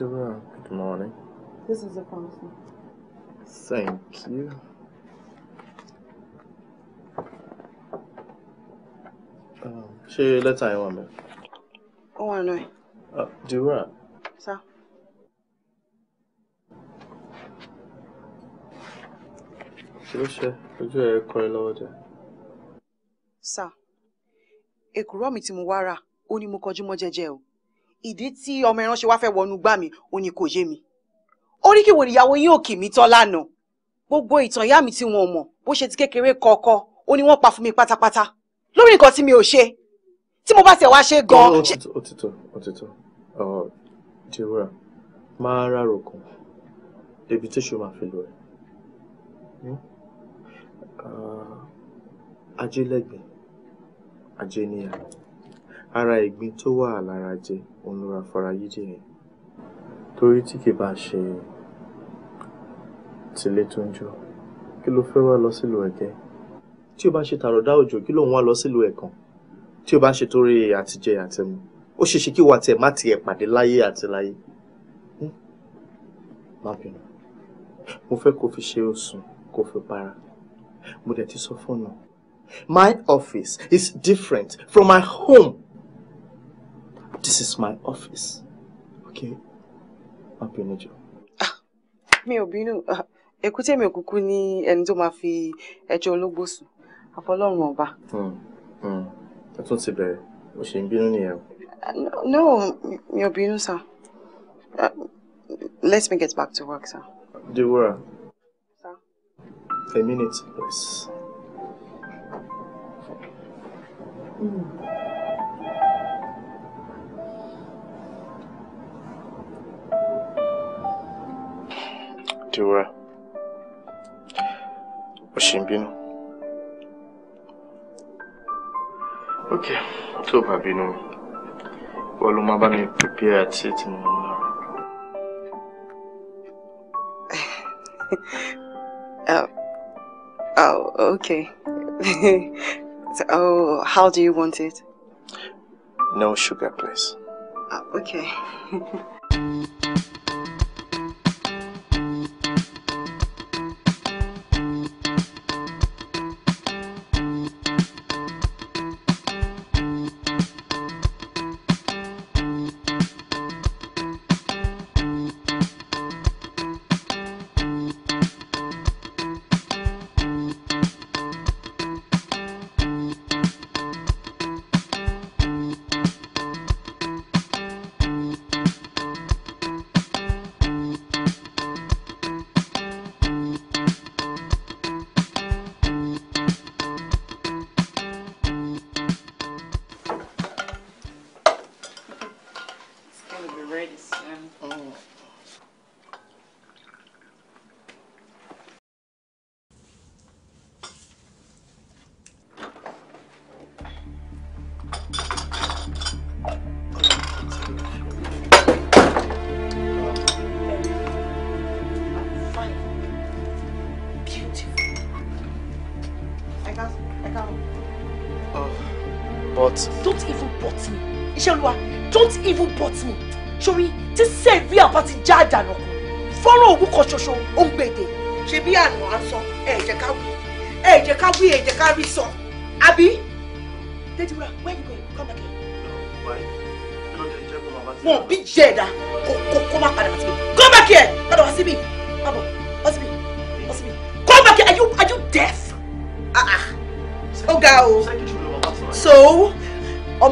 Welcome to Good morning. This is a promise. Thank you. Um, ṣé lẹ́tà yẹn wà mẹ́? Ó wà nù ẹ̀. Uh, Dura. Sá. Kí ló ṣe? Ojú ẹ̀ kọ́ ẹ lọ́wọ́ jẹ. Sá, èkùrọ́ mi tí mo wá rà, ó ní mo kọjú mọ́ jẹ́jẹ́ o ìdí tí ọmọ ẹran ṣe wá fẹ́ wọnú gbá mi ó ní kò yé mi orí kí wo níyàwó yín òkè mi tán lánàá gbogbo ìtàn ìyá mi tí wọn mọ̀ bó ṣe ti kékeré kọ̀ọ̀kan ó ní wọ́n pa fún mi pátápátá lórí nǹkan tí mi ò ṣe tí mo bá tẹ̀ wá ṣe gan. òtítọ́ òtítọ́ jẹ́wúrà máa rárò kan débi tí ṣó máa fi lọ ẹ̀ ajé lẹ́gbẹ̀ẹ́ ajé níyà ara ìgbín tó wà lára jẹ́ òun ló ra Fárágídí yẹn. Torí tí kì bá ṣe tilé tó ń jó, kí ló fẹ́ wá lọ sílùú Ẹ̀kẹ́? Tí ó bá ṣe tàrọ̀dá òjò, kí ló ń wá lọ sílùú Ẹ̀kan? Tí ó bá ṣe torí àtijẹ àtẹmu, ó ṣeéṣe kí ìwọ àti má tiẹ̀ pàdé láyé àti láyé. Má bínú, mo fẹ́ kó fi ṣe oṣùn, kó fi para. Mo dẹ̀ ti sọ fún ọ My office is different from my home. This is my office. Okay? Má bínú jọ. Ah, mi ò bínú. Ah, Èkú tèmi òkùnkùn ni ẹni tó máa fi ẹjọ́ ológbò sùn. Àfọlọ́run ọba. Ẹ hmm, hmm. tún ti bẹ̀rẹ̀. Mo ṣe ń bínú nìyẹn. Ah, no, mi ò bínú sir. Uh, let me get back to work, sir. Deborah. Sir? A minute, please. Mm. Dora uh, Oshimbino. Okay, tó bá bínú mi, wọ́n prepared máa bá mi prepare mo ń Oh, oh, okay. so, oh, how do you want it? No sugar, please. Oh, okay.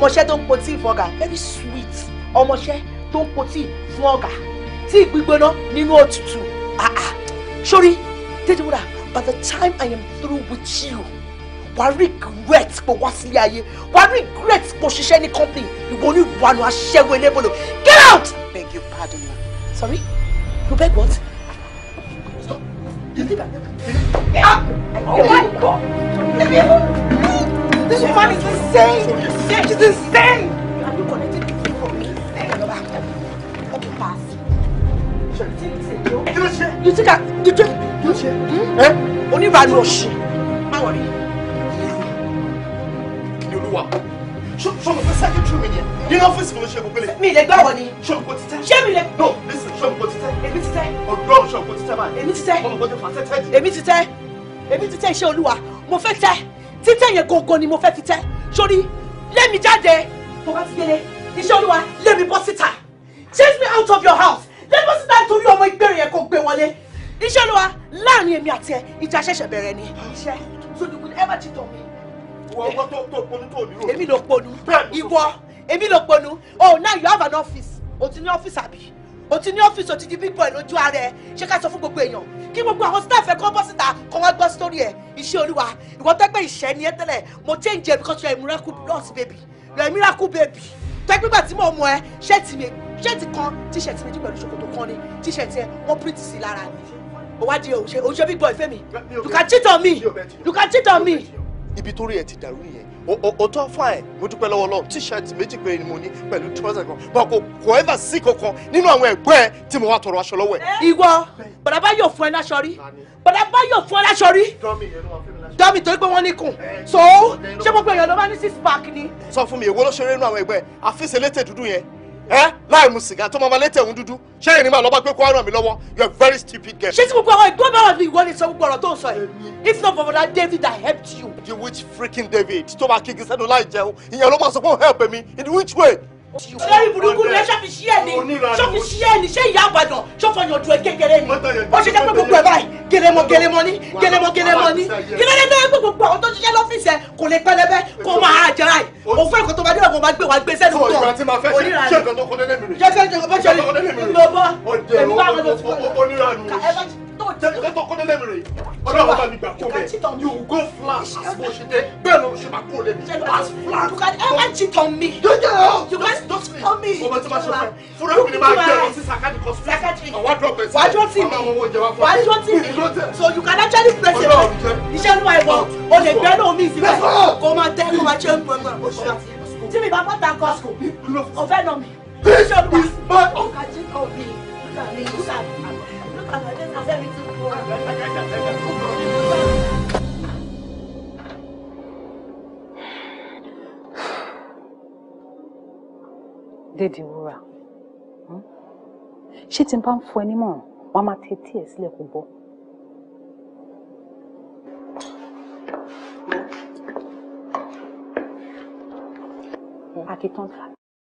ọmọṣẹ́ tó ń po tíì fún ọ̀gá very sweet ọmọṣẹ́ tó ń po tíì fún ọ̀gá tíì gbígbóná nínú òtútù ah, ah. sórí tètè wúrà by the time I am through with you wà á regret pé wá sílé ayé wà á regret pé òṣìṣẹ́ ní company ìwọ ní ìwànú aṣẹ́wó elébòlò get out. beg your pardon ma. sorry you beg what. stop you leave ah oh my god this man is insane. That is insane! You have not connected the thing for me. Let me pass. You think I... You think... You think... Eh? Oníbàárù ọ̀ṣì. Má wọ̀rí. Kìnìún Olúwa. Ṣọ́mọ̀ fẹ́ sẹ́kẹ̀ tún mi yẹn. Nínú ọ́fíìsì mo ló ṣe gbogbo lè. Mi lè gbà wọ̀ ni. Ṣọ́mọ̀ kò ti tẹ́. Ṣé me lè. No, listen, ṣọ́mọ̀ kò ti tẹ́. Èmi ti tẹ́. Ọ̀dọ́ ṣọ́mọ̀ kò ti tẹ́ báyìí. Èmi me tẹ́. Ọmọ kò ti fà sẹ́tẹ́ jù. Èmi ti tẹ́. Èmi ti tẹ́ iṣẹ́ Olúwa. Mo fẹ́ tẹ́. Títẹ́ yẹn gangan ni mo fẹ́ fi tẹ́. Sórí lẹ́mi jáde tó bá ti délé iṣẹ́ olúwa lẹ́mi bọ́ síta chase me out of your house lẹ́mi bọ́ síta nítorí ọmọ ìgbèrè yẹn kò gbé wọlé iṣẹ́ olúwa láàrin èmi àti ẹ ìjà ṣẹ̀ṣẹ̀ bẹ̀rẹ̀ ni iṣẹ́ so you could ever cheat on me. ìwọ ọgbọ́n tó tó ponú tó ní rò. èmi ló ponú ìwọ èmi ló ponú oh now you have an office o ti ní ọ́fíìsì àbí o ti ní ọ́fíìsì o ti di big boy lójú ara ẹ ṣé ká sọ fún gbogbo èèyàn kí gbogbo àwọn staff ẹ kọ́ bọ́ síta kọ́ wá gbọ́ sítórí ẹ iṣẹ́ olúwa ìwọ tẹ́ pé ìṣẹ́ ni ẹ tẹ́lẹ̀ mo change ẹ because you are a miracle nurse baby you are a miracle baby tẹ́ pípa tí mo mọ ẹ ṣẹ́ẹ̀tì mi ṣẹ́ẹ̀tì kan tíṣẹ̀tì méjì pẹ̀lú ṣòkòtò kan ni tíṣẹ̀tì ẹ wọ́n print sí lára mi o wá di òṣè òṣè big boy fẹ́mi you can cheat on me you can cheat on me. ibi tó rí òótọ́ fine mo dúpẹ́ lọ́wọ́ Ọlọ́run t-shirt méjì péré ni mo ní pẹ̀lú trouser kan bọ́n kò kò ẹ́fà sí kankan nínú àwọn ẹ̀gbọ́n ẹ tí mo wá tọrọ aṣọ lọ́wọ́ ẹ. ìwọ bàdàbà yóò fún ẹ láṣọ rí bàdàbà yóò fún ẹ láṣọ rí dọ́mì torí pé wọ́n ní kùn so ṣé mo èèyàn ló bá ní six pack ni. sọ fún mi èwo ló ṣeré nínú àwọn ẹ̀gbọ́n ẹ àfíìsì elétè dúdú yẹn ẹ eh? láì mu sìgá tó máa ma létí ẹ̀hún dúdú ṣẹ́yìn ni màá lọ́ba pé kó wá ràn lọ́wọ́ you are very stupid girl. ṣé tí gbogbo àwọn ìgbọ́n bá wà ní ìwọ ni sọ gbogbo ọ̀rọ̀ tó ń sọ yìí it's not for that David that helped you. the which freaking David tó bá kí igi sẹ́nu láì jẹun ìyẹn ló máa sọ fún help mi in which way olórí burúkú ni ẹ ṣọ́ ní ṣọ́ fi ní ṣé àgbàdàn ṣọ́ fọyàn ju ẹ ni ó ṣe jẹ́ pé gbogbo ẹ̀ báyìí gẹlẹmọ gẹlẹmọ ni gẹlẹmọ gẹlẹmọ ni gẹlẹmọ náà pé gbogbo àwọn tó ṣiṣẹ́ lọ́fíìsì ẹ kò lè pẹlẹbẹ kó máa jẹ ráì òfin ẹ̀kọ́ tó bá dé ọ̀gbọ̀n máa gbé wá gbé sẹ́nu jẹ́ni kẹ́tọ́ kó délé mi ọ̀dọ́ bàbá mi gbà kó bẹ́ẹ̀ you go flash as mo ṣe dé bẹ́ẹ̀ ló ṣe máa kó lé mi as flash. you can ever cheat on me. jẹjẹ o you can don't tell me. ọmọ tí ma ṣe fẹ fúnra mi ni máa jẹ ọ sí sakadi kọsí. ọwọ́ dọ̀ pẹ̀sì wàá jọ́ tì mí wàá jọ́ tì mí so you can actually press a button iṣẹ́ ló wà ẹ̀wọ̀ o lè gbẹ́ náà mi ìsinmi kó máa tẹ́ kó máa ṣe ń gbọ̀ngbọ̀n tí mi bá bọ́ta kọ́ ọ̀fẹ́ náà mi iṣẹ́ ló wà dédì wúrà hmm? ṣé tí n bá ń fún ẹ nímọ̀ràn wọ́n á máa tẹ́tí ẹ̀ sílẹ̀ kó gbọ́. akitan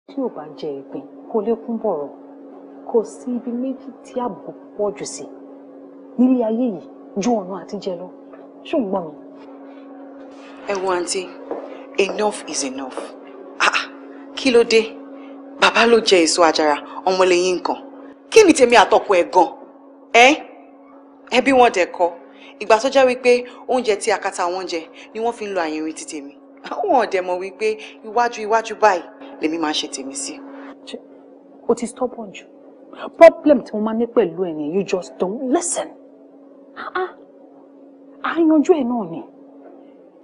tí ò bá jẹ ìpín kó lè kún bọ̀rọ̀ kò sí ibi méjì tí ààbò pọ̀ jù sí nílé ayé yìí ju ọ̀nà àtijẹ lọ ṣùgbọ́n ẹ wo àǹtí enough is enough ah, ah kí ló dé bàbá ló jẹ èso àjàrà ọmọlẹ́yìn nǹkan kí ni tèmi àtọkọ ẹ gan ẹ ẹ bí wọn dẹ kọ ìgbà tó jẹ́ wípé oúnjẹ tí akata wọn jẹ ni wọ́n fi ń lo àyẹ̀wò ti tèmi àwọn ọdẹ mọ̀ wípé iwájú iwájú báyìí lèmi máa ń ṣe tèmi sí. o ti stubborn jù problem tí mo máa ní pẹ̀lú ẹ̀ ni you just don't listen. àyànjú ah, ah. ẹ̀ náà ni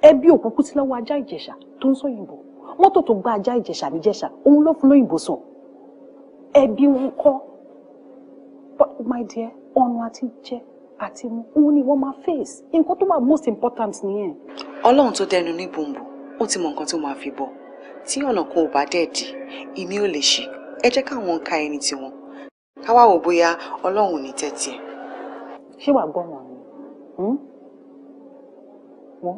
ẹbí òkúkú tí lọ́wọ́ ajá ìjẹ̀ṣà tó ń sọ òyìnbó mọ́tò tó gba ajá ìjẹ̀ṣà níjẹ̀ṣà òun ló fún lóyìnbó sùn ẹbí wọn kọ́ but my dear ọ̀nà àti jẹ́ àti mu òun ni wọ́n máa face nǹkan tó wà most important nìyẹn. ọlọ́run tó dẹnu ní bòǹbò ó ti mọ nǹkan tó máa fi bọ̀ tí ọ̀nà kan ò bá dẹ̀ di ìmí ò lè ṣe ẹ jẹ́ káwọn ka ẹni tiwọn ká wá wò bóyá ọlọ́run ò ní tẹ́tí ẹ̀. ṣé wàá gbọ́ wọn ni wọn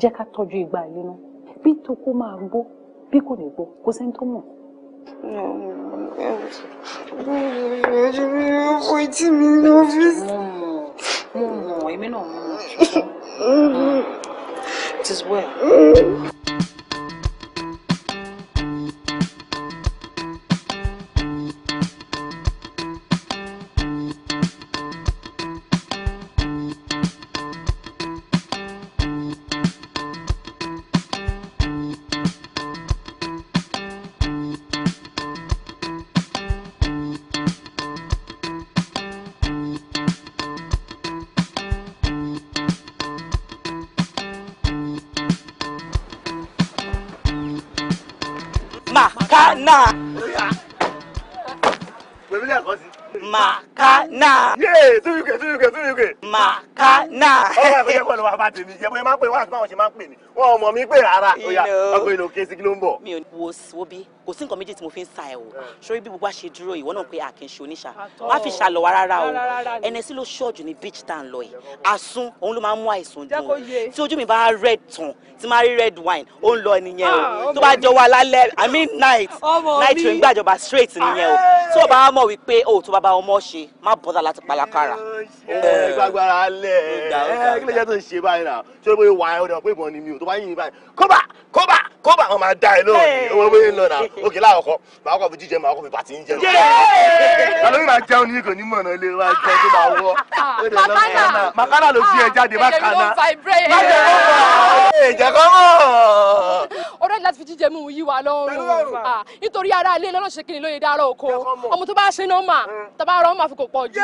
jẹ́ ká tọ́jú igba ilé náà bí tó kó máa gbó bí kò ní gbó kó sẹ́ni tó mọ̀. ọkọ etí mi ní ọ́fíìsì. mo mọ̀ mo mọ̀ èmi náà mo mọ̀ ṣùgbọ́n it is well. Makana. you get, do you get, do you get? Makana. Ọ̀rọ̀ yẹ kọ́ ló wá bá tèmi yẹ bóyá máa ń pè wá àti báwọn ṣe máa ń pè ní wọn ò mọ̀ mí pè rárá oya ọgbẹ́ inú kéésì kí ló ń bọ̀. mi ò wo wo bí kò sí nǹkan méjì tí mo fi ń sa ẹ̀ o eh. sórí bí gbogbo àṣẹ dúró ìwọ náà pé a kì í ṣe oníṣà wá fi ṣàlọ̀ wá rárá o ẹnẹsí ló ṣọ́ọ̀jù ní beach town lọ yìí àsun òun ló máa ń mú àìsàn dùn tí ojú mi bá red tán tí máa rí red wine ó ń lọ nìyẹn o ah, tó bá jọ wà lálẹ́ i mean night night train gbàjọba straight nìyẹn o ah, tó o bá eh. mọ̀ wípé o oh, tó bá bá ọmọ ṣe má bọ́dà láti pàlákàrà. ẹ gbàgbára lẹ ẹ eh, kí lè jẹ iṣẹ́ tó ń ṣe báyìí náà ṣé o pé wà á ọ̀dọ̀ pé ìbọn ni mi ò tó bá yìnyín báyìí kóbà kóbà kóbà wọn máa da ẹ lóòrùn owó bóyá ń lọ náà òkè láàkọ́ màá kọ́ fi jíjẹ màá kọ́ fi pàtì ń jẹun. àlọ́ yìí máa jẹun ní ìgò ní mọ̀nà ilé wa jẹun tó máa wọ́ makana ló fi ẹ jáde makana ìjẹ̀kọ́ mọ̀. ọ̀rẹ́ láti fi jíjẹ mímu yí wa lọ́rùn ah, nítorí ara ilé lọ́nà ṣe kí ni lóye dárò oko ọmọ tó bá ṣe náà mà mm. tàbá rọ́ mà fi kò pọ̀ jù.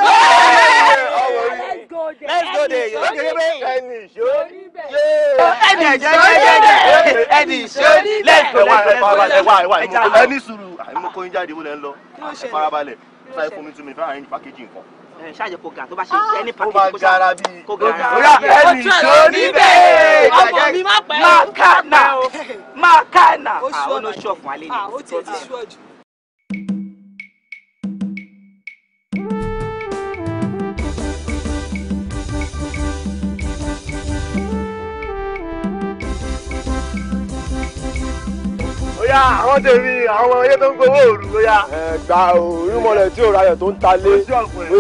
let's go there ẹni ìṣó ẹni ẹjẹ ẹjẹ ẹni ìṣó lẹ́ẹ̀kan wà ẹ farabalẹ̀ ẹ wà ẹ wà ẹ ní sùúrù àìmọ kó yín jáde ó lẹ ń lọ ẹ farabalẹ̀ ó sáré fún mi tún mi fẹ́ràn yín ní pákéjì nǹkan. ṣáàjẹ kò gà tó bá ṣe ẹni pákéjì kò gara bí kò gara bí ẹni ìṣó níbẹ̀ ọmọ mi má pẹ́ mákànà mákànà àwọn oníṣòfò alẹ́ ni ah, ó ti ṣú ọjọ́. yá àwọn tèmi àwọn iye tó ń gbowó òru ló yá. ẹ gba òórùn mọlẹ tí òòrùn ayọ̀ tó ń ta lé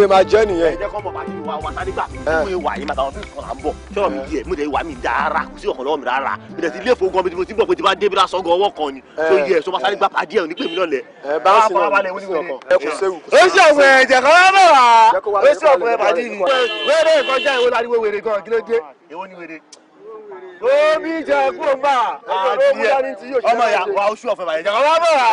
yẹ máa jẹ nìyẹn. ẹ jẹ́ kọ́ mọ̀ bá ti wà wá sáré gbà mí mo wà yìí màtàwọn fífi kan là ń bọ̀ sọ̀rọ̀ mi yẹ mo tẹ̀ wà mí dára kò sí ọ̀kan lọ́wọ́ mi rárá mi tẹ̀ sí ilé ìfowópamọ́ mi ti bọ̀ pé ti bá dé bí lásán ọwọ́ kan ni tó yẹ ẹ̀ onípe omi jẹ kó gbà àti ẹ ọmọ ìyá wa oṣù ọ̀fẹ́ bàjẹ́ jẹ́ ọmọ bọ̀ wá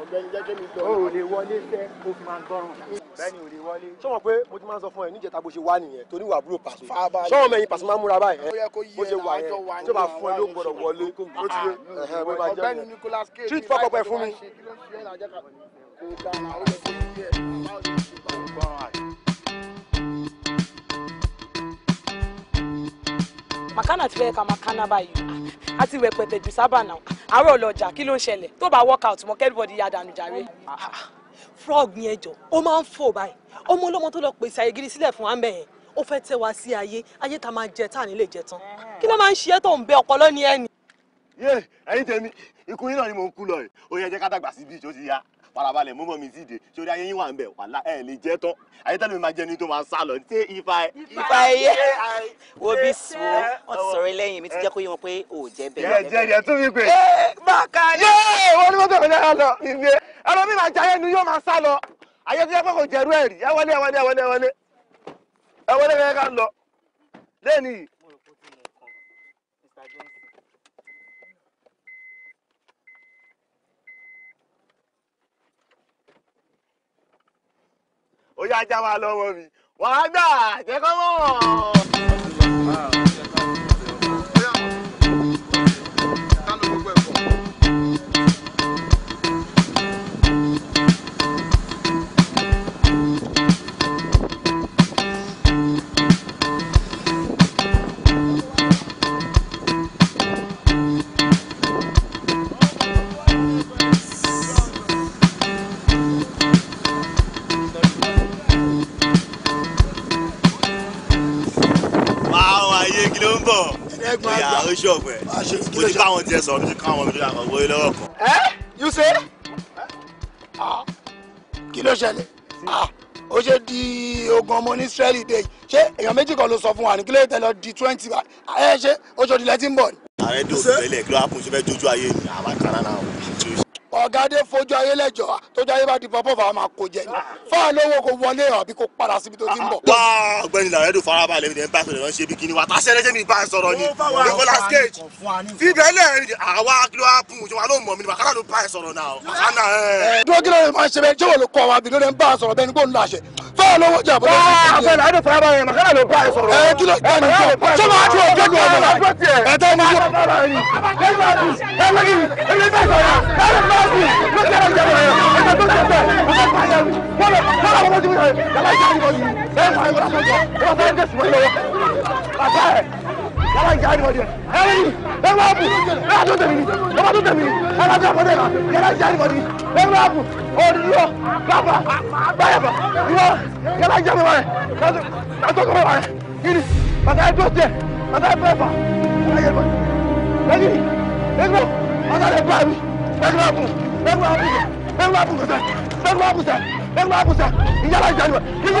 ọ̀gbẹ́ni jẹ́ kémi gbọ́. o ò lè wọlé fẹ́ kó fi máa gbọ́ràn. bẹ́ẹ̀ni ò lè wọlé. sọ́wọ́n pé mo ti máa ń sọ fún ẹ níjẹta bó ṣe wá nìyẹn torí wà búrò pàṣẹ. sọ́wọ́n mẹ́yìn pàṣẹ máa ń múra báyìí. bó ṣe wà yẹn tó bá fún ẹ ló gbọ́dọ̀ wọlé ló ti yé bó máa jẹ́ ọ̀gbẹ́ni Nicholas treat fọ́pọ̀ pẹ́ fún mi. màkánà ti fẹ́ ka màkánà báyìí a ti rẹpẹtẹ jù sábà náà àárọ̀ lọ́jà kí ló ń ṣẹlẹ̀ tó bá work out mọ́ kẹ́rìbọ̀dì yá dànù jàre. Ah, frog yẹn jọ ó máa ń fò báyìí ọmọ ọlọ́mọ tó lọ pèsè àyè gidi sílẹ̀ fún wa mẹ́yẹn ó fẹ́ tẹ́ wa sí ayé ayé tá a máa jẹ tá à ní lè jẹ tán kí ló máa ń ṣe é tó ń bẹ ọpọlọ ní ẹni. yé ẹ̀yin tèmi ikú yín náà ni mò ń kú lọ yìí ó yẹ ká dàgbà síbi ìjọ ti ya farabalẹ̀ mú mọ́ mi sí ìdè sórí ayé yín wà ń bẹ̀ wàhálà ẹ̀ lè jẹ́ tán ayétẹ́lẹ̀ mi máa jẹ́ ní tó máa sá lọ ṣé ifá ẹ. ifá ẹyẹ wo bí sùn wọn ti sọ̀rọ̀ lẹ́yìn mi ti jẹ́ kó yé wọn pé ò jẹ́ bẹ́ẹ̀. yẹ jẹ yẹ tún mi pè. bákàlẹ́. yé wọn ni wọn tẹ̀lé náírà lọ ìgbé ẹ̀rọ mi máa jayé ni yóò máa sá lọ ayé tó yẹ pé kò jẹ̀rú ẹ̀rí ẹ wọlé ẹ wọlé ẹ wọlé ẹ wọlé ẹ wọlé ó yá já máa lọ́wọ́ mi wàá gbà jẹ́ kọ́ mọ́. Ah, ṣọ́ọ̀bù mo ti káwọn tiẹ̀ sọ̀rọ̀ mo ti káwọn mi lórí àkọ́kọ́ lọ́wọ́ kan. ẹ you say ah, kí ló ṣẹlẹ̀ ah, ó ṣe di ogun ọmọ ní Israeli dé yìí ṣé èèyàn méjì kan ló sọ fún wa ní kí ló tẹ di twenty ẹ ṣe oṣù òdìlẹ ti ń bọ̀ ni. ààrẹ dòdò ilẹ̀ kí ló hapun ṣe fẹ́ dojú ayé ni àbákàrà náà ọ̀gá dé fojú ayé lẹ́jọ́ tójú ayé bá di pọ́pọ́ fà máa kó jẹ ni fáà lówó kò wọlé àbí kò padà síbi tó ti ń bọ̀. wá ọ̀gbẹ́ni làrẹ́dù farabalẹ̀ ní bá sọ̀rọ̀ ṣe bí kíní wa táṣẹ́ lẹ́jẹ́ mi bá sọ̀rọ̀ ni Nicolas Cage fíbẹ̀ lẹ́rìn àwa kí ló wá kún un ṣe ló mọ̀ mi ni wàhálà ló bá sọ̀rọ̀ náà. dúró kí ló lè máa ṣe bẹ́ẹ̀ báwo jà bọ́lá. báà àfẹnà àdó fara balẹ̀ màkàrà ló bá ẹ sọ̀rọ̀. ẹ kí ló bá mi sọ ṣé màá tún ọjọ́ mi la ẹ tẹ́ mi sọ. Thank you yàrá ìjà ni wọ́n di ẹ̀ ẹ̀rọ yìí ẹ̀rọ máa bù ẹ̀rọ tó tẹ̀mí ni ẹ̀rọ máa tó tẹ̀mí ni ẹ̀rọ tó àpọ̀dé la yàrá ìjà ni wọ́n di ẹ̀rọ máa bù òdìdó bàbà báyàbà ìwọ yàrá ìjà mi wà rẹ̀ ẹ̀tọ́ kọ́ mi wà rẹ̀ kí ni bàtà ẹ̀ tó tiẹ̀ bàtà ẹ̀ fẹ́ fà ẹ̀yẹ ẹ̀gbọ́n bàtà ẹ̀ bá mi ẹ̀gbọ́n àbù ẹ̀gbọ́n àbù ẹ̀gbọ́n àbù kọ̀sẹ̀ ẹ̀gbọ́n àbù sẹ̀ ẹ̀gbọ́n àbù sẹ̀ ìyàrá ìjà ni wọ́n kí ni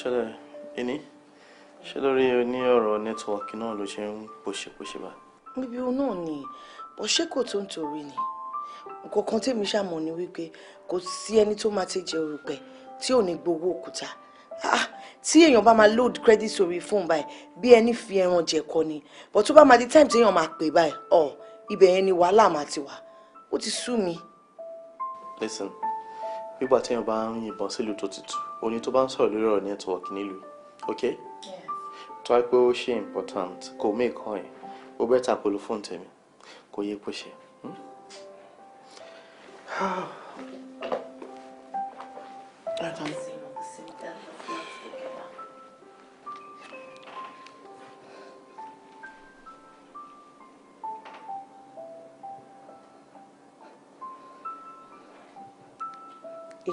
ṣẹlẹ̀ ẹni ṣé lórí ní ọ̀rọ̀ nẹ́tíwọ̀kì náà ló ṣe ń pòṣepòṣe bá. níbi òun náà ni ọṣẹ kò tó ń torí ni nǹkan kan tèmi ṣàmọ̀ ni wípé kò sí ẹni tó máa ti jẹ orúpẹ tí ò ní gbowó òkúta ah, tí èèyàn bá máa load credit sórí fóun báyìí bí ẹni fi ẹran jẹkọ ni but tó bá máa di time téèyàn máa pè báyìí ọ ibẹ̀ yẹn ni wàhálà máa ti wà ó ti sú mi. listen nígbà téèyàn bá ń yìnbọn sílùú tó ti tù òní tó bá ń sọ̀rọ̀ lórí ọ̀rọ̀ network nílùú ok tó wá pé ó ṣe important kò mí kan ẹ̀ ó bẹ́tà kó lo fóònù tèmi kò yẹ ṣe.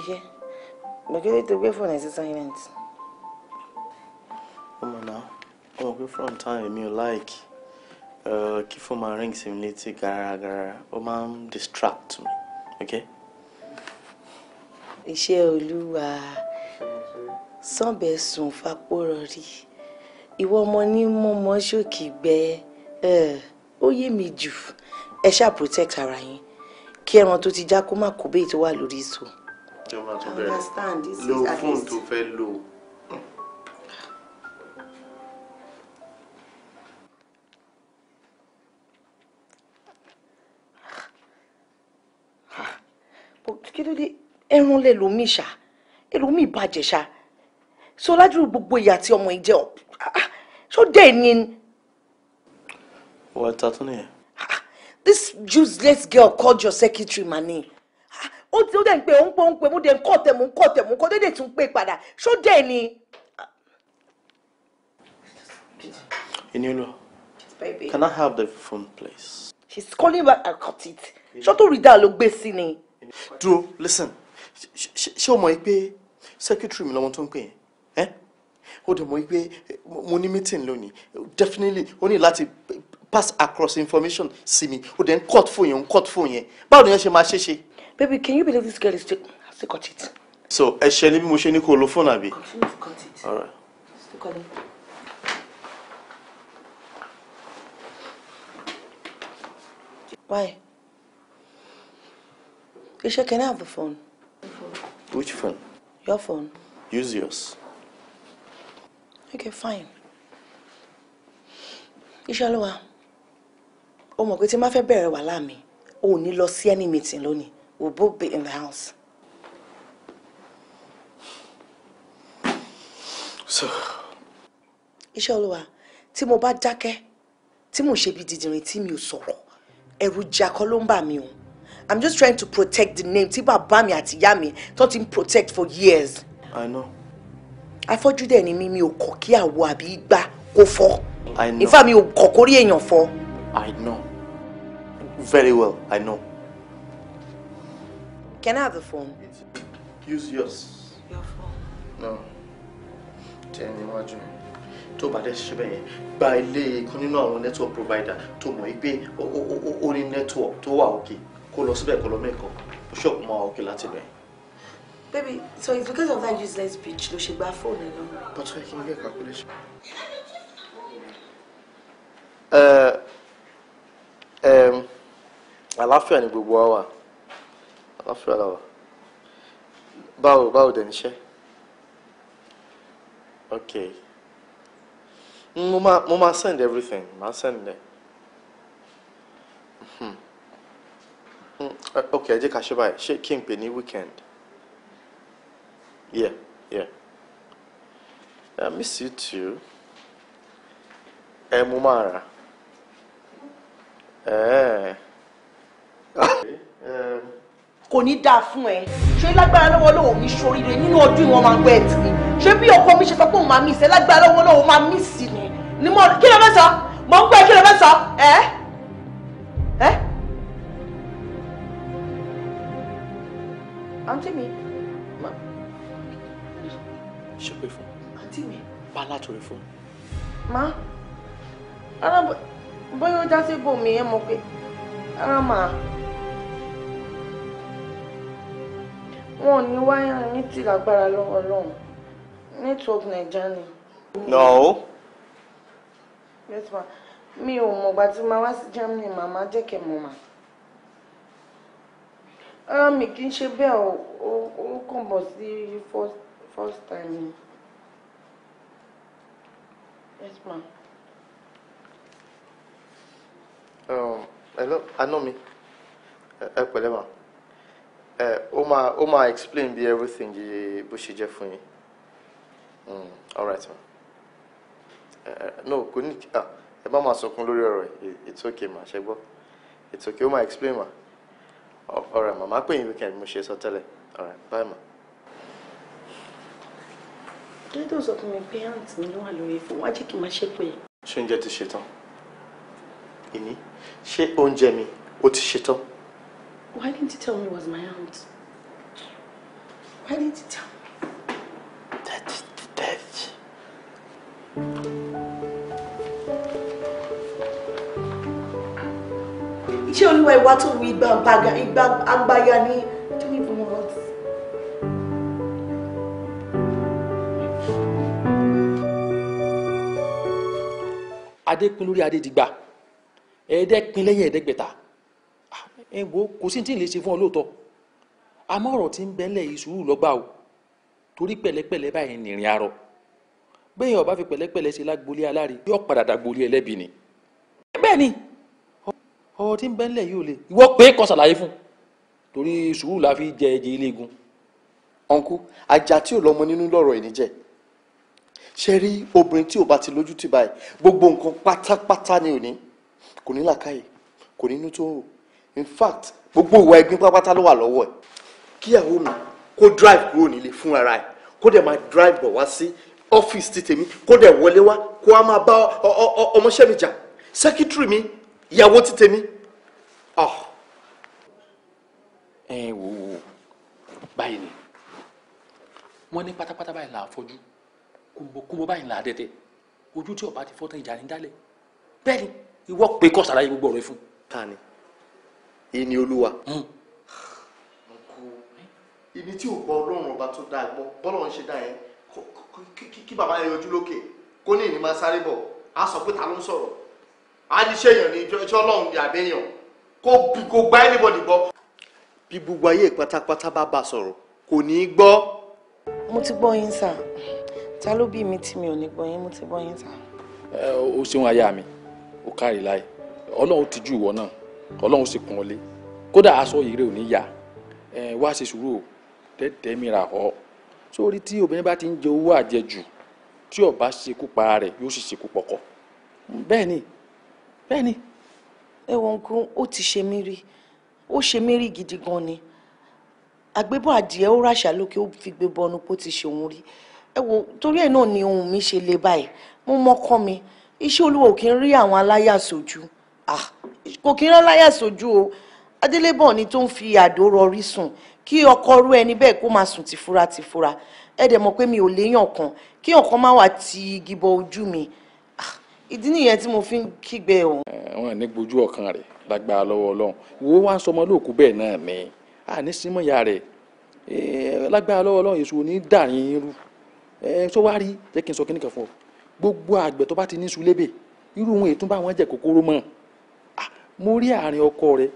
Yeah. Hmm? gbẹ̀gẹ́dẹ́ tó gbé fóònù ẹ̀ sí silent. ọmọ náà ọmọ pé from time èmi ò like uh, kí fóònù máa ring sí mi létí garagara ó máa ń distract me okay. iṣẹ́ olúwa sànbẹ̀sùn fapórọ̀ rí ìwọ ọmọ ní mọ́mọ́ ṣòkì gbẹ ó yé mi jù ẹ ṣáà protect ara yín kí ẹran tó ti já kó má kó bẹ́ẹ̀ tó wà lórí ìṣòro yóò máa tún bẹ̀rẹ̀ lo fóònù tó fẹ́ lò. kí ló dé ẹran lè lómi ṣá ẹlòmíì bàjẹ́ ṣá so ládùúgbò gbogbo ìyá tí ọmọ yìí jẹ ọ ṣó ah, ah, dé ni. wọ́n ta tún nìyẹn. Ah, this useless girl called your secretary mani ó ti ó dẹ̀ ń pè ó ń pè ó mú dẹ̀ ń kọ́ tẹ̀ mú kọ́ tẹ̀ mú kọ́ dédé tún pè padà ṣó dẹ̀ ni. Eniola, can I have the phone please? She's calling back I cut it. Ṣó tó rí dáa ló gbé sí ni. Dúró, listen, ṣé o mọ̀ pé secretary mi lọ́mọ tó ń pè yẹn? ó dẹ̀ mọ̀ pé mo ní meeting lónìí definitely ó ní láti pass across information sí mi o then cut phone? yẹn cut phone? yẹn báwo ni yẹn ṣe máa ṣe ṣe. baby can you believe this girl is still still cut it. so ẹ ṣe ni bí mo ṣe ní kó lo fóònù àbí. continue to cut all right. still calling. why ishe can I have the phone. which phone. your phone. use yours. okay fine. Ishaluwa o mọ̀ pé tí n bá fẹ́ bẹ̀rẹ̀ wàhálà mi o ò ní lọ sí any meeting lónìí we both be in the house. so. iṣẹ́ olúwa tí mo bá dákẹ́ tí mo ṣe bí dìdìrín tí mi ò sọ̀rọ̀ ẹ̀rù jà ló ń bà mí o i'm just trying to protect the name tí bàbá mi àti ìyá mi tó ti ń protect for years. i know. afọ́jú dẹ̀ ni mi mi ò kọ̀ kí àwọ̀ àbí gbá kó fọ́. i know. ìfà mi ò kọ̀ kórí èèyàn fọ́. i know very well, I know. Can I have the phone? Use yours. Your phone? No. Tell me what you tó bá dẹ̀ ṣe bẹ́ẹ̀ gba ilé kan network provider tó mọ̀ pé ó ní network tó wà òkè kó lọ síbẹ̀ kó lọ mẹ́kọ̀ọ́ ó ṣọ̀kùn máa òkè láti bẹ̀. baby so it's because of that useless bitch. ló ṣe gba fóònù ẹ lọ́wọ́. bàtú ẹ get n gé Uh àláfíà ni gbogbo wa wà àláfíà la wà báwo báwo dẹ̀ níṣẹ́ ok mo máa mo máa send everything máa send ẹ hmm. ok ẹ jẹ́ ká ṣe báyìí ṣé kí n pè ní weekend yeah yeah I miss you too ẹ mo máa rà ẹ. Eh kò ní dáa fún ẹ ṣé lágbára lọ́wọ́ lòun ní ṣoríire nínú ọdún ìwọ̀n máa gbẹ ẹ̀tì ni ṣé bí ọkọ mi ṣe sọ pé òun máa mí ìṣe lágbára lọ́wọ́ lòun máa mí sí ni ni mo kí ló fẹ́ sọ mo ń gbẹ kí ló fẹ́ sọ ẹ ẹ. àǹtí mi. ṣe pé fún. àǹtí mi. bá a látòrí fún. má ara bóyá ó já sí ibòmí ẹ mọ̀ pé ara máa. wọn ò ní wáyà ní ti lágbára lọ́wọ́ lọ́hùn network naija ni. no. yes ma mi ò mọ̀gbà tí màá wá sí Germany màmá jẹ́ kẹ́ mọ̀ mà. rárá mi kì í ṣe bẹ́ẹ̀ ó kàn bọ̀ sí first time ni. yes ma. Oh, hello I àná mi ẹ pẹ̀lẹ́ ma ẹ eh, ó máa ó máa explain bí everything yìí bó ṣe jẹ́ fún yín hmm, all right ma uh, no kò ní ah ẹ bá máa sọkún lórí ọ̀rọ̀ it's okay ma ṣe gbọ́ it's okay ó máa explain ma oh, all right ma máa pè yín weekend mo ṣe sọ tẹ́lẹ̀ all right bye ma. kí ló tó sọ fún mi pé àǹtí mi ló wà lórí fún wájú kí n máa ṣe pé. ṣé oúnjẹ ti ṣetán ìní ṣé oúnjẹ mi ó ti ṣetán. Why didn't you tell me it was my aunt? Why didn't you tell me? That's the death. Ṣé olúwa ìwà tó wu igba àgbàyà igba àgbàyà ni don't even know what. Adékun lórí Adédìgbà ẹ̀ẹ́dẹ́pin lẹ́yìn ẹ̀ẹ́dẹ́gbẹ̀ta ẹ wo kò sí tí ì lè ṣe fún ọ lóòótọ́ àmọ́ ọ̀rọ̀ tí ń bẹ́lẹ̀ yìí sùúrù o torí pẹ̀lẹ́pẹ̀lẹ́ báyìí nìrìn arọ bẹ́ẹ̀ ọba fi pẹ̀lẹ́pẹ̀lẹ́ ṣe lágbolé aláre yóò padà dàgbolé ẹlẹ́bi ni. bẹ́ẹ̀ ni ọ̀rọ̀ tí ń bẹ́lẹ̀ yìí ò le ìwọ pé kó ṣàlàyé fún torí sùúrù la fi jẹ ẹjẹ iléegun. ọ̀nkú ajá tí ò lọ́mọ nínú lọ́rọ̀ ẹ̀ níjẹ́ ṣe rí obìnrin tí ò bá ti lójú tì báyìí gbogbo nǹkan pátápátá ni òní kò ní làkàyè kò ní tó ń rò in fact gbogbo ìwà ẹ̀gbin pátápátá ló wà lọ́wọ́ ẹ̀ kíyàwó mi kó drive kúrò nílé fúnra rẹ̀ kó dẹ̀ máa drive bọ̀ wá sí ọ́fíìsì ti tèmi kó dẹ̀ wọlé wá kó a máa bá ọmọọṣẹ́ mi jà sẹ́kítírì mi ìyàwó ti tèmi. Ah. ẹ wò ó báyìí ni wọ́n ní pátápátá báyìí là á fọ́jú kúmọkúmọ báyìí là á dẹ́dẹ́ ojú tí ọba ti fọ́ tán ìjà ní dálẹ̀ bẹ́ẹ̀ ni ìwọ pé kọ́ sàlàyé gbogbo ọ̀rọ̀ ẹ fún. ta ni ìní olúwa hmm. ìní tí ò gbọ́ ọlọ́run ọba tó dáa gbọ́ bọ́lọ́run ṣe dáa yẹn kí bàbá yẹn yọjú lókè kó ní ìní máa sáré bọ̀ á sọ pé ta ló ń sọ̀rọ̀ á ní ṣèyàn ní ìjọ ọlọ́run ní àbẹ́yàn kó gba anybody gbọ́. bí gbogbo ayé pátápátá bá bá sọ̀rọ̀ kò ní í gbọ́. mo ti gbọ́ yín sà ta ló bí mi tí mi ò ní gbọ́ yín mo ti gbọ́ yín sà. o ṣeun aya mi o káre láì ọlọ́run ti ju ìwọ náà ọlọ́run sì kún ọ lé kódà aṣọ yìí rẹ ò ní yà ẹ wá ṣe sùúrù o tẹ́tẹ́ mìíràn ọ sórí tí obìnrin bá ti ń jẹ owó àjẹjù tí ó ṣekú pa rẹ̀ yóò sì ṣekú pọkọ bẹ́ẹ̀ ni ẹ wọ nǹkan ó ti ṣe mí rí ó ṣe mí rí gidi gan ni àgbébọ̀ adìẹ ó ràṣà lókè ó fi gbé bọnu pé ó ti ṣe òun rí ẹ wo torí ẹ̀ náà ni ohun mi ṣe le báyìí mo mọkàn mi iṣẹ́ olúwa ò kí rí àwọn aláyà sójú ah kò kí ń rán láyà sójú o adélébọ̀ ni tó ń fi àdó rọrí sùn kí ọkọ rú ẹni bẹ́ẹ̀ kó máa sùn tìfura tìfura ẹ dẹ̀ mọ̀ pé mi ò léyàn kan kí ọ̀kan má wà ti igi bọ ojú mi ah, ìdí nìyẹn tí mo fi ń kígbe òun. wọn ní gbojú ọkàn rẹ lágbára lọ́wọ́ Ọlọ́run wo wá ń sọmọ lóòkú bẹ́ẹ̀ náà ni a ní símọ ìyá rẹ lágbára lọ́wọ́ Ọlọ́run èso ní dàrín irú tó wá rí jẹ́ kí n sọ kíníkan fún ọ gbogbo àgbẹ̀ tó bá ti ní sulébè irú ohun ètò bá wọn jẹ kòkòrò mọ́ mo rí àárín ọkọ rẹ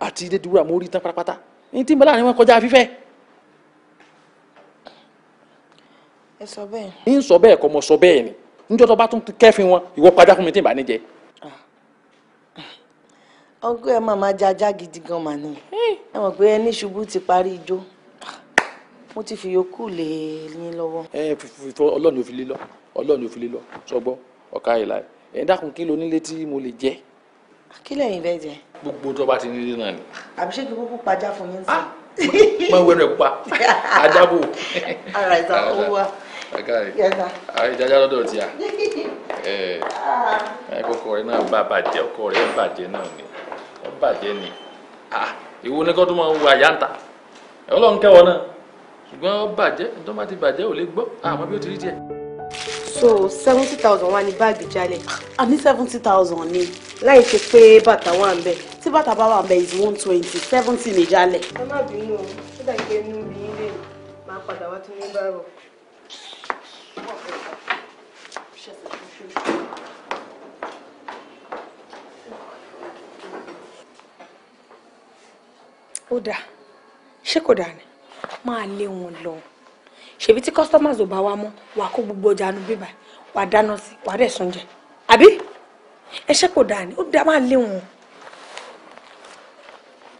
àti Dédúrà mo rí tán pátápátá ní tí n bá láàrin wọn kọjá fífẹ́. ẹ sọ bẹ́ẹ̀. ní sọ bẹ́ẹ̀ kọ́ mo sọ bẹ́ẹ̀ ni níjọ́ tó bá tún kẹ́fin wọn ìwọ padà fún mi tí n bá ní ah. ọgọ ẹ máa máa jajá gidi gan mà ni ẹ mọ̀ pé ẹni ṣubú ti parí ijó mo ti fi yòókù lé yín lọ́wọ́. ẹ fífọ Ọlọ́run ò fi lé lọ Ọlọ́run ò fi lé lọ sọgbọ́ ọ̀ka ìlà ẹ̀ dákun kí ló nílé tí mo lè jẹ́. Ah, kí lẹ́yìn bẹ́ẹ̀ jẹ. gbogbo tó bá ti ní rí náà ni. àbí ṣé kí kúkú pajá fún yín sí. Ah, mọ ìwé rẹ pa ajábò. ara ìta owó wa. ọ̀gá rẹ̀ ìjájá lọ́dọ̀ tí a ẹ kọkọ rẹ náà bá bàjẹ́ ọkọ rẹ bàjẹ́ náà ni ó bàjẹ́ ni ah, ìwo ni kọ́ tó máa ń wo àyáǹta ọlọ́run kẹwọ́ náà ṣùgbọ́n ó bàjẹ́ tó bá ti bàjẹ́ ò lè gbọ́ àmọ́ bí ó ti rí díẹ̀ so seventy thousand wà ní báàgì jálẹ̀. àní seventy thousand ni láì ṣe pé bàtà wà ń bẹ tí bàtà bá wà ń bẹ is one twenty seventy ní jálẹ̀. ẹ má bínú o ṣé dàgbé inú mi ilé máa padà wá tí mo bá ó dáa ṣé kò dáa ni máa lé wọn lọ ṣèbí tí customers ò bá wa mọ́ wàá kó gbogbo ọjà nu bíbà wàá dáná sí wàá dẹ̀ sún àbí ẹṣẹ́ kò dáa ni ó dá máa lé wọn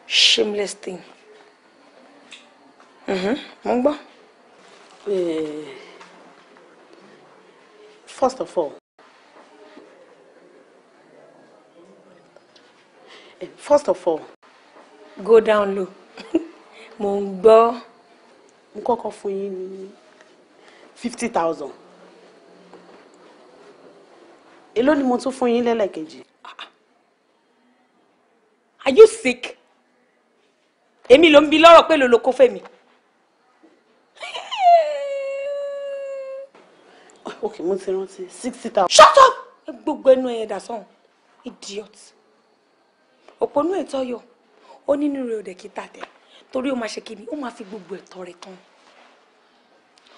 shameless thing mm-hmm. mo ń gbọ́. Eh, first of all eh, first of all go down low mo ń gbọ́ mo kọ́kọ́ fún yín ní fifty thousand èló ni mo tún fún yín lẹ́lẹ́kejì. are you sick? èmi ló ń bi lọ́rọ̀ pé lòlò kó fẹ́ mi. ok mo ti rántí sixty thousand. shut up! gbogbo ẹnu ẹ̀yẹ dà sọ́hun idiot òpó inú ẹ̀ tọ́ ó nínú rẹ̀ ò dẹ̀ kí tà tẹ̀ torí ó máa ṣe kí ni ó máa fi gbogbo ẹ̀tọ́ rẹ̀ tán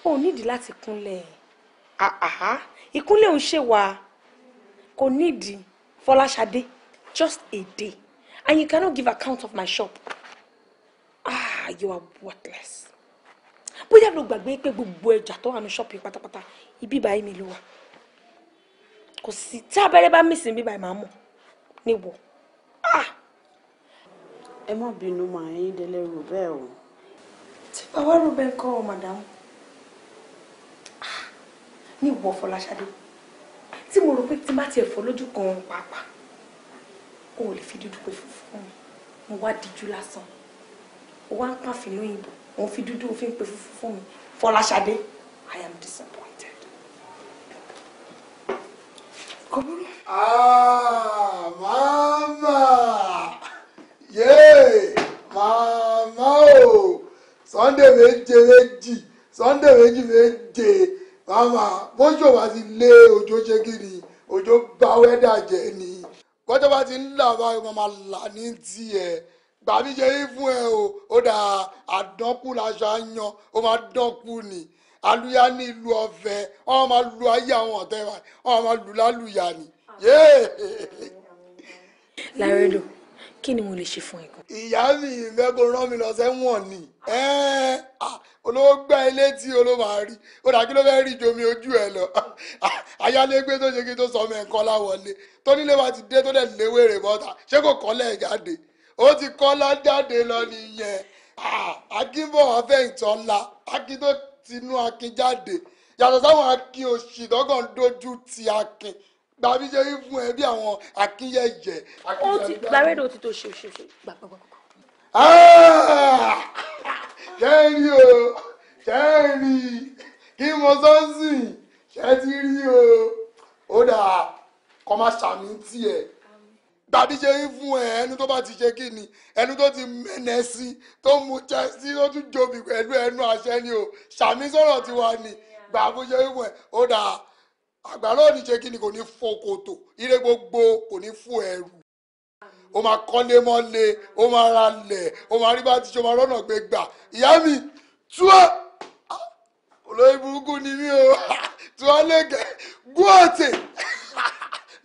ó nídìí láti kúnlẹ̀ àhàhà ìkúnlẹ̀ òun ṣe wà kò nídìí Fọláṣadé just a day and you cannot give account of my shop ah you are worthless bóyá ló gbàgbé pé gbogbo ẹja tó wà ní ṣọ́ọ̀pù yìí pátápátá ibi báyìí mi ló wà kò sí tí abẹ́rẹ́ bá mìsìn bíbá ẹ̀ máa mọ̀ níwọ̀ ah ẹ má bínú mà ẹ̀yin délé rò bẹ́ẹ̀ o. tí bàbá rò bẹ́ẹ̀ kọ́ ọ màdàmú ní ìwọ Fọláṣadé tí mo rò pé tí má tiẹ̀ fọ́ lójú kan pàápàá kó lè fi dúdú pé funfun mi mo wá díjú lásán o wá ń pàfin lóyìnbó òun fi dúdú òfin pé funfun fún mi Fọláṣadé I am disappointed. kò burú. àmọ́ yéè màmá o Sunday méje méjì Sunday méjì méje màmá bójú wa ti lé ọjọ́ ṣe kiri ọjọ́ bá wẹ́dà jẹ́ ni kọjọ́ bá ti ń là báyìí màmá là ní tiẹ̀ gbàbí ṣe yí fún ẹ o ó dà àdánkù làṣọ àyàn ó máa dánkù ni aluya ní ìlú ọ̀fẹ́ wọn máa lu ayé àwọn ọ̀tẹ̀ wọn máa lu lálùyà ni. lárédò kí ni mo lè ṣe fún ẹ̀gbọ́n. ìyá mi ìfẹ́ kó rán mi lọ sẹ́wọ̀n ni olówó gbá ilé tí olówó àárí ó dà kí ló fẹ́ẹ́ rí jomi ojú ẹ lọ ayálégbé tó ṣe kí tó sọ ọmọ ẹ̀kọ́ láwọlé tó nílé wa ti dé tó dẹ̀ léwèrè bọ́ta ṣé kò kọ́lẹ̀ jáde ó ti kọ́lá jáde lọ nìyẹn akínbọ̀ afẹ́ǹtọ́lá akin tó tinú akin jáde yàtọ̀ sáwọn akin òṣì lọ́gàn dojú ti akin gbàbí ṣe fún ẹ bí àwọn akínyẹ̀jẹ̀. ó ti gbàrẹ́dọ̀ ti tó ṣe ṣe ṣe gbàgbọ́. Ah! ṣẹ́ẹ̀rì o ṣẹ́ẹ̀rì kí mo sọ sí ṣẹ́ ti rí o ó dà kọ́ máa ṣàmì tiẹ̀ gbàbí ṣe ń fún ẹ ẹnu tó bá ti ṣe kí ni ẹnu tó ti mẹ́nẹ̀ sí tó mu jẹ sí tó tún jobi pẹ̀lú ẹnu àṣẹ ni o ṣàmì sọ̀rọ̀ tiwa ni gbàbí ṣe fún ẹ ó dà àgbàrá ò ní ṣe kí ni kò ní fọ kòtò ire gbogbo kò ní fún ẹrù o máa kọ́lé mọ́lé o máa ra lẹ̀ o máa rí bá ti ṣe o máa rọ́nà gbé gbà ìyá mi tú ọ olóyè burúkú ni mí o tú ọ lẹ́gẹ̀ gún ọ̀tẹ̀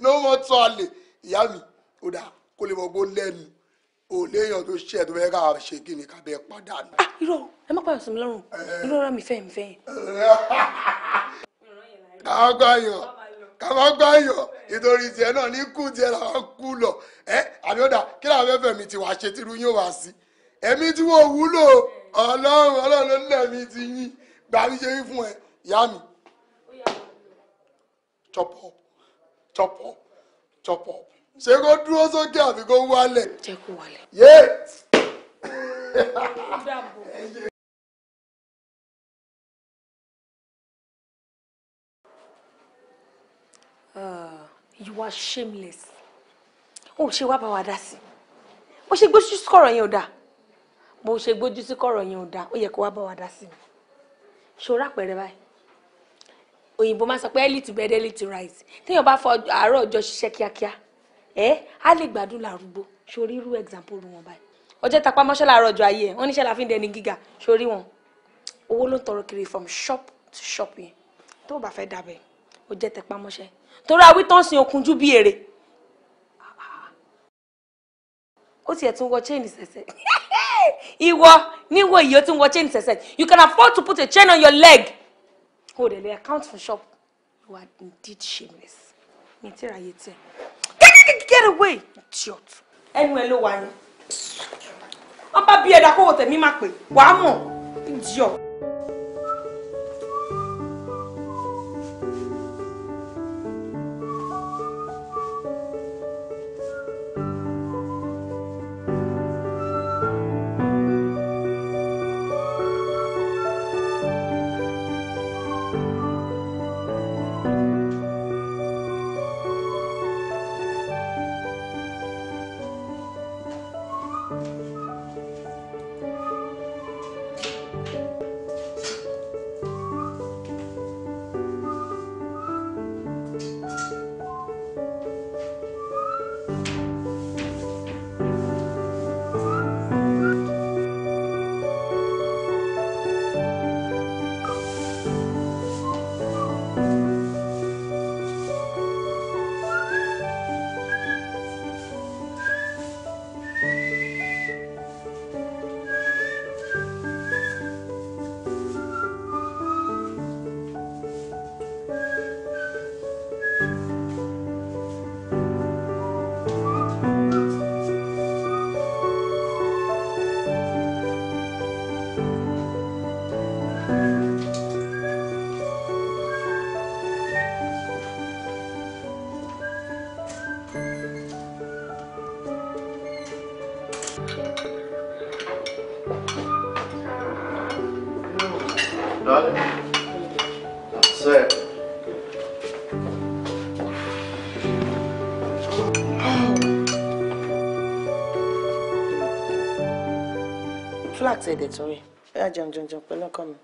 ní o mọ̀ tọ́ alẹ̀ ìyá mi ó dáa kó lè mọ̀ gbó lẹ́nu ò léèyàn tó ṣe ẹ̀ tó fẹ́ ká ṣe kí ni ká padà ah, irọ́ ẹ má pààyàn sí mi lọ́rùn eh. irọ́ rẹ̀ mi fẹ́ mi fẹ́ yẹn. káwọn gbàyàn káwọn gbàyàn nítorí tiẹ̀ náà ní kú tiẹ̀ làwọn kú lọ ẹ àdóòdà kí làwọn fẹ́ fẹ̀mí tiwa ṣe tìrú yín wá sí ẹ̀mí tí wọ́n wúlò ọlọ́run ọlọ́run ló ń lẹ̀mí ti yín gbàmí ṣe yín fún ẹ ìyá mi chop up chop up chop up ṣé kó dúró sókè àbí kó wálẹ̀. jẹ́ kó wálẹ̀. yé. Uh, you are shameless. ó ṣe wá bá wa dá sí mo ṣe gbójú sí kọ̀rọ̀ yẹn ò dáa mo ṣe gbójú sí kọ̀rọ̀ yẹn ò dáa ó yẹ kó wá bá wa dá sí mi ṣòro àpẹẹrẹ báyìí òyìnbó máa sọ pé early to bed early to rise téèyàn bá fọ àárọ̀ ọjọ́ ṣiṣẹ́ kíákíá ẹ á lè gbádùn làrúgbó ṣorí irú example rú wọn báyìí ọjọ́ tapá mọ́ṣẹ́ làárọ̀ ọjọ́ ayé ẹ̀ wọ́n níṣẹ́ la fi ń dẹni gíga ṣorí wọn owó ló ń tọrọ kiri from shop to shop yẹn tó o bá fẹ́ dábẹ́ ó jẹ́ tẹpá mọ́ṣẹ́ torí awí tán sin okun jú bí èrè ó tiẹ̀ tún wọ chain sẹ̀sẹ̀ ìwọ níwọ̀ yìí ó tún wọ chain sẹ̀sẹ̀ you can afford to put a chain on your leg kó o dẹ̀ lè account for shop you are indeed shameless ní tí ra yé tiẹ̀ get away idiot ẹnu ẹ ló wà yẹn wọ́n bá bí ẹ̀dá kówó tẹ̀mí máa pè wàá mọ̀ idiot. àti èdè tó rí bóyá jẹun jẹun jẹun pẹ̀lú ọkọ mi.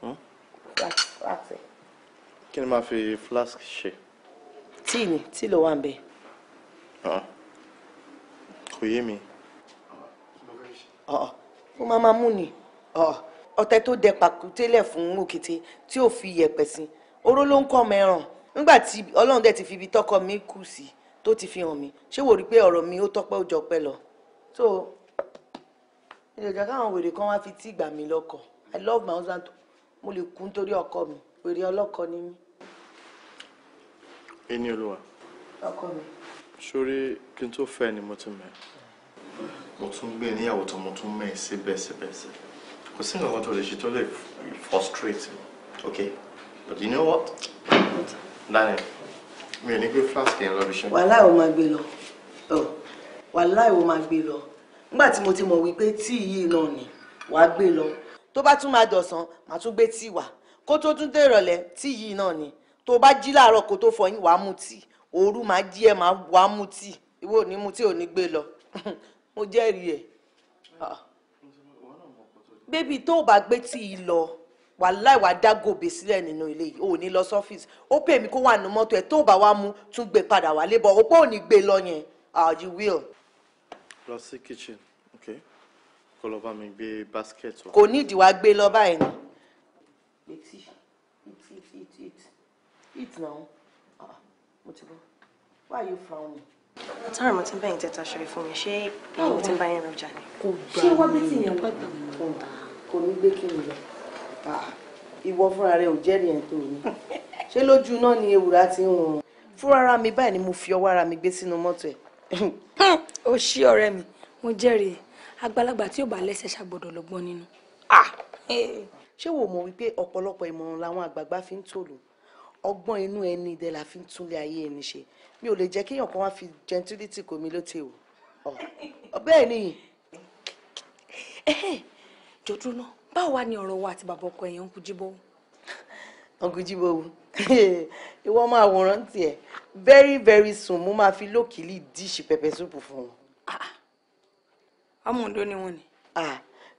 Hmm? kí ni màá fi flask ṣe. tíì ni tíì ló wà ń bẹ. Ah. kò yé mi. Ah, ó máa máa mú ni ah, ọ̀tẹ̀ tó dẹ pàkútélẹ̀ fún òkété tí ò fi yẹ̀pẹ̀ sí oró ló ń kọ́ ọmọ ẹran nígbà tí ọlọ́run dẹ̀ ti fi ibi tọ́kọ mi kù sí tó ti fi hàn mí ṣé wò rí pé ọ̀rọ̀ mi ó tọ́pẹ́ ó jọ pẹ́ lọ so ilé ìjà káwọn wèrè kan wá fi tí ìgbà mi lọ́kọ i love my husband mo lè kú nítorí ọkọ mi wèrè ọlọ́kọ ni mí. ẹni olúwa. ọkọ mi. sórí kí n tó fẹ́ ni mo ti mẹ́. mo tún gbé níyàwó tó mo tún mẹ́ síbẹ̀síbẹ̀ sí kò sí nǹkan tó lè ṣe tó lè frustrate me okay but you know what daniel mi ò ní gbé flask yẹn lọ bí ṣe. wàhálà ò máa gbé lọ. Oh wàláì ó máa gbé lọ nígbà tí mo ti mọ̀ wípé tíì yìí náà ni wàá gbé lọ tó bá tún máa dọ̀sán màá tún gbé tíì wá kó tó tún dé ìrọ̀lẹ́ tíì yìí náà ni tó bá jí láàárọ̀ kó tó fọyín wàá mu tíì òru máa jí ẹ máa wàá mu tíì ìwọ ò ní mu tíì ò ní gbé lọ mo jẹ́rìí ẹ̀ ah. bébí tó o bá gbé tíì lọ wàláì wàá dá gòbè sílẹ̀ nínú ilé yìí o lọ sọ́fíìsì ó pè mí kó wà nínú mọ́tò ẹ̀ tó o bá wá mu tún gbé padà wálé bọ̀ ó pọ̀ ò gbé lọ yẹn ah you will lọ sí kitchen okay kó lọ bá mi gbé basket wa. kò nídìí wá gbé lọ báyìí ni. betty eat eat eat eat eat now ah mo ti bọ why you frowning. tọ́rọ̀ mo ti ń bẹ̀yìn tẹ́tà ṣòro fún mi ṣé mo ti ń bá yẹn rọjà ni. kò gbà ṣé wọ́n bí tì yẹn wọ́n gbà mí kò gbà kò ní gbé kí n lọ ah, ìwọ fúnra rẹ ò jẹ́rìí ẹ̀ tó ní ṣé lójú náà ni ewùrà ti ń rùn. fúnra mi báyìí ni mo fi ọwọ́ ara mi gbé sínú mọ́tò ẹ̀ ó ṣí ọ̀rẹ́ mi mo jẹ́rìí àgbàlagbà tí ò bá lẹ́sẹ̀ ṣàgbọ́dọ̀ lọ́gbọ́n nínú. ṣé wò mọ̀ wípé ọ̀pọ̀lọpọ̀ ìmọ̀ràn làwọn àgbààgbà fi ń tòlù ọgbọ́n inú ẹni ìdẹ la fi ń túnlé ayé ẹni ṣe mi ò lè jẹ́ kéèyàn kan wá fi gentility kò mí lóte o bẹ́ẹ̀ ni. jọ̀dún náà báwo wá ni ọ̀rọ̀ wa àti bàbá ọkọ ẹ̀yàn ń kú jíbọ́ ọ̀gùjìbò wù máa wòran tiẹ̀ very very soon mo máa fi lókìlì dish pẹpẹ súpù fún wọn ọmọ Oǹdó ni wọn ni.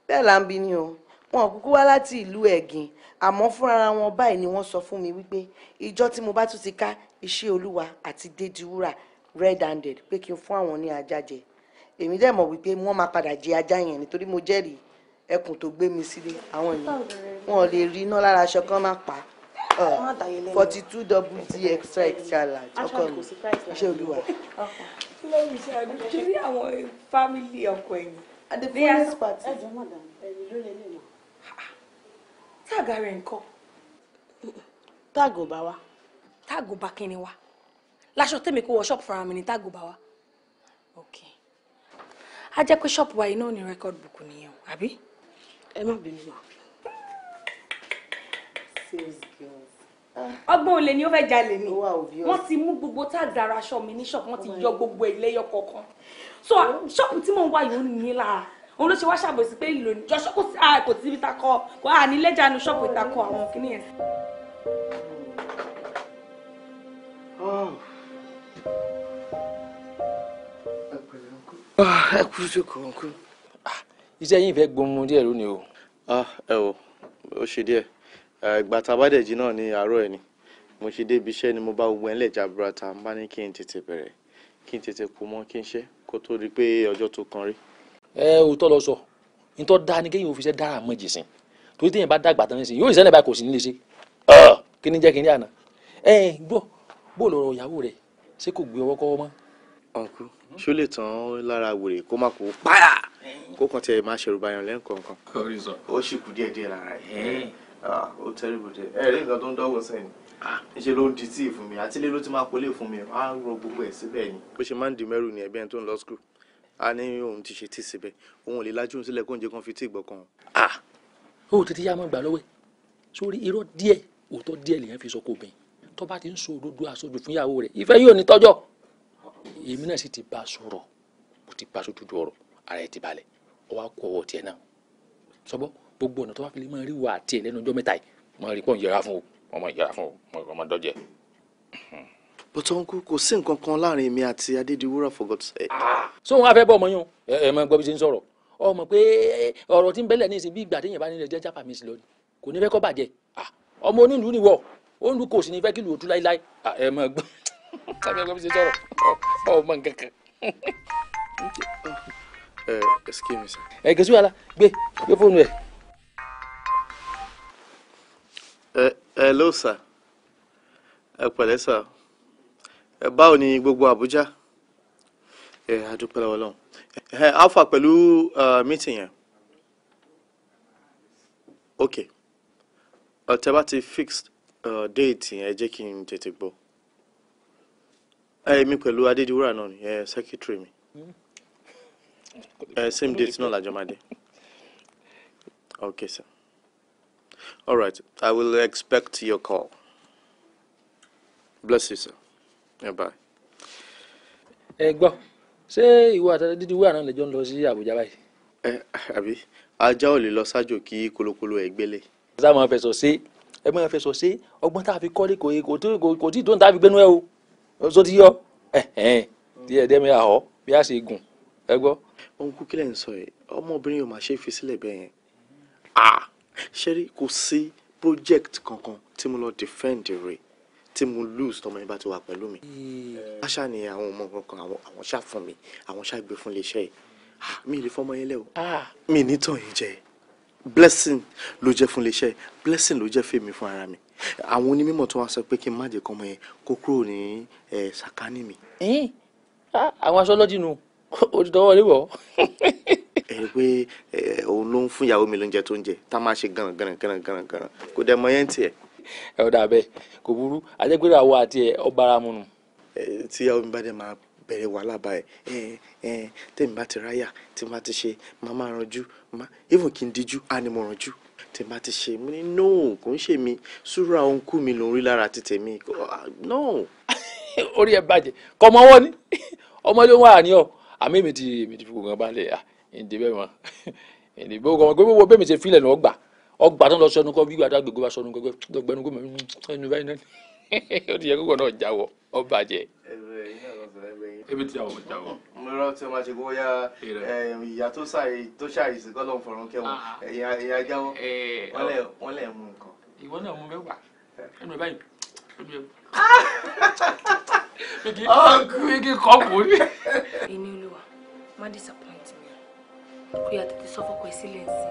bẹ́ẹ̀ là ń bi ni o wọn ò kúkú wá láti ìlú ẹ̀gìn àmọ́ fúnra wọn báyìí ni wọ́n sọ fún mi wípé ìjọ tí mo bá tún ti ká iṣẹ́ olúwa àti dédiwúrà red handed pé kí n fún àwọn ní ajá jẹ èmi dẹ̀ mọ̀ wípé wọ́n máa padà jẹ ajá yẹn nítorí mo jẹ́rìí ẹkùn tó gbé mi sílé àwọn èèyàn wọn ò lè rí iná lára aṣọ kan máa pa á. Ah, forty two double d extra extra large ọkọ mi iṣẹ́ olúwa. lẹ́yìn iṣẹ́ àdúgbò ṣe rí àwọn fámìlì ọkọ ẹ̀yìn. at the first party. ẹ̀jọ̀ madam ẹ̀yìn ló lè lè mọ̀. táàgà rẹ̀ nǹkan. táàgò bá wa. táàgò bá kíni wa láṣọ tèmi kó wọ ṣọ́ọ̀pù fara mi ní táàgò bá wa. ok a jẹ́ pé ṣọ́ọ̀pù wa yìí ní rẹ́kọ̀dì bùkù nìyẹn àbí. ẹ má bínú wa. sales girl ọgbọ́n olè ni ó fẹ́ jalè mi wọ́n ti mú gbogbo táàgì ara aṣọ mi ní ṣọ́ọ̀pù wọ́n ti oh yọ gbogbo ẹlẹ́yọ kọ̀ọ̀kan so ṣọ́ọ̀pù oh. tí mò ń wá yìí ó nìyí lára òun ló ṣe wá ṣàbòsí pé ìlò ìjọ ṣọ́ọ̀pù kò sí ibi takọ kò à ní lẹ́jàánu ṣọ́ọ̀pù ìtakọ àwọn kìíní yẹn. Oh. Ah, ẹ kú sí kòńkó. Ah, iṣẹ́ yìí fẹ́ gbomi díẹ̀ lónìí o. Ah, ẹ o ó ṣe díẹ̀ ìgbà tá a bá dẹ̀ jí náà ní àárọ̀ ẹ̀ ni mo ṣe débi iṣẹ́ ni mo bá gbogbo ẹ̀ńlẹ̀ jaburata n bá ní kí n tètè bẹ̀rẹ̀ kí n tètè kó mọ́ kí n ṣe kó tó di pé ọjọ́ tó kan rí. ẹ ò tọ́ lọ sọ nítọ́ da ni kéèyàn òfìṣẹ́ dára mọ́ jì sìn torí téèyàn bá dàgbà tán nísìnyí yóò ìṣẹ̀lẹ̀ báyìí kò sí nílé ṣe kí ni jẹ́ kí ni àná ẹ gbọ́ bó lọ́rọ̀ ìyàwó rẹ̀ ṣé kò gbé ọwọ́ kọ́wọ́ mọ́. ọ̀nkú ṣó ah o terrible dé ẹ rí nǹkan tó ń dọ́gbọ̀n sẹ́yìn ah. níṣẹ́ ló ń di tíì fún mi àtílé ló ti máa polé fún mi á rọ gbogbo ẹ̀ síbẹ̀ ni. bó ṣe máa ń di mẹ́rù ni ẹ̀bí ẹni tó ń lọ skul a ní òun ti ṣe tíì síbẹ̀ òun ò lè lajú sílẹ̀ kó oúnjẹ kan fi tíì gbọ̀kan. ah ó tètè yá máa gbà lọ́wọ́ ẹ̀ sórí irọ́ díẹ̀ òótọ́ díẹ̀ lèyàn fi sọ kó bẹ́ẹ̀ tó bá ti ń sọ òdodo àsọjù fún ìyàwó rẹ̀ ìfẹ́ yóò ní tọ́jọ́ èmi náà sì ti bá a sọ̀rọ̀ mo ti bá a sójú ọ̀rọ̀ ara ẹ̀ gbogbo ọ̀nà tó bá fi lè máa rí wà àti ẹ̀ lẹ́nu ọjọ́ mẹ́ta yìí mo rí i pé òun yẹra fún o mo yẹra fún o mo dọ́jẹ́. bọ́tọ̀ ń kú kò sí nǹkan kan láàrin mi àti adédiwúrà for God's sake. so wọn á fẹ́ bọ́ ọmọ yẹn ẹ mọ gbọ́ bí ṣe ń sọ̀rọ̀ ọmọ pé ọ̀rọ̀ tí ń bẹ́lẹ̀ ní ìsìn bí ìgbà téèyàn bá nílẹ̀ jẹ́ jápa mi sí lónìí kò ní fẹ́ kó bàjẹ́ ah, ọmọ onílùú nìwọ onílùú kò sì ní fẹ́ kí lùú tú láíláí ah, ẹ mọ gbọ́ sábẹ́ gbọ́ bí ṣe ń sọ̀rọ̀ ọmọ nǹkan kan. ẹ eh, ẹ ẹ kí wàhálà gbé gbé fóònù ẹ. ẹ hello sir ẹ pẹ̀lẹ́ sir ẹ báwo ni gbogbo Àbújá ẹ adúpẹ́ lọ́wọ́ lọ́hùn ẹ alpha pẹ̀lú meeting yẹn ok ọ̀tẹ́ bá ti fixed date yẹn jẹ́ kí n tètè gbọ́ èmi pẹ̀lú Adédiwúrà náà ni secretary mi hmm. same date náà làjọ máa dé ok sir. All right. I will expect your call. Bless you, sir. bye. ẹ gbọ́ ṣé ìwọ àtàlẹ́ dídí wíwà náà lè jọ ń lọ sí Àbújá báyìí. ẹ àbí ajá ò lè lọ sájò kí kolokolo ẹ gbélé. ṣá máa fẹsọ̀ ṣe ẹ máa fẹsọ̀ ṣe ọgbọ́n tá a fi kọ́lé kò kò tí ì tó ń tá a fi gbénú ẹ o ṣó ti yọ díẹ̀ díẹ̀ mi àhọ́ bí a ṣe gùn ẹ gbọ́. ohun kúkílẹ̀ ń sọ yìí ọmọbìnrin yóò máa ṣe é fi sílẹ̀ bẹ́ẹ̀ yẹn. Ah! ṣẹ́rí kò sí project kankan tí mo lọ defend rẹ̀ tí mo lose tọmọ yẹn bá ti wà pẹ̀lú mi hmm. aṣá ni àwọn ọmọ kankan àwọn ṣá fún mi àwọn ṣá gbé fún iléeṣẹ́ yìí ah, mi lè fọmọ yẹn lẹ o ah. mi ní tàn yín jẹ blessing ló jẹ́ fún iléeṣẹ́ blessing ló jẹ́ fèmí fún ara mi àwọn onímọ̀ tó wá sọ pé kí n má jẹ́ kọ́mọ yẹn kó kúrò ní eh, sàkání mi. Eh? Ah, àwọn aṣọ lọ́dínú òdìdọ́wọ́ lè wọ̀ rí pé òun ló ń fún ìyàwó mi lóúnjẹ tó ń jẹ tá a máa ṣe gànà gànà gànà gànà gànà kò dẹ̀ mọ yẹn tiẹ̀. ẹ ọ̀dà bẹ́ẹ̀ kò burú àjẹgbẹ́rẹ́ àwọ̀ àti ẹ̀ ọ bára mu nù. tí ìyàwó mi bá dẹ̀ máa bẹ̀rẹ̀ wàhálà báyìí ẹ ẹ tèmi bá ti ráyà tí mo bá ti ṣe máa máa ranjú even kí n díjú á ni mo ranjú tí n bá ti ṣe mo ní no kò ń ṣe mi súra òǹkú mi ló rí lára ti tèmi ah, no. orí ẹ bàjẹ́ kọ́ ọmọ ọwọ́ ni ọmọ ló wà ní ọ àmì mi ti mi ti fi gbọ̀ngàn balẹ̀ ah, ìdìbẹ́ wọn ìdìbò kan gbogbo wo bẹ́ẹ̀ mi ṣe filẹ̀ ní ọgbà ọgbà tó ń lọ sọnù kọ́ bí gbàdá gbogbo bá sọnù gbogbo gbẹnu gbogbo mm, ẹnu báyìí náà ó ti yẹ kókò náà jáwọ́ ọ bàjẹ́. ebi tí a wọ̀ jáwọ́. mo rọ tí o máa ṣe kó yá eh, ìyá tó ṣàìsí kọ́ ló ń fọ̀rọ̀ kẹ́wọ̀n ìyá ah. jáwọ́ eh, wọ́n lẹ̀ mú nǹkan. ìwọ náà mú mẹ́wàá ẹnu ẹ báyìí ẹnu ẹ. ọkùnrin kọ́kùnrin. inú olúwa má disappoint kó yà tètè sọ fọkọ ẹ sílẹ̀ sí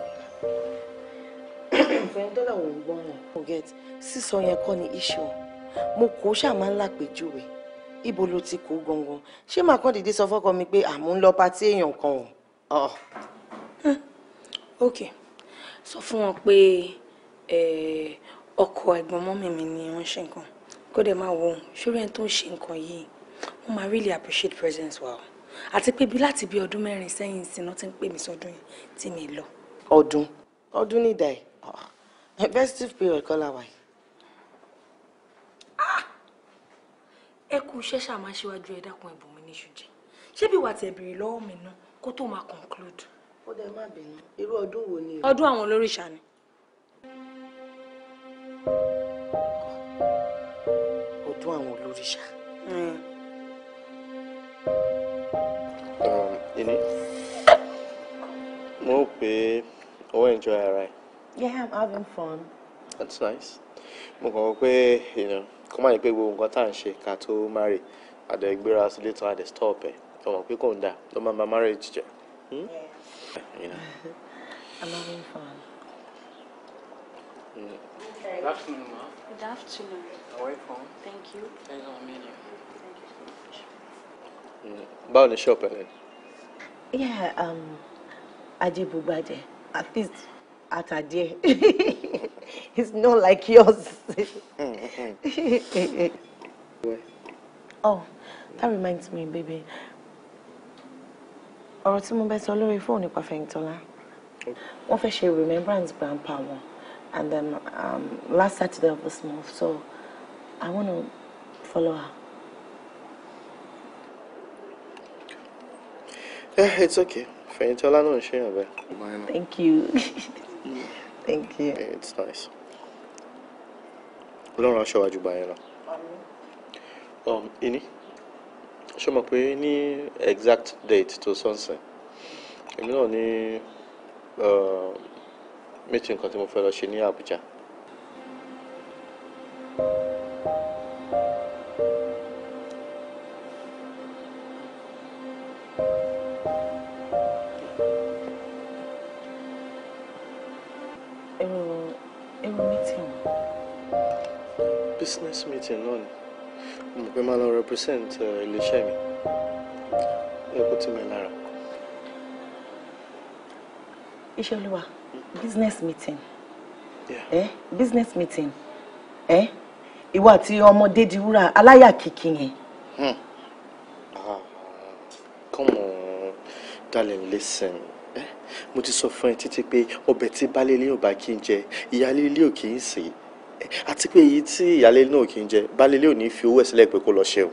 i. ìfẹ̀yìn dọ́là wò ń gbọ́n wọn. mo get sísọ yẹn kọ́ ni iṣu mo kò ṣáà máa ń lápèjúwe ibo ló ti kó gangan ṣé màá kàn dìde sọ fọkọ mi pé àmú ń lọ patí èèyàn kan o. Oh. Hm, ok sọ fún wọn pé ọkọ ẹ̀gbọ́n mọ́mì mi ni wọ́n ṣe nǹkan kó dẹ̀ máa wọ ohun ṣórí ẹni tó ń ṣe nǹkan yìí wọ́n máa really appreciate presence wa. Wow àti pé bí láti bí ọdún mẹ́rin sẹ́yìn sí náà ti ń pè mí sọdún yìí tí mi lọ. ọdún ọdún nídà ẹ ah, festive period kọ́ la wà yìí. Ah! ẹ kú iṣẹ́ ṣàmá síwájú ẹ dákun ẹ̀bùn mi níṣu jẹ ṣé bí wà á tẹ̀ bèrè lọ́wọ́ mi náà kó tó máa conclude. ó dẹ má bínú irú ọdún wo ni. ọdún àwọn olóríṣà ni. ọdún àwọn olóríṣà. Mm. Kini, mo pe o enjoy ara ẹ. Yeah, I'm having fun. That's nice. Mo kàn wọ́n pé kó má ní pé gbogbo nǹkan tá à ń ṣe ká tó marry àdé gbéra sílé tán àdé stop ẹ̀ ọmọ pé kò ń dà ló máa ma marriage hmm? I'm having fun. Mm. Okay. Good afternoon, ma. Good afternoon. How are you from? Thank you. Pleasure you. Thank you so much. Mm. Báwo ni ṣọ́ọ̀pù ẹ̀ lẹ́nu? Yeah, um, Ajibugbaje. At least at a day. It's not like yours. oh, that reminds me, baby. Ọ̀rọ̀ tí mo bẹ sọ lórí fóònù nípa Fẹ́yìntọ́lá. to fẹ́ ṣe remembrance grandpa wọn and then um, last Saturday of this month so I want to follow her. Yeah, it's okay. Fẹ̀yìntọ́lá náà ń ṣèyàn bẹ́ẹ̀. Thank you. Thank you. Yeah, it's nice. Ọlọ́run aṣọ show jù bá Um, lọ. Show me o exact date to sunset. Èmi náà ní uh, meeting kan tí mo fẹ́ lọ ṣe ní Abuja. business meeting náà ni mo pẹ́ máa lọ represent uh, iléeṣẹ́ mi ẹ̀kú tí mi lára. iṣẹ́ olúwa business meeting yeah. eh? business meeting eh? ìwà àti ọmọ Dédiwúrà aláyà kìkì yẹn. Hmm. Ah, come on darling listen eh, mo ti sọ fún ẹ títí pé ọbẹ̀ tí baálé ilé ò bá kí n jẹ ìyáálé ilé ò kì í sè àti pé èyí tí ìyáálé náà kì í jẹ balẹ̀lẹ́ ò ní fi owó ẹ̀ sílẹ̀ pé kó lọ ṣe o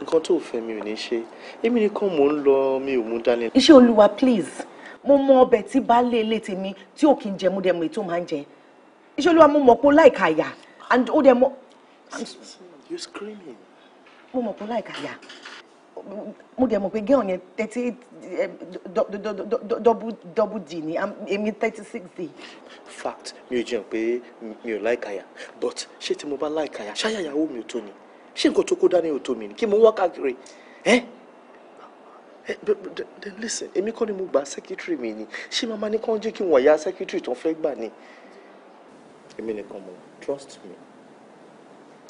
nǹkan tó fẹ́ mi ò ní ṣe èmi nìkan mò ń lọ mi ò mú dání. iṣẹ́ olúwa please mo mọ ọbẹ̀ tí baálé ilé tèmi tí ò kì í jẹ mú dẹ̀ ètò máa ń jẹ iṣẹ́ olúwa mo mọ̀ pé ó láìka àyà and ó dẹ̀ mọ̀. you screaming. mo mọ̀ pé ó láìka àyà mo dẹ̀ mọ̀ pé girl yẹn thirty eight eh, double d ni èmi thirty six d. fact mi ò jiyàn pé mi ò láì kàyà but ṣé tí mo bá láì kàyà ṣáyà ìyàwó mi ò tó ni ṣé nǹkan tó kó dání ò tó mi ni kí mo wá káàkiri ẹ eh? eh, then listen èmi kọ́ ni mo gba secretary mi ni ṣé màmá ní kàn jẹ́ kí n wọ̀ ya secretary tó fẹ́ gbà ni èmi nìkan mo trust me.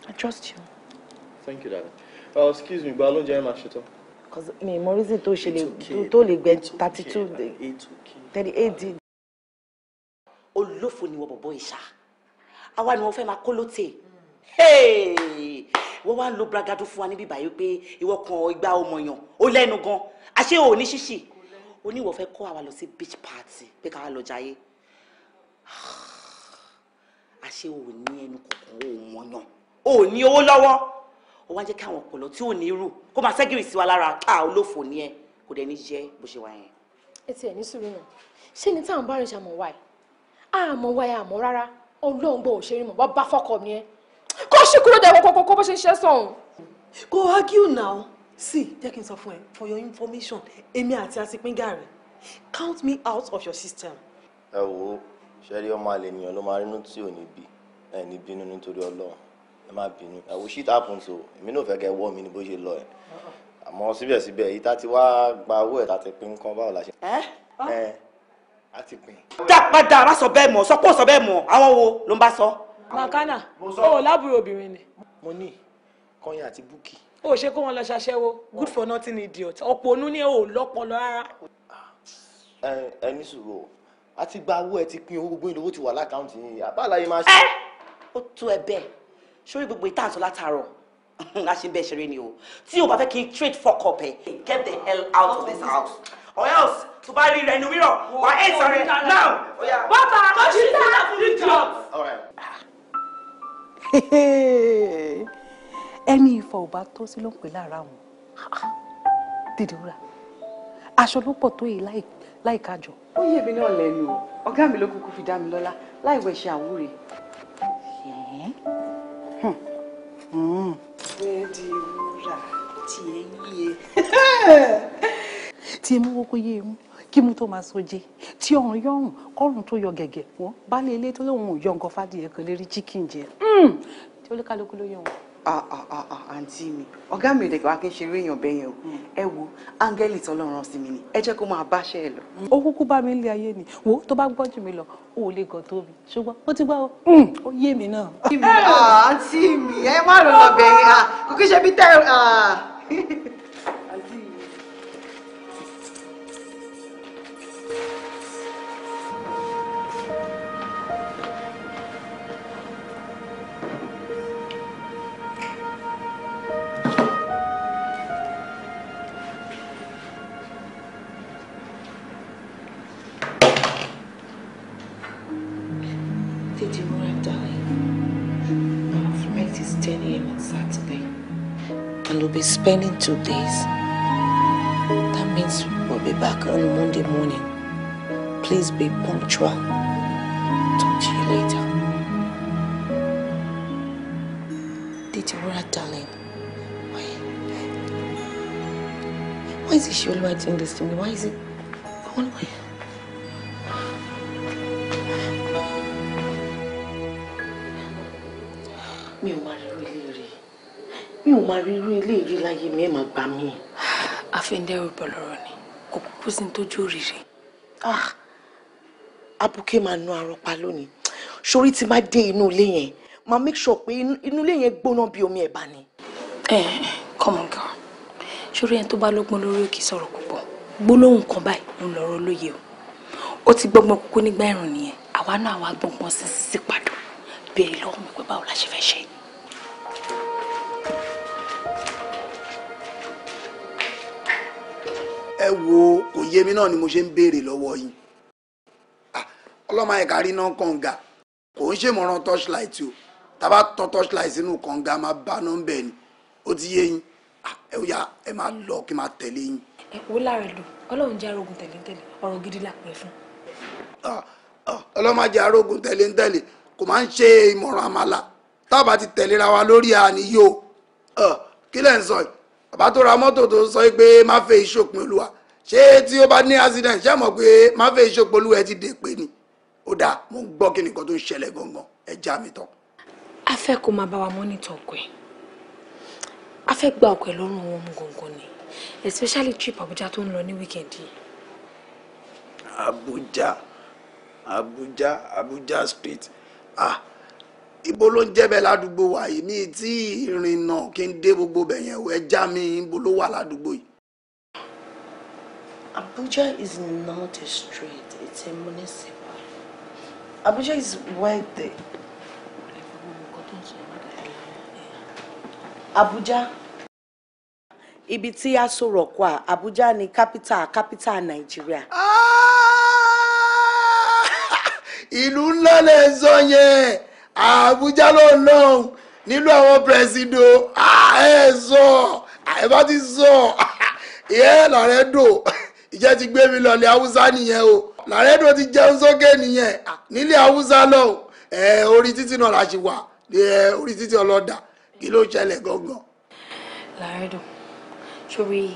I trust you. Thank you, darling oh excuse me gba lóúnjẹ yẹn máa ṣetán. cause me mo reason tó ṣe lè tó get gbẹ thirty two thirty eight d. olófo ni wọ́n bọ̀bọ̀ ìṣá àwa ni wọ́n fẹ́ máa kó lóte wọ́n wá lo bragado fún wa bi báyìí pé ìwọ kan ìgbà ọmọọyàn ó lẹ́nu gan àṣé o ni ṣíṣì ó ní ìwọ ko kó àwa lọ beach party pé káwa lọ jayé àṣé ò ní ẹnu kọ̀ọ̀kan ò mọ̀yàn O ni owó lọ́wọ́ ó wá jẹ́ kí àwọn ọpọlọ tí ò ní rù kó máa ṣẹ́gìrì sí wa lára ká olófò ní ẹ kò dẹ̀ ní jẹ́ bó ṣe wá yẹn. ẹ tiẹ̀ ní sùúrù náà ṣé ni táwọn bá rìn ṣàmọ̀ wá ẹ̀ àmọ̀ wá ẹ̀ àmọ̀ rárá ọlọ́run gbọ́ òṣèré mọ̀ wá bá fọ́kọ mi ẹ kó ṣe kúrò dẹ̀ wọ́n kó bó ṣe ń ṣe sọ̀hún. go argue now see jẹ́ kí n sọ fún ẹ for your information èmi àti asipin gàrí count me out of your system. ẹ wo ṣẹ́rí ọmọ àlè ènìyàn ló máa rínú tí ò ní bí ẹ ní bínú nítorí ọlọ́run ẹ má bínú àwọn shit happen so èmi náà fẹ́ kẹ́ wọ́ mi ní bó ṣe lọ ẹ̀ àmọ́ síbẹ̀síbẹ̀ yìí tá ti wá gba owó ẹ̀ tá ti pín nǹkan báwo la ṣe. ẹ ẹ a ti pín. dá padà má sọ bẹ́ẹ̀ mọ̀ sọ pé ó sọ bẹ́ẹ̀ mọ̀ àwọn wo ló ń bá sọ. makana o lábúrò obìnrin ni. mo ní kọyìn àti búkì. o ṣe kó wọn lọ ṣaṣẹ́wó good for nothing idiot ọ̀pọ̀ onú ni ò lọ́pọlọ rárá. ẹ ẹ ní sùúrù o a ti gba owó ẹ ti pín owó gbóyìn lówó ti wà lákàntì yìí àbá àlàyé máa ṣe. ó tó ẹ bẹ́ẹ̀ sórí gbogbo ìta àtọ́ látàárọ̀ a ṣe bẹ́ẹ̀ ṣeré ni o tí o bá fẹ́ kí n trade fuck up ẹ get the hell out of this house or else tó bá rí rẹ ní wíwọ̀ wà á ẹ̀ sọ̀rọ̀ now bàbá kò sí sáà fún jọ. ẹni ìfọ̀ ò bá tó sí ló ń pè lára wọn ah, dìde wúrà aṣọ ló pọ̀ tó yìí láìka jọ. ó yé mi náà lẹ́nu ọ̀gá mi ló kúkú fi dá mi lọ́lá láì wẹ̀ṣẹ̀ àwúre. bẹ́ẹ̀dì mm. tí ẹ mú wọ́pọ̀ yé mú kí mú tó máa soje tí ọrùn yọrùn kọrùn tó yọ gẹ̀gẹ̀ wọ́n baálé ilé tó lóun ò yọ nǹkan fàdí ẹ̀kan lérí chicken jẹ mm. tí olúkálukú ló yọ wọn àǹtí mi ọ̀gá mi ìdẹ̀kọ̀ wa kí n ṣe eré èèyàn bẹ́yẹn o hmm. ẹ wo áńgẹ́lì tọ́lọ́run sí mi ni ẹ jẹ́ kó máa báṣẹ́ ẹ lọ. Hmm. ó kúkú bá mi ń lé ayé ni wo tó bá gbọ́ jù mí lọ o ò lè gàn tó mi ṣùgbọ́n ó ti gbá o hmm. ó yé mi náà. àǹtí mi ẹ má lọ lọ bẹ̀yẹn kò kí ṣe bí tẹ́ spending two days. That means we'll be back on Monday morning. Please be punctual. Talk to you later. Ditiwara, darling. Why? Why is Ishioluwa doing this to me? Why is it? Why? láyé mi ẹ̀ máa gbà mí. afẹ́ndẹ́rù bọ̀lọ̀rọ̀ ni kò kúkú sí tójú òrìrì. Ah, abuké máa nu arọ pa lónìí sórí ti máa dé inú ilé yẹn máa make sure pé inú ilé yẹn gbóná bí omi ẹ̀bà ni. ẹ ẹ come on girl sórí ẹni tó bá lọ́gbọ́n lórí òkè sọ̀rọ̀ púpọ̀ gbólóhùn kan báyìí ń lọ́rọ̀ lóye o ó ti gbọ́ngbọ́n kúkú nígbà ẹ̀rùn nìyẹn àwa náà wá gbọ́ngbọ́n sí sí pàdó bẹ́ẹ̀ lọ́wọ́ mi pé báwo la ṣe fẹ́ ṣe é. ẹ wo kò yé mi náà ni mo ṣe ń béèrè lọ́wọ́ yín ọlọ́mọ ẹ̀ka rí náà kànga kò ń ṣèmọ̀ràn torchlight o tábà tọ́ torchlight sínú kànga máa bá nọ́mbẹ̀ ni ó ti yé yín ẹ ó ẹ máa lọ kí n máa tẹ̀lé yín. ẹ wo lára lò ọlọ́run jẹ́ arógun tẹ̀léńtẹ̀lé ọ̀rọ̀ gidi là fún. ọlọ́mọ jẹ́ arógun tẹ̀léńtẹ̀lé kò máa ń ṣe ìmọ̀ràn àmàlà tábà ti tẹ̀léra wa lórí àníyó kí ń sọ yìí bàbá tó ra mọ́tò tó sọ pé má fẹ́ ìṣòpin olúwa ṣé tí ó bá ní accident ṣé mọ̀ pé má fẹ́ ìṣòpin olúwa ẹ ti dè pé ni ó dáa mo ń gbọ́ kí nìkan tó ń ṣẹlẹ̀ gangan ẹ já mi tán. a fẹ́ kó máa bá wa mọ́nítọ̀ ọkọ̀ ẹ̀ a fẹ́ gba ọkọ̀ ẹ̀ lọ́rùn wọn mú gangan ni especially trip Abuja tó ń lọ ní weekend yìí. Abuja Abuja Abuja street ah ibo ló ń jẹ́bẹ̀ ládùúgbò wa yìí mi tí ìrìnnà kí n dé gbogbo bẹ̀ yẹn wẹ́ já mi ibo ló wà ládùúgbò yìí. Abuja is not a street it's a municipal Abuja is where the Abuja ibi tí a sọ̀rọ̀ kwa Abuja ni capital capital Nigeria. Ah! ìlú ńlá lè sọ yẹn àbújá ló ń lọ́hùn nílùú àwọn pẹ̀sìdò ẹ sọ ẹ bá ti sọ ìyẹn làrẹ́dò ìjẹ́ ti gbé mi lọ́lẹ̀ haúsá nìyẹn o làrẹ́dò ti jẹun sókè nìyẹn nílẹ̀ haúsá lọ́hùn ẹ orí títí náà la ṣì wà ẹ orí títí ọlọ́dà kí ló ṣẹlẹ̀ gangan. làrẹ́dò sórí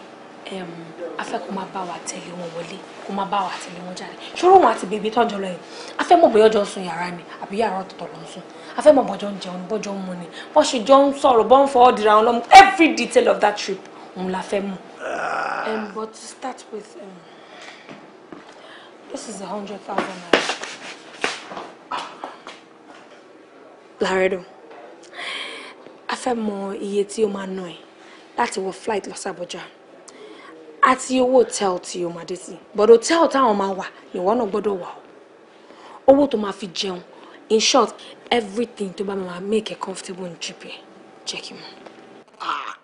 afẹ́ kó máa bá wa tẹ̀lé wọn wọlé kó máa bá wa tẹ̀lé wọn jáde ṣòro wọn àti bèbí tọ́jọ́ lọ yẹn afẹ́ mọ̀ bóyá ọjọ́ sùn yàrá ni àbí yàrá ọ̀tọ̀tọ̀ ló ń sùn afẹ́ mọ̀ bọ́jọ́ ń jẹun bọ́jọ́ ń mu ni wọ́n ṣe jọ ń sọ̀rọ̀ bọ́ ń fọwọ́ dira wọn lọ́mú every detail of that trip òun la fẹ́ mọ̀. Ah. but to start with um, this is a hundred thousand naira. Laredo afẹ́ mọ̀ iye tí ó máa ná ẹ láti wọ flight lọ sí Abuja àti owó hotel tí o máa dé sí but hotel táwọn máa wà ìwọ náà gbọ́dọ̀ wà o owó to máa fi jẹun in short everything to bá máa make a comfortable in trip yẹn jẹ́ kí n mọ̀. Ah,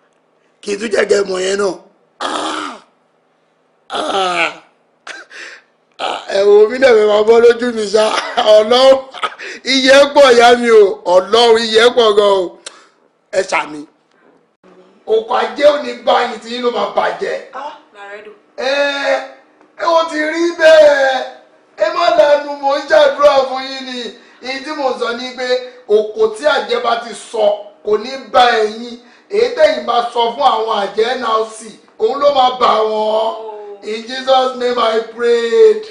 kì í tún jẹ́gẹ́ mọ̀ yẹn náà ah, ah, ẹ̀wọ̀n mi náà fẹ́ máa bọ́ mi ṣá ọlọ́run iye pọ̀ ìyá mi o ọlọ́run iye pọ̀ gan o ẹ ṣàmì. òkò ajé ò ní gbá yìí tí yín ló máa Ah ẹ ẹ ti rí bẹ́ẹ̀ ẹ má lanu mò ń ṣàdúrà fún yín ni èyí tí mo sọ ni pé òkò tí àjẹ́ bá ti sọ kò ní bá ẹ̀yin èyí tẹ̀yìn bá sọ fún àwọn àjẹ́ náà òun ló máa bà wọ́n in Jesus name I pray.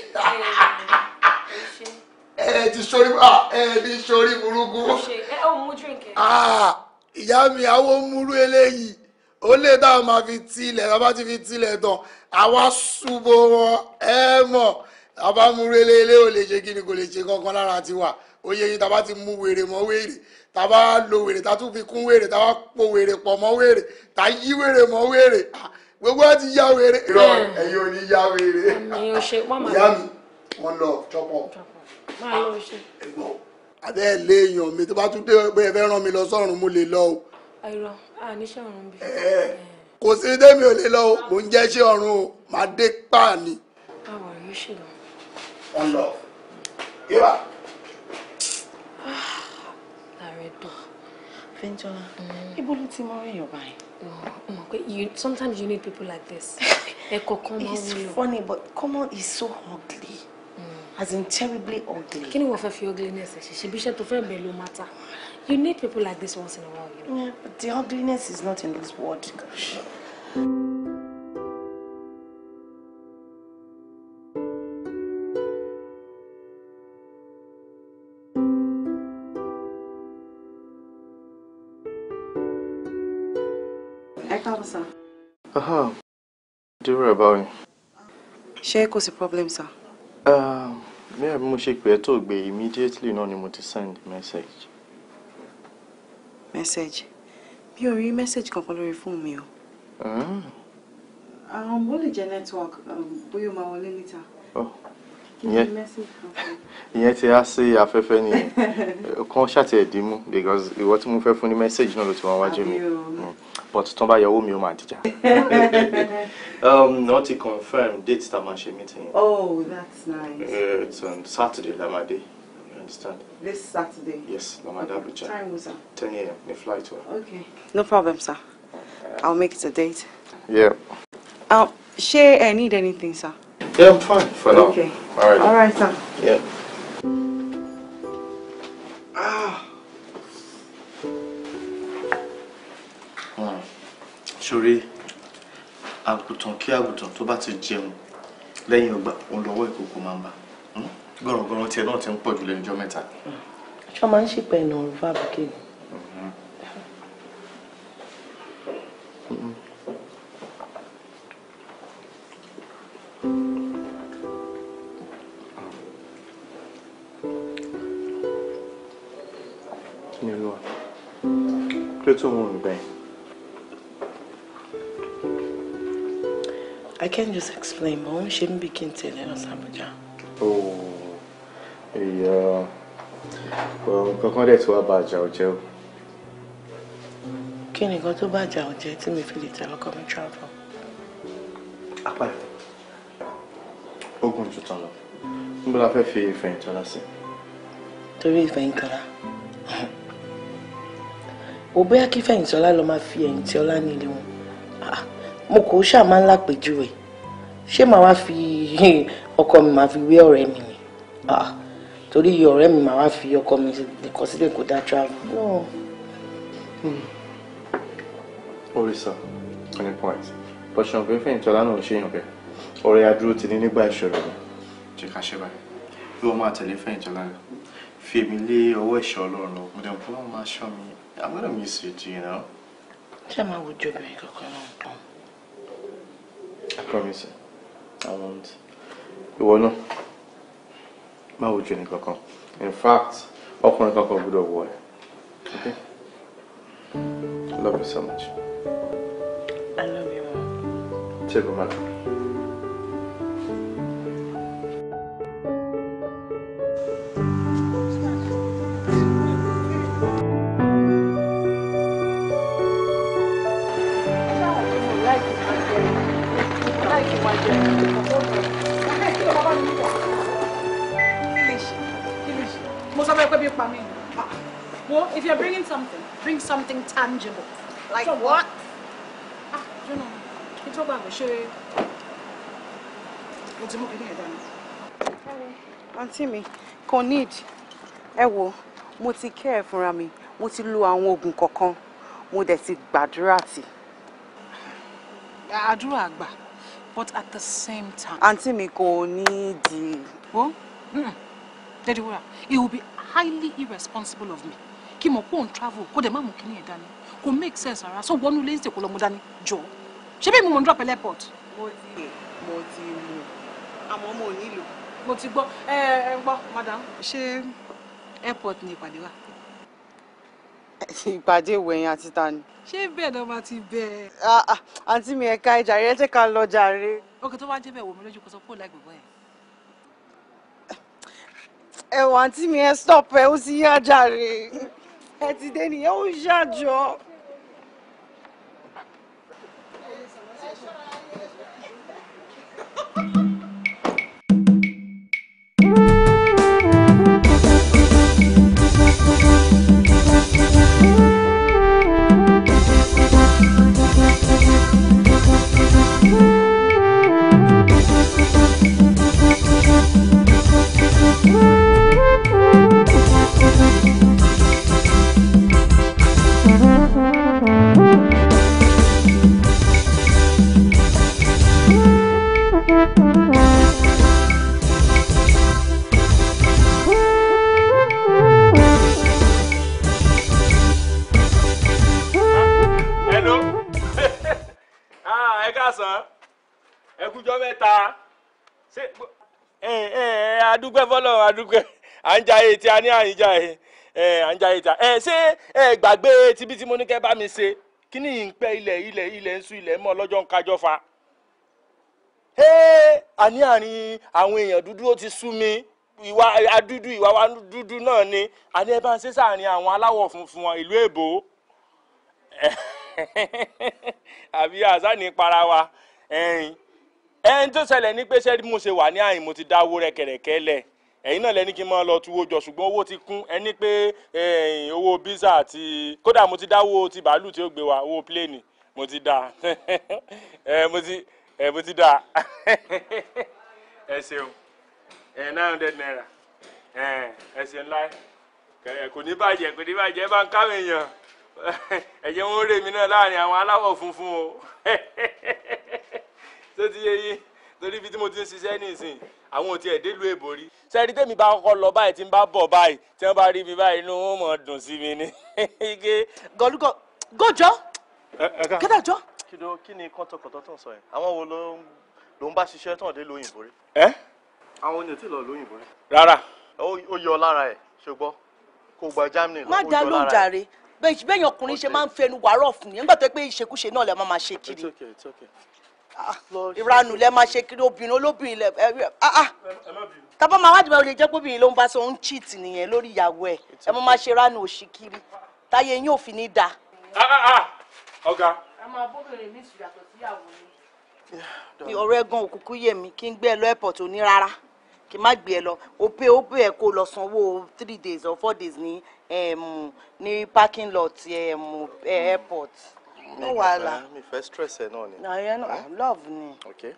ẹ ti sori ẹ ti sori burúkú. ìyá mi àwọn múrú eléyìí ó lè dáhùn máa fi tilẹ̀ tá bá ti fi tilẹ̀ tán àwa ṣubú wọn ẹ mọ̀ àbá mú relé ilé ò lè ṣe kí ni kò lè ṣe kankan lára tiwa oyè yìí tàbá ti mú wèrè mọ́ wèrè tàbá lo wèrè tá tún fi kún wèrè tàbá po wèrè pọ̀ mọ́ wèrè tá yí wèrè mọ́ wèrè gbogbo ẹ ti yá wèrè. irọ́ ẹ̀yin ò ní yá wèrè. ẹ̀yin mi wọ́n lọ chọ́pọ̀. máa lọ ṣe. mi tó bá tún dé ẹ fẹ́ ràn mí lọ sọ́run mo lè lọ o. àìrọ̀ àníṣe ọ̀run bí kò sí ní tẹ́mi ò lè lọ o mò ń jẹ́ ṣé ọ̀run o màá dé páàní. báwo ni yóò ṣe lọ. wọn lọ yíwá. ààrẹ dùn fẹ́ńtọ́lá mm. ibo ló ti mọ èèyàn báyìí. mọ̀ pé you sometimes you need people like this. ẹ̀kọ́ kan wúlò. it's funny but common is so ugly mm. as in terribly ugly. kí ni wọ́n fẹ́ fi ugliness ẹ̀ ṣe ṣe bí iṣẹ́ tó fẹ́ bẹ̀ ló máa ta. You need people like this once in a while, you know. Yeah, mm, but the ugliness is not in this world. Gosh. Ẹ káàbọ̀ sà. Aha, dúró ẹ̀ báwo ni? Ṣé kò sí problem sir. Um, bí àbí mo ṣe pè ẹ́ tó gbé immediately náà ni mo ti send message. Message? Mi ò message kankan lórí fóònù mi you àwọn ó lè jẹ́ network um, bóyá ó máa wọlé níta oh, ìyẹn ti á sí afẹ́fẹ́ nìyẹn kàn ṣàtì ẹ̀dí mú because ìwọ tí mo fẹ́ fún ní mẹ́sẹ̀gì náà ló ti wọ́n wájú mi mm. but tán bá yọwọ́ mi ó máa dìjà. Um, wọ́n ti confirm date tá a máa ṣe meeting. oh that's nice. Uh, it's on um, Saturday lamade you understand. this Saturday. yes lamade Abuja. time was that. ten a.m. ní flight wa. okay no problem sir. I'll make it a date. Yeah. Um, Shay, I need anything, sir. Yeah, I'm fine for now. Okay. All right. All right, sir. Yeah. Ah. Mm. Ṣorí, àgùntàn kí àgùntàn tó bá ti jẹun lẹ́yìn ọgbà òun lọ́wọ́ ìkókó máa ń bá. Hmm? Gọ̀rọ̀gọ̀rọ̀ tiẹ̀ náà ti ń pọ̀ jù lẹ́nu ọjọ́ mẹ́ta. Ṣé o máa ń ṣèpẹ́ ìnáwó fábùkì ni? kí ló tún I can't just explain but òun ṣe ń bí kí n tẹ̀lé lọ sí Abuja. ìyá oh, nǹkan kan dẹ̀ tí wàá bá àjà ọ̀jẹ́ o. kí ni to tó bá àjà ọ̀jẹ́ tí mi fi lè tẹ̀lé ọkọ mi travel. apá ẹ̀ ogun tuntun lọ níbo la fẹ́ fi ìfẹ̀yìntàn lọ sí. torí ìfẹ̀yìntàn la ò bóyá kí fẹ̀yìntọ́lá lọ máa fi ẹ̀yìntì ọlá ní ilé wọn ah, mo kò ṣáà máa ń lápèjúwe ṣé màá wá fi ọkọ mi màá fi wé ọ̀rẹ́ mi ni ah, torí ọ̀rẹ́ mi màá wá fi ọkọ mi nìkan sílẹ̀ kó dá travel. orisa on a point bọ́sùn ọ̀gbẹ́ fẹ̀yìntọ́lá náà ṣe yàn bẹ́ẹ̀ ọ̀rẹ́ adúró ti ní nígbà ìṣòro rẹ̀ ṣe kà ṣe báyìí bí wọ́n máa tẹ̀lé fẹ̀yìntọ́lá rẹ̀ fi èmi lé ọwọ́ ìṣọ́ ọlọ́run lọ mo dẹ̀ bọ́ máa ṣọ́ mi I'm gonna miss you too, you know. ṣé máa wojú obìnrin kankan náà tán. I promise you I won't. ìwọ náà máa wojú ẹni kankan in fact ọkùnrin kankan gbọ́dọ̀ wọ ẹ. Okay? I love you so much. I love you Take a moment. bẹ́ẹ̀ pé bí pa Well, if you're bringing something, bring something tangible. Like so what? Ah, you know, it's tó bá show o ti mú kí ní ẹ̀dá ni. Àǹtí mi, kò need ẹ wo, mo ti kẹ́ ẹ̀ fúnra mi, mo ti lo àwọn oògùn kọ̀ọ̀kan, mo but at the same time. Auntie, me, kò ní di. Wo? Dẹ́dí wúrà, it will be highly irresponsible of me kí mo kó n travel kó dẹ̀ má mú kíní ẹ̀ dání kò make sense rárá so wọnú lẹ́yìn tèkó lọ́mú dání jọ ṣé bí mo mọ̀ ń drop airport. mo ti mo ti mu àmọ́ mo nílò. mo ti gbọ́ ẹ ẹ gbọ́ madam. ṣé airport ni ìpàdé wa. ìpàdé wẹ̀yìn àti ta ni. ṣé bẹ́ẹ̀ náà máa ti bẹ́ẹ̀. Ah, ah, àǹtí mi ẹ̀ka ìjà rẹ̀ ẹ̀ jẹ́ ká lọ jàre. ó kì í tó wá jẹ́ bẹ́ẹ̀ wò mí lójú kó sọ pé láì gbogbo yẹn ẹ̀wọ̀n àǹtí mi ẹ stop ẹ ó sì yá jàre É ti dé nìyẹn ó yá jọ. Eh, eh, adúgbẹ́ fọlọ́ adúgbẹ́ à ń jayé tí a ní à ń jayé eh, à ń jayé tí a ẹ ṣé ẹ gbàgbé tibí tí mo ní kẹ́ bá mi ṣe kí ni ìpẹ́ ilẹ̀ ilẹ̀ ilẹ̀ ń sún ilẹ̀ mọ́ lọ́jọ́ ń kájọ́ fa àní àárín àwọn èèyàn dúdú ó ti sú mi ìwà adúdú ìwà wa dúdú náà ni àní ẹ bá ń ṣe sáàárín àwọn aláwọ̀ funfun wọn ìlú èbó àbí àṣà ní para wa ẹ̀yìn ẹni tó ṣẹlẹ̀ ní pé sẹ́ni mo ṣe wà ní àyìn mo ti dá owó rẹ̀kẹ̀rẹ̀kẹ́ lẹ̀ ẹ̀yin náà lẹ́ni kí n máa lọ tuwo jọ ṣùgbọ́n owó ti kún ẹni pé owó bísà àti kódà mo ti dáwó ti bàálù tí ó gbé wa owó pléènì mo ti dá mo ti mo ti dá ẹ ṣeun nine hundred naira ẹ ṣe ńlá kò ní bàjẹ́ kò ní bàjẹ́ bá ń káwọn èèyàn ẹ̀jẹ̀ wọn rèmi náà láàrin àwọn aláwọ̀ funfun o tó ti yé yín torí ibi tí mo ti ń ṣiṣẹ́ nìsín àwọn ò tiẹ̀ délùú èbò rí. sẹ́ni tèmi bá kọ́kọ́ lọ báyìí tí n bá bọ̀ báyìí tí wọ́n bá rí mi báyìí inú wọn mọ̀ dùn sí mi ni. gọlúgọ gọjọ kẹdàjọ. kìdó kí ni kọ́tọ̀kọ̀tọ̀ tó ń sọ yẹn àwọn wo ló ń bá ṣiṣẹ́ tó ń dé lóyìnbó rí. ẹ. àwọn ò ní tí ì lọ lóyìnbó rí. rárá. ó yọ lára ẹ ṣùgbọ́n kò gba germany lọ ó yọ lára ẹ. má dá lóhùn jàre bẹ́ẹ̀ ọkùnrin ṣe máa ń fẹnu wàárọ̀ fún yẹn nígbà tó pé ìṣekúṣe náà lè máa máa ṣe kiri. it's okay it's okay Ah, ìranù lẹ máa ṣe kiri obìnrin olóbìnrin lẹ ah, ah. tábà máa wádìí báwo lè jẹ́ pé obìnrin ló ń bá sọ ń cheat nìyẹn lórí ìyàwó ẹ̀ ẹ mọ́ máa ṣe ránù òṣì kiri táyé yín ò fi ní da. ọ̀gá. ẹ máa bóbìnrin mi sùn yàtọ̀ síyàwó mi. ọ̀rọ̀ ẹ̀gbọ́n òkùnkùn yé mi kí n gbé ẹ lọ airport òní rárá kí n má gbé ẹ lọ o pé ó bẹ̀ ẹ́ kó lọ sanwó three days or four days ní ní parking lot airport. Mm -hmm no wala. Me first stress ẹ náà ni. na yẹn no love ni. Okay,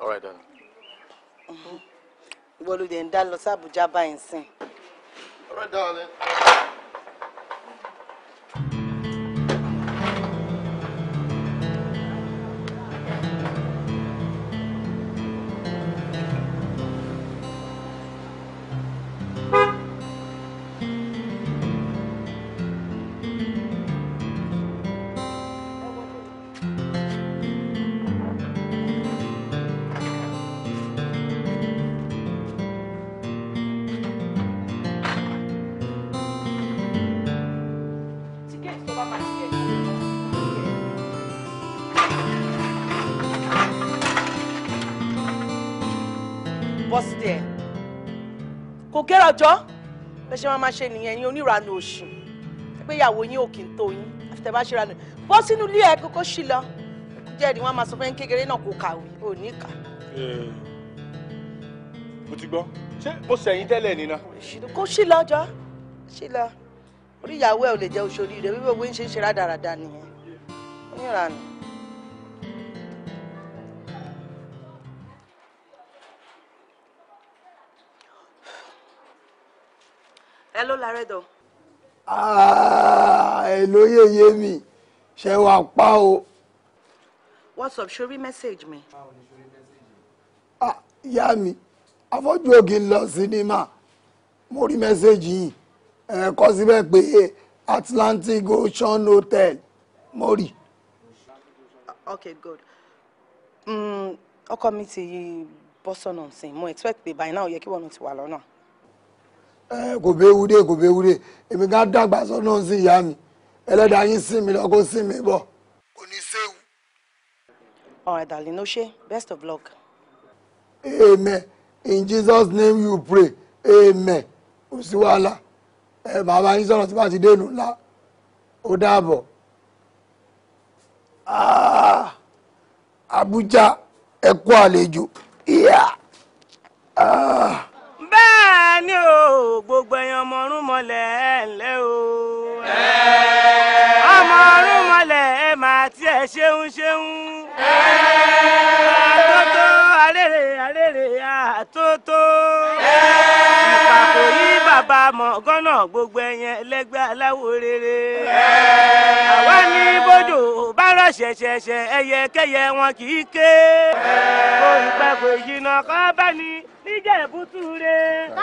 all right then. Mm-hmm. ìwọ ló dé ń dá lọ sí Àbújá báyìí sìn. all right darling. bọ́ sí tiẹ̀ kò kéré ọjọ́ bẹ́ẹ̀ ṣe máa máa ṣe nìyẹn ẹ̀yin oníranú òṣì pé ìyàwó yín ò kì í tó yín àfitẹ́ bá ṣe ranú bọ́ sínú ilé ẹ kókó sí lọ jẹ́rìí wọ́n máa sọ fẹ́ kékeré náà kò kàwé ò ní kà. Eh, mo ti gbọ́ ṣé mo sẹ̀yìn tẹ́lẹ̀ nínà. kó sí lọ ọjọ́ sí lọ orí ìyàwó ẹ ò lè jẹ́ oṣooṣi rẹ̀ wíwọ́n ń ṣe ń ṣe rádaràda nìyẹn oníranú. Hello Laredo. Hello ah, yeye mi ṣe wà pa o. WhatsApp ṣorí mẹ́sàgì mi. Ah, ìyá mi, afọ́jú ògì lọ sinimá, mo rí mẹ́sàgì yìí, ẹ̀ kọ́ síbẹ̀ pé Atlantic Ocean Hotel, mo rí. Okay, good. Mm, ọkọ mi ti yí bọ́sọ̀nà sí, mo expect pé by now yẹ kí wọ́n ti wà lọ́nà. Eh, kò bẹ ewúrẹ́ kò bẹ ewúrẹ́ èmi ká dàgbà sọ́nà sí ìyá mi ẹlẹ́dàá yín sìn mí lọ́kọ́ sìn mí bọ̀ kò ní séwu. all right darling no ṣe best of luck. amen in jesus name you pray amen kò sí wàhálà ẹ eh, bàbá yín sọ̀rọ̀ tí bá ti dénú ńlá ó dàbọ̀ ah, abuja ẹ kú àlejò. Yeah. Ah ní o gbogbo ẹ̀yin ọmọ ọ̀run mọ̀lẹ̀ ẹ̀ ńlẹ́ o. ọmọ ọ̀run mọ̀lẹ̀ ẹ máa tiẹ̀ ṣeun ṣeun. àtótó arére arére àtótó. ìpàkó yí bàbá mọ̀gánà gbogbo ẹ̀yin ẹlẹ́gbẹ́ aláwo rere. àwa ní bójú bárọ̀ ṣẹ̀ṣẹ̀ṣẹ̀ ẹyẹkẹ́yẹ wọn kì í ké. kó ìpàkó ìjìnà kan bá ní níjẹ̀bútú re.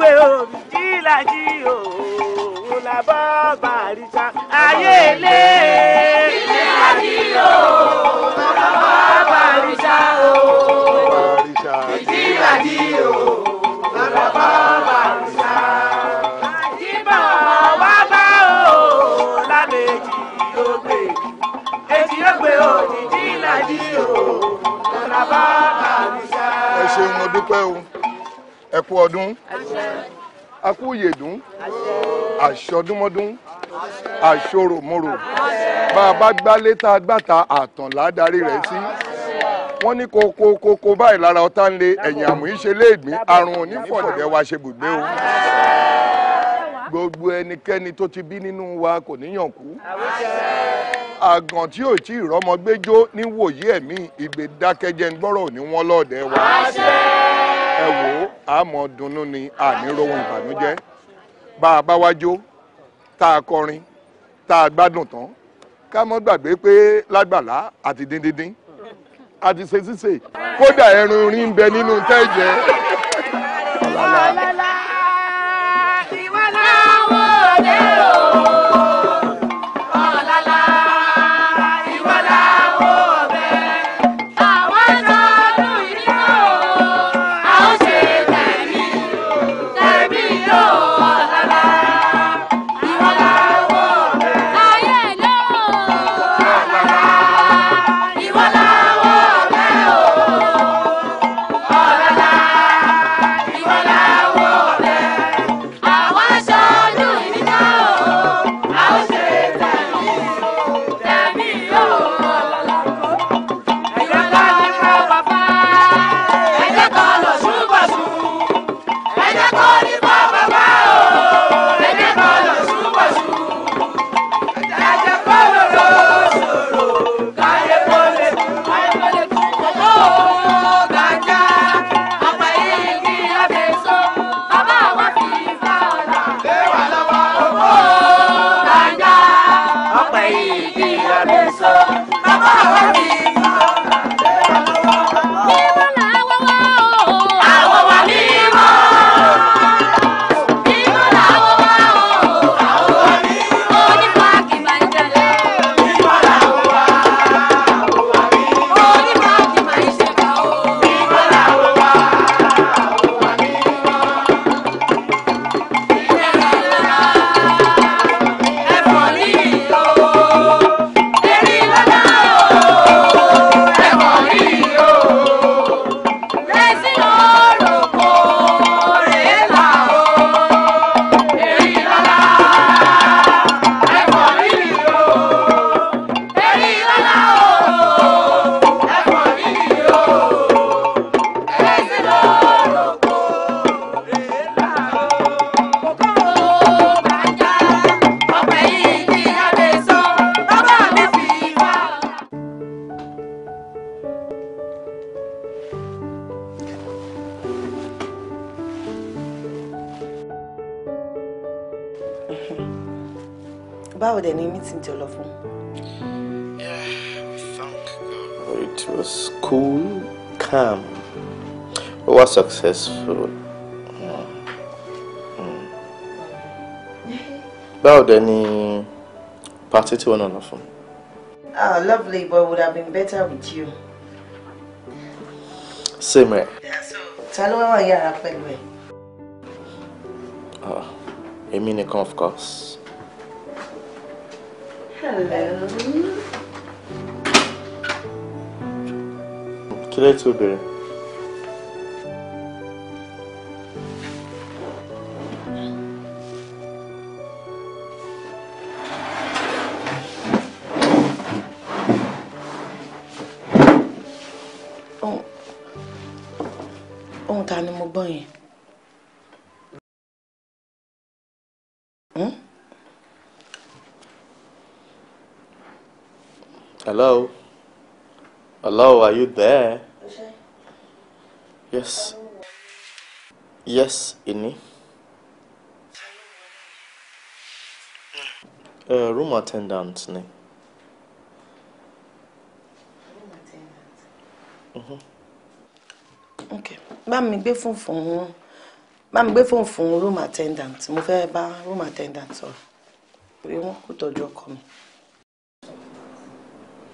gbé omi jílájí òun làbọ̀ bàríṣà ayé ilé jílájí òun làbọ̀ bàríṣà òun jílájí la làbọ̀ bàríṣà. àjíbọ̀ wá bá òun lámèjì ó gbé èjì ó gbé òjì jílájí la làbọ̀ bàríṣà. ẹ ṣeun mo dúpẹ́ o ẹ kú ọdún a kú yèdún àṣọdúnmọ́dún àṣoròmorò bá a bá gbá létà gbàtà àtànlá darí rẹ̀ sí wọ́n ní kokokoko báyìí lára ọ̀tá ń le ẹ̀yìn àmú ìṣe léègbín àrùn onífọ̀dẹ̀ wa ṣe bùgbé o gbogbo ẹnikẹ́ni tó ti bí nínú wa kò níyàn kú àgàn tí ò tí ì rọ́mọ gbẹ́jọ́ níwòyí ẹ̀mí ìgbédákẹ́jẹ́ ń gbọ́rọ̀ ní wọ́n lọ́ọ̀dẹ̀ wa ẹ wò ó àmọ́ ni àní ìbànújẹ́ bá a bá wá tá a kọrin tá a gbádùn tán ká mọ́ gbàgbé pé lágbàlá àti díndíndín àti ṣe ṣíṣe kódà ẹran orin ń bẹ nínú tẹ́jẹ́. ìwọ náà wò ó lérò. igi bàbá wa mi. successful. báwo dẹ ni pati tí wọn náà fún. ah lovely but would have been better with you. same rẹ. ta ló wá wà yàrá pẹ̀lú ẹ̀. Ah, èmi nìkan of course. hello. kí ló tó bẹ̀rẹ̀. Hello? Hello, are you there? Yes. Yes, Ini. Uh, room attendant ni. Mm-hmm. Okay. Bá mi gbé phone phone. bá mi gbé phone phone. room attendant. Mo fẹ́ ba. room attendant So, Pé wọ́n kò tọ́jú ọkọ mi.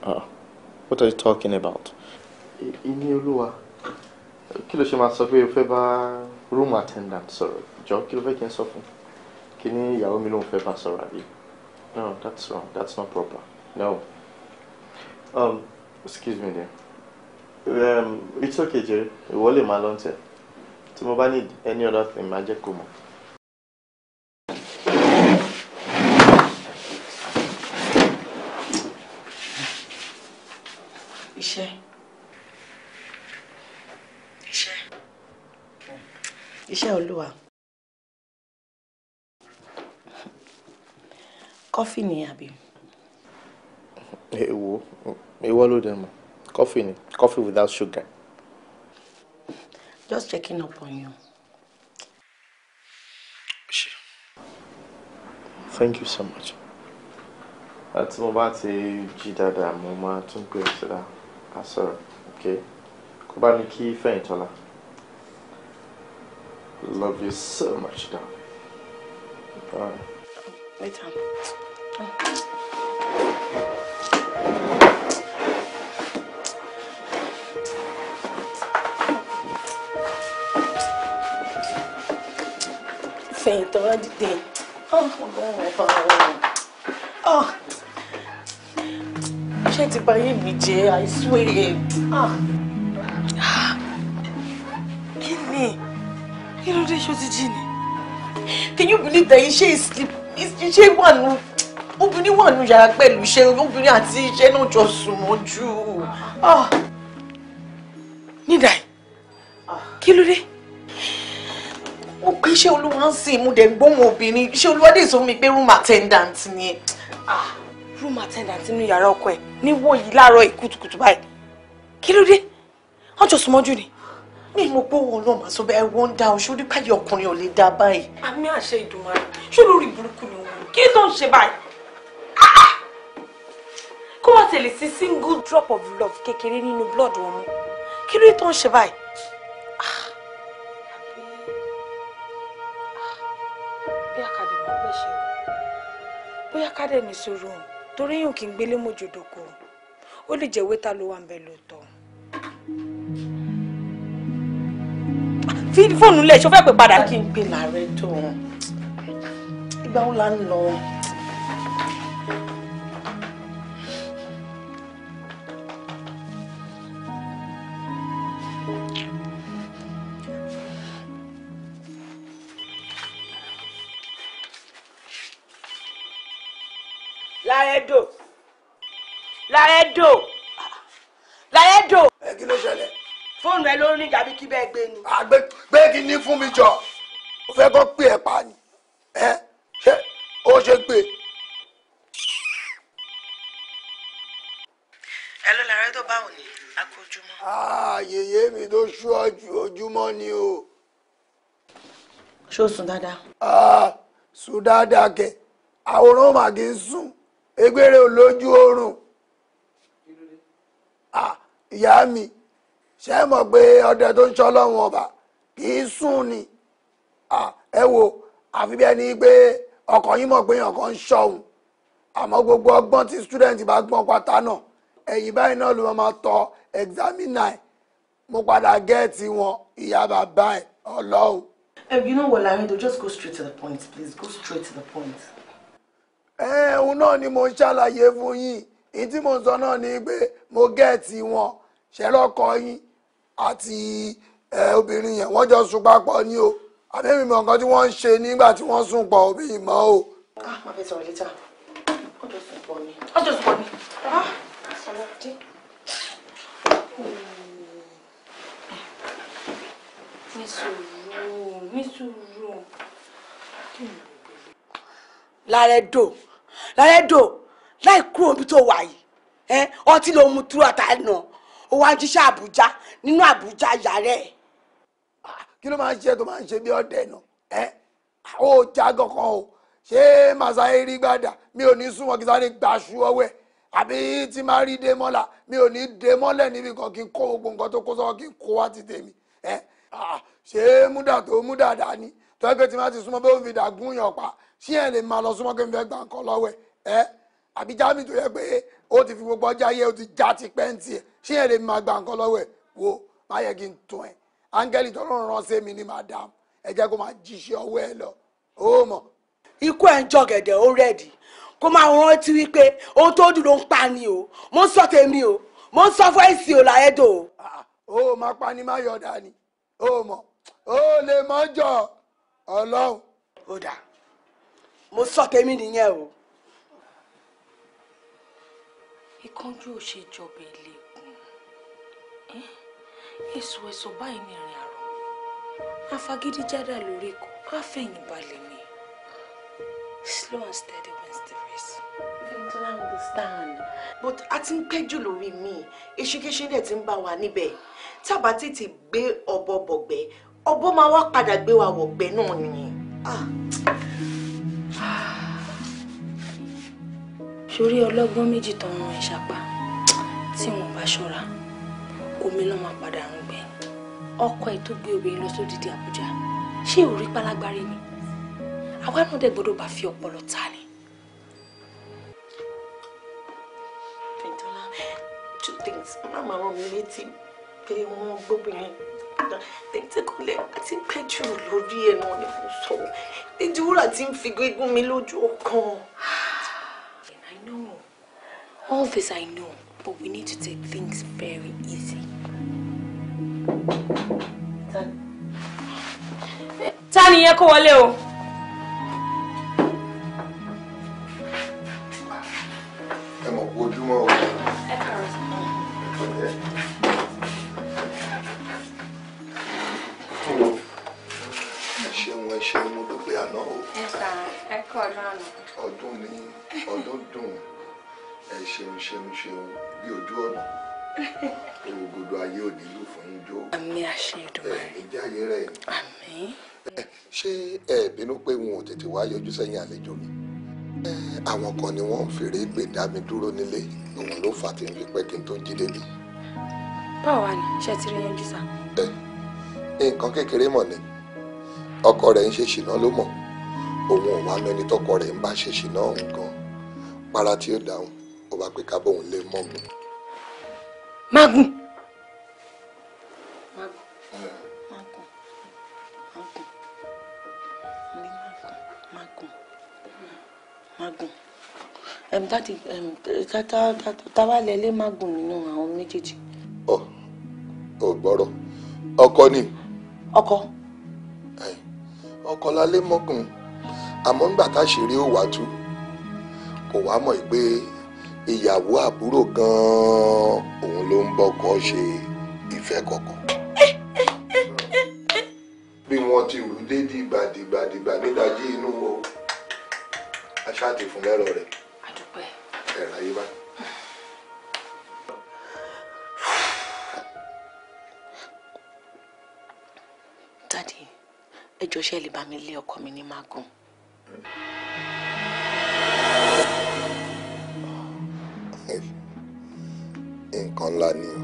Uh, what are you talking about? Ìní olúwa, kí ló ṣe máa sọ o fẹ́ bá room attendant sọ̀rọ̀? Jọ kí ló fẹ́ kí n sọ fún? mi ló ń fẹ́ bá sọ̀rọ̀ No, that's wrong. That's not proper. No. Um, excuse me there. Um, it's okay, Jerry. Ìwọ lè máa lọ́ntẹ̀. Tí mo bá need any other thing, máa jẹ́ kó mọ̀. kọ́fì ni àbí. èwo èwo ló dé mọ kọ́fì ni kọ́fì without sugar. just checking up on you. thank you so much. àti mo bá ti jí dáadáa mo máa tún pè é síra a sọ̀rọ̀ ok kó bá ní kí Fẹ́yìntọ́lá love you so much darling. Bye. Later fẹ̀yìntàn ah, wá dìde ọlọ́run ọba ọ̀run ṣé ti báyé mi jẹ́ I swear Ah, ni kí ló dé ṣó ti jí can you believe that she is iṣẹ́ Is she one? níwọ̀n nu yàrá pẹ̀lú iṣẹ́ obìnrin àti iṣẹ́ náà jọ sùn mọ́jú. Ah. nídà kí ló dé mo pe iṣẹ́ olúwa ń sìn mo dẹ̀ ń gbóhùn obìnrin iṣẹ́ olúwa dé sọ mi pé room attendant ni ah, room attendant nínú yàrá ọkọ ẹ̀ níwọ̀ yìí láàárọ̀ ìkùtùkùtù báyìí kí ló dé wọ́n jọ sùn mọ́jú ni mi mo pé wọn sọ bẹ́ẹ̀ wọ́n dá o ṣó nípa yẹ ọkùnrin ò lè dá báyìí. àmì àṣẹ ìdùnnú ara ṣó lórí burúkú ni wọn kí ló ń ṣe báyìí kó má tẹ̀lé sí single drop of love kékeré nínú blood wọn mọ́ kí ló tó ń ṣe báyìí. Ah, bí àkàdé máa ń gbẹ̀ṣẹ̀ o bóyá kádẹ́ ní sòrò o torí yóò kí n gbélé mojòdòkó ó lè jẹ́ wétà ló wà ń bẹ lóòótọ́. fi fóònù lẹ̀ ṣọ́fẹ́ pé padà kí n gbé làárẹ̀ tó ìgbà wo la ń lọ. làyẹ́dò làyẹ́dò. ẹ kí ló ṣẹlẹ̀. fóònù ẹ ló ń rìn dàbí kí bẹ́ẹ̀ gbé ni. àgbẹ̀ gbé kí ní fún mi jọ ó fẹ́ kó pè ẹ̀ pa ni ẹ ṣé ó ṣe gbé. ẹ ló lára tó báwọn ni a kó ojúmọ́. ààyè mi tó ṣú ojúmọ́ ni o. ṣó sùn dáadáa. sùn dáadáa kẹ àwòrán màgì ń sùn egbére olójú oorun ìyá mi ṣe é mọ̀ pé ọdẹ tó ń ṣọ́ lọ́wọ́n ọba kì í sùn ni ẹ wo àfi bí ẹni pé ọkọ yín mọ̀ pé èèyàn ń ṣọ́ òun àmọ́ gbogbo ọgbọ́n tí student bá gbọ́n pátá náà ẹ̀yìn báyìí náà ló máa tọ examiner mo padà gẹ́ẹ̀tì wọn ìyá bàbá ẹ̀ ọlọ́run. Eh, you know what mean? just go straight to the point please go straight to the point. ẹ̀ẹ́n òun náà ni mo ń ṣàlàyé fún yín ìyí mo sọ náà ni pé mo gẹ́ẹ̀tì wọn ṣẹlẹ ọkọ yín àti obìnrin yẹn wọ́n jọ sùn papọ̀ ni o àbẹ́mi mọ̀ nǹkan tí wọ́n ń ṣe nígbà tí wọ́n sùn pọ̀ òbí mọ́ o. Ah, má fi sọ̀rọ̀ létà ọjọ́ sùn pọ̀ ni ọjọ́ sùn pọ̀ ni sọ̀rọ̀ dé. mi sùúrù mi sùúrù. Lárẹ́dò Lárẹ́dò láì kúrò níbi tó wà yìí ọtí ló mu túrọ̀ àtàlẹ́ náà ó wá jíṣẹ́ àbújá nínú àbújá yàrá ẹ̀. Ah, kí ló máa ń ṣe tó máa ń ṣe bí ọdẹ náà ẹ ó jágọ kan o ṣé màsáyé rí gbàdà mi ò ní sún wọn kí sáré gbàṣú ọwọ́ ẹ̀ àbí tí máa rí dé mọ́là mi ò ní dé mọ́lẹ̀ níbi kan kí n kó gbogbo nǹkan tó kó sọ́wọ́ kí n kó wá ti tèmi ẹ ah, ṣé múdà tó múdà dání tọ́gbẹ́ tí máa ti súnmọ́ bẹ́ẹ̀ ó fi dàgún yàn pa ṣí ẹ̀ lè máa lọ súnmọ́ kí n fẹ́ gbà nǹkan lọ́wọ́ ẹ àbí jámi tó yẹ pé ti fi gbogbo ọjà yẹ ti já ti pẹ́ǹtì ẹ̀ ṣé èrè mi máa gba nǹkan lọ́wọ́ ẹ̀ wo má yẹ kí n tún ẹ̀ áńgẹ́lì tó rán ránṣẹ́ mi ni madam ẹ jẹ́ kó máa jíṣẹ́ ọwọ́ ẹ lọ ó mọ̀. ikú ẹ̀ ń jọ gẹ̀dẹ̀ ó rẹ̀dì kó máa rántí wípé ohun tó dùn ló ń pa ni o mo ń sọ tèmi o mo ń sọ fún èsì ò láyédò. Ah, ó máa pa ni má yọ̀ọ̀dà ni ó mọ̀ ó lè mọ́ jọ ọlọ́run. ó dà mo sọ tèmi nìyẹn o. ìkánjú ò ṣe jọbẹ̀ lé Eh, èso èso báyìí ní ìrìn àrò afagídíjádà lórí ikọ̀ káfẹ̀yìn balẹ̀ ni slow and steady wins the race. you don't understand. but a ti ń pẹ́jù lórí mi eṣekéṣe dẹ̀ ti ń bá wa níbẹ̀ tá a bá tètè gbé ọ̀bọ bọ̀gbẹ́ ọ̀bọ máa wá padà gbé wa wọ̀gbẹ́ náà nìyẹn. sórí ah. ọlọ́gbọ́n méjì tó ń ran ìṣàpá tí wọ́n bá ṣọ́ra omi náà máa padà ń gbẹ ọkọ ẹ tó gbé obìnrin lọ sódìdí Àbújá ṣé ò rí pálágbárí ni àwa náà dẹ̀ gbọ́dọ̀ bá fi ọpọlọ ta ni. two things ń fi gígùn mi lójú ọkàn. I know all this I know but we need to take things very easy ta ni yẹn kó wọlé o. ẹ mọ̀ kó ojúmọ́ o. ẹ kàrọ̀ sí i. ẹ ṣeun ẹ ṣeun mo dúpẹ́ àná o. ẹ sà ẹ kọ́ ọdún àná. ọdún ni ọdún dùn ẹ ṣeun ṣeun ṣeun bí ojú ọ̀nà ògùdù ayé òdìlú ń jó. àmì àṣẹ Èdùmàrè. ẹ ìjà ayé rẹ. àmì. ṣé ẹ bínú pé wọn ò tètè wá yọjú sẹ́yìn àlejò mi. àwọn kan ni wọ́n ń fèrè pè dá mi dúró nílé òun ló fà á tí n fi pẹ́ kí n tó jí débi. báwo wá ni ṣe ti rí yanjú sá. ẹ nǹkan kékeré mọ̀ ni ọkọ rẹ̀ ń ṣe ṣìná ló mọ̀ òun ò wá mẹ́ni tọkọ rẹ̀ ń bá ṣe ṣìná òun gan para tí ó dáhùn ó bá pé ká bóun lè mọ̀ mọ́. mágùn. magun dáàdì tábàlẹ̀ lé magun nínú àwọn méjèèjì. ọ ò gbọ́rọ̀ ọkọ ni. ọkọ. ọkọ la lé mọ́gùn àmọ́ ńgbà táṣìírí ò wá tú kò wá mọ̀ pé ìyàwó àbúrò gan-an òun ló ń bọ́kọ ṣe ìfẹ́ kọ̀ọ̀kan. ṣáàtì fún lẹ́rọ rẹ̀ ẹ̀rọ ayé bá. dádì ẹjọ́ ṣe lè bá mi lé ọkọ mi ní magun. nǹkan ńlá ni o.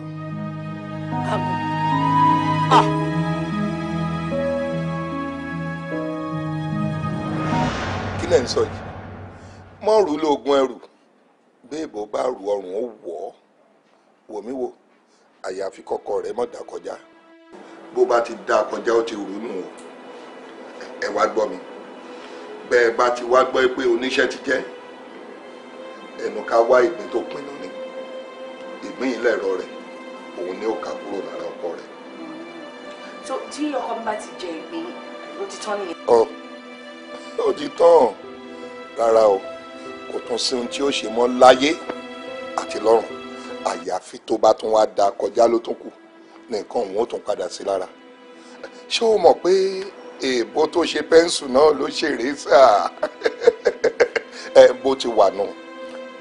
ah. kí lẹ̀ ń sọ yìí mọ́rù lóògùn ẹrù béèbò bá rù ọrùn ó wọ̀ ọ́ wò mí wò àyàfi kọ́kọ́ rẹ mọ̀ dà kọjá bó bá ti dà kọjá ó ti rù nù o ẹ wá gbọ́ mi bẹ́ẹ̀ bá ti wá gbọ́ pé oníṣẹ́ ti jẹ́ ẹnu ká wá ìgbín tó pinnu ni ìgbín ìlẹ̀rọ rẹ̀ òun ni ó kà kúrò lára ọkọ rẹ̀. tó tí ọkọ bá ti jẹ ìgbín ó ti tán nìyẹn. ọ ó ti tán rárá o kò tún sí ohun tí ó ṣe mọ́ láyé àti lọ́run àyàfi tó bá tún wá da kọjá ló tún kù ní nǹkan òun ó tún padà sí lára ṣé o mọ̀ pé èèbó tó ṣe pẹ́ńsù náà ló ṣèrè sáà ẹ bó ti wà nù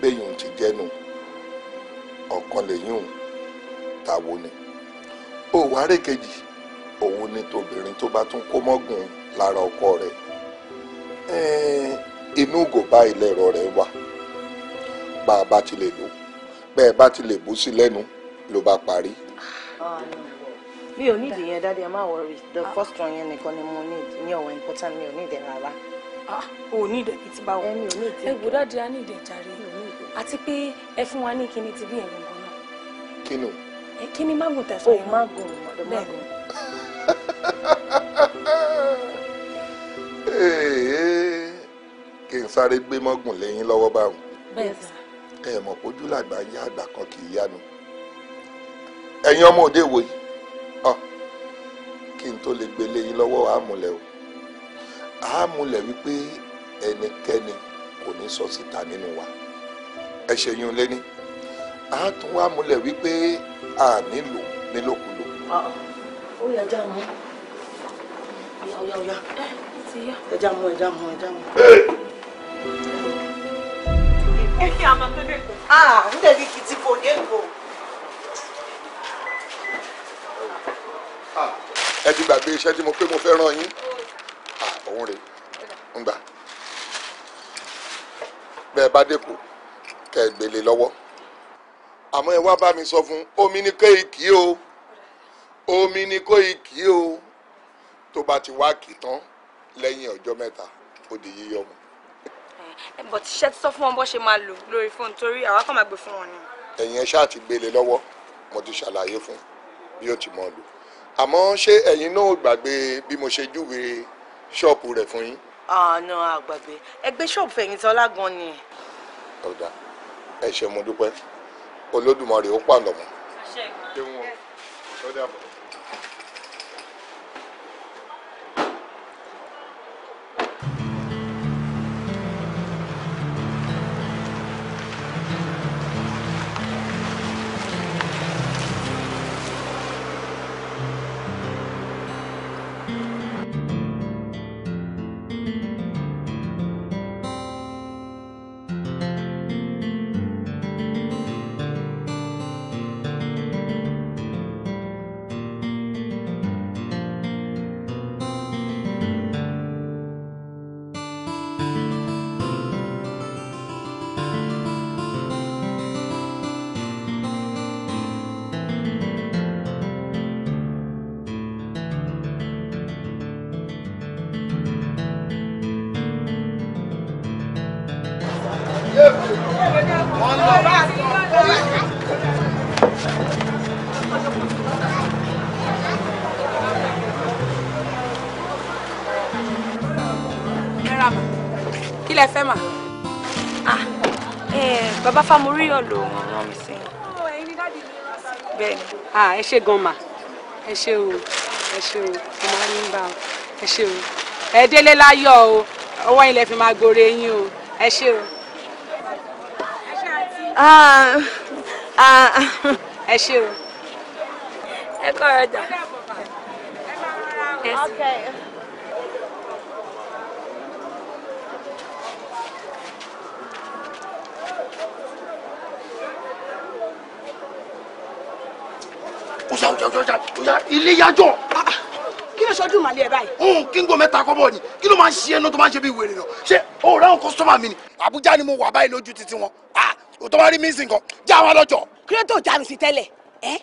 béèyàn ti jẹ́nu ọ̀kan lèyún tàwo ni ó wá rè kejì òun ni tobìnrin tó bá tún kó mọ́gùn lára ọkọ rẹ̀ inú gòbá ilẹ̀ ẹ̀rọ rẹ̀ wà bá a bá ti lè lò bẹ́ẹ̀ bá ti lè bú sí lẹ́nu ló bá parí. mi ò ní ìdí yẹn dáadé ẹ má wọrí the first one yẹn nìkan ni mo ní ìyẹn ọ̀wọ̀ important mi ò ní ìdí rárá. Ah, o ò ní ìdí ibi tí bá wọ ẹ gbọ́dọ̀ dáadé a ní ìdí ẹ̀já rẹ àti pé ẹ fún wa ní kíni ti bí ẹ̀ gbọ̀ngàn náà. kíni o. ẹ kíni mágùn tẹ fún oh, yín. o mágùn ọ̀dọ̀ mágùn sáré gbé mọ́gùn lẹ́yìn lọ́wọ́ báwọn. bẹ́ẹ̀ sà. ẹ mọ̀ pójú làgbà ń yá àgbà kan kì í yánu. ẹ̀yin ọmọ òde ìwòyí ọ kí n tó lè gbé lẹ́yìn lọ́wọ́ àmúlẹ̀ o àmúlẹ̀ wípé ẹnikẹ́ni kò ní sọ síta nínú wa ẹ ṣèyún lẹ́ni àtúnwámúlẹ̀ wípé a nílò nílòkulò. ó yẹ ajá mú ọ̀yà ọ̀yà ẹja mú ẹja mú ẹja mú ah ń tẹ̀lé kìtì kò dé kò. ẹ ti gbàgbé iṣẹ́ tí mo pé mo fẹ́ ràn yín ah, òun rè ń gbà bẹ́ẹ̀ bá dé kò kẹ́ ẹ gbélé lọ́wọ́ àmọ́ ẹ wá bá mi sọ fún omi ní kó o omi ní kó o tó bá ti wá kì tán lẹ́yìn ọjọ́ mẹ́ta ó di yíyọ mu. Eh, but iṣẹ́ ti sọ fún wọn bó ṣe máa lò lórí fóònù torí àwa kàn máa gbé fún wọn ni. ẹ̀yin ẹ ṣáà ti gbélé lọ́wọ́ mo ti ṣàlàyé fún bí ó ti mọ̀ lò àmọ́ ṣé ẹ̀yin náà gbàgbé bí mo ṣe júwe ṣọ́ọ̀pù rẹ̀ fún yín. àná àgbàgbé ẹgbẹ́ ṣọ́ọ̀pù Fẹ̀yìntọ́lá gan ni. ọ̀dà ẹ ṣe mo dúpẹ́ Olódùmarè ó pàǹdọ̀ mọ́. ṣé wọn ó dàbọ̀. náà ló rán mi sí. bẹ́ẹ̀ni. ẹ ṣe gan ma ẹ ṣe o ẹ ṣe o ẹ máa ń bá o ẹ ṣe o ẹ délé láyọ̀ o ọwọ́ ilẹ̀ fi máa gbòòrò eyín o ẹ ṣe o. ẹ ṣe o. ẹ kọ́ ọ̀rọ̀ dà. Okay. ọjà ọjà ọjà ọjà ọjà ilé yájọ. Ah, ah. kí ló ṣojú màlẹ́ ẹ báyìí. Oh, kí n gbọ́ mẹ́ta kọ́bọ̀ ni kí ló máa ń ṣe ẹnu tó máa ń ṣe bí wèrè lọ ṣé o rẹ àwọn kọ́sọ́mà mi ni Àbújá ni mo wà báyìí lójú títí wọn ah, o tó bá rí mísìn kan já àwọn lọ́jọ́. kí ló tó jánu sí tẹ́lẹ̀ ẹ́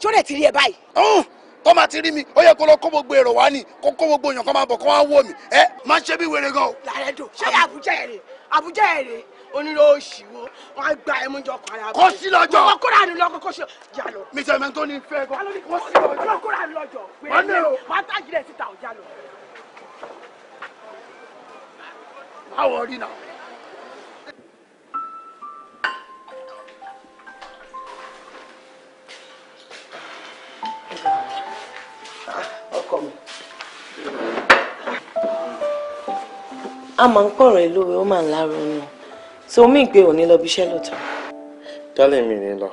tí ó rẹ̀ ti rí ẹ báyìí oh, tó máa ti rí mi ó yẹ kó lọ kó gbogbo èrò wá ní kó kó gbogbo èèyàn kan máa bọ̀ kó wá wò mí ẹ máa ń ṣe bí wèrè gan o. làrẹ dùn ṣé àbújá ẹ rè àbújá ẹ rè onírò òṣìwò wọn á gba ẹmú jọ kọ ara. kó sí lọ́jọ́. kó kóra ni lọ́kọ́ kó sí yà lọ. mi jẹ́ ní fẹ́ kó. kó sí lọ́jọ́. kó kóra ni lọ́jọ́. wọ́n ní o. wọ́n á tàjì rẹ̀ síta ọ̀já lọ. báwo rí náà. a máa ń kọ̀rọ̀ ẹ lóore ó máa ń lárò nù so mí pé òní lọ bíṣẹ́ lọ́tọ̀. dálẹ̀ mi ni lọ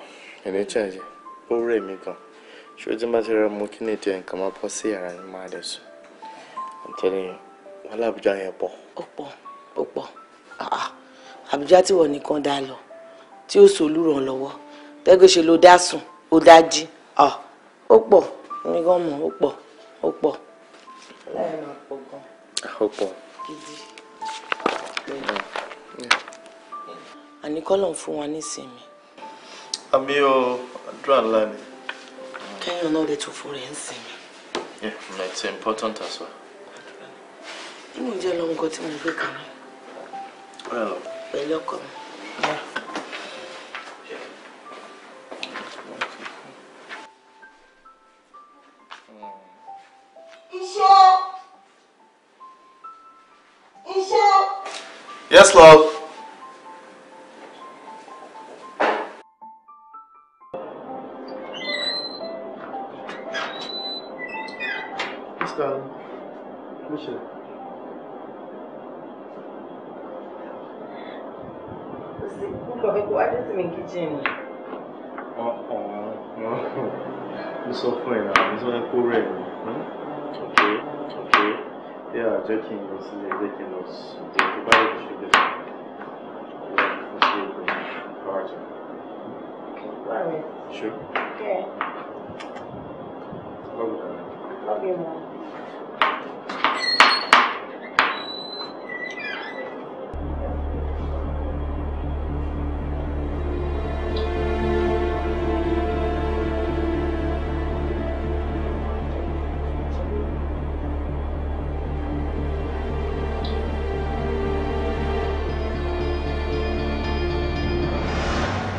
ẹ̀mí jẹ̀jẹ̀ ó rẹ̀ mí gan ṣé tí bá ti rẹ mú kí ni ìdí nǹkan máa bọ́ sí yàrá ni máa dẹ̀ sùn nítorí wàhálà àbújá yẹn pọ̀. ó pọ̀ ó pọ̀ àbújá ah, ah. tí wọ́n nìkan o lọ tí ó sòlú ràn lọ́wọ́ tẹ́gbẹ́sẹ̀ ló dá sùn ó dá jí ah, ó pọ̀ mi gan mọ̀ ó pọ̀ ó pọ̀. ó pọ̀. gidi. àní kọ́lọ̀ ń fún wa nísìnyí. àmì o àdúrà ńlá ni. kẹ́yìn náà lè tún fún rẹ̀ ń sinmi. yeah it's important as well. ìmọ̀ jẹ́ lọ́wọ́ nǹkan tí mo gbé kan ní. pẹ̀lú ọkọ mi. Yes, love. true? Yeah. Love Love you, Mom.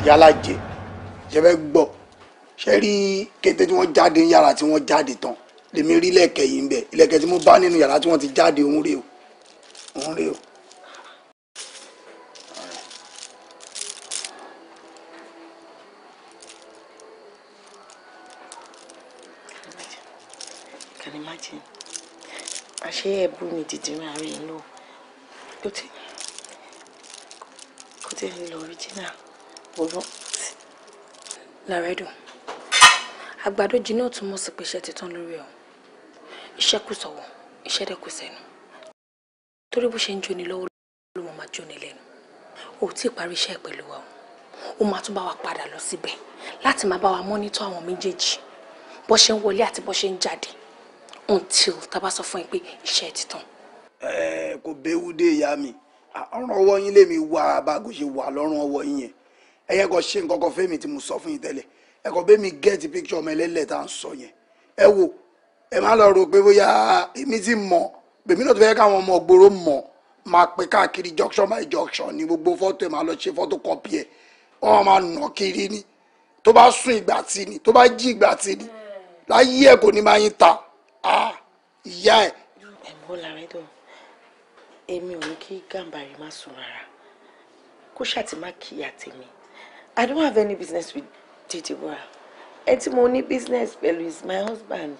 yálà jẹ jẹ bẹ gbọ́ rí kété tí wọ́n jáde yàrá tí wọ́n jáde tán lèmi rí lẹ́kẹ̀ yìí ń bẹ̀ ilẹ̀kẹ̀ tí mo bá nínú yàrá tí wọ́n ti jáde òun rè o òun rè o. Can imagine àṣé ẹbú mi dìdìrín ààrẹ yìí lò kò tí kò tí ń lo original òórùn lára ẹ̀dùn àgbàdo jiná túmọ̀ sí pé iṣẹ́ ti tán lórí ọ̀hún iṣẹ́ kù sọ̀wọ́ iṣẹ́ dẹ̀ kù sẹ́nu torí bó ṣe ń jóni lọ́wọ́ ló mọ̀ máa jóni lẹ́nu ò tí ì parí iṣẹ́ pẹ̀lú wa o ó máa tún bá wa padà lọ síbẹ̀ láti máa bá wa mọ́nítọ́ àwọn méjèèjì bó ṣe ń wọlé àti bó ṣe ń jáde until tá bá sọ fún yín pé iṣẹ́ ti tán. ẹ kò béwu dé ìyá mi ọ̀ràn ọwọ́ yín lèmi wá bá a kò wà lọ́rùn ọwọ́ yín yẹn ẹ̀yẹ́ kan ṣe nǹkan kan fẹ́mi tí mo sọ fún yín tẹ́lẹ̀ ẹ kàn bẹ́ẹ̀ mi gẹ́ẹ̀tì píkṣọ ọmọ ẹlẹ́lẹ̀ tá à ń sọ yẹn ẹ wo ẹ má lọ rò pé bóyá èmi ti mọ̀ bèmí náà tó fẹ́ káwọn ọmọ ògbóró mọ̀ máa pè káàkiri junction by junction ni gbogbo fọ́tò ẹ máa lọ ṣe fọ́tò kọ́pì ẹ wọ́n máa nà kiri ni tó bá sùn ìgbà tí ni tó bá jí ìgbà tí ni láyé ẹ kò ní máa yín ta ìyá ẹ. ẹ̀mọ́ làrẹ́dọ̀ èmi ò ní kí Gàmbàrí má sùn rárá kó ṣàtìmá kí tèmi I don't have any business with títí bọ́ra ẹ mo ní business pẹ̀lú is my husband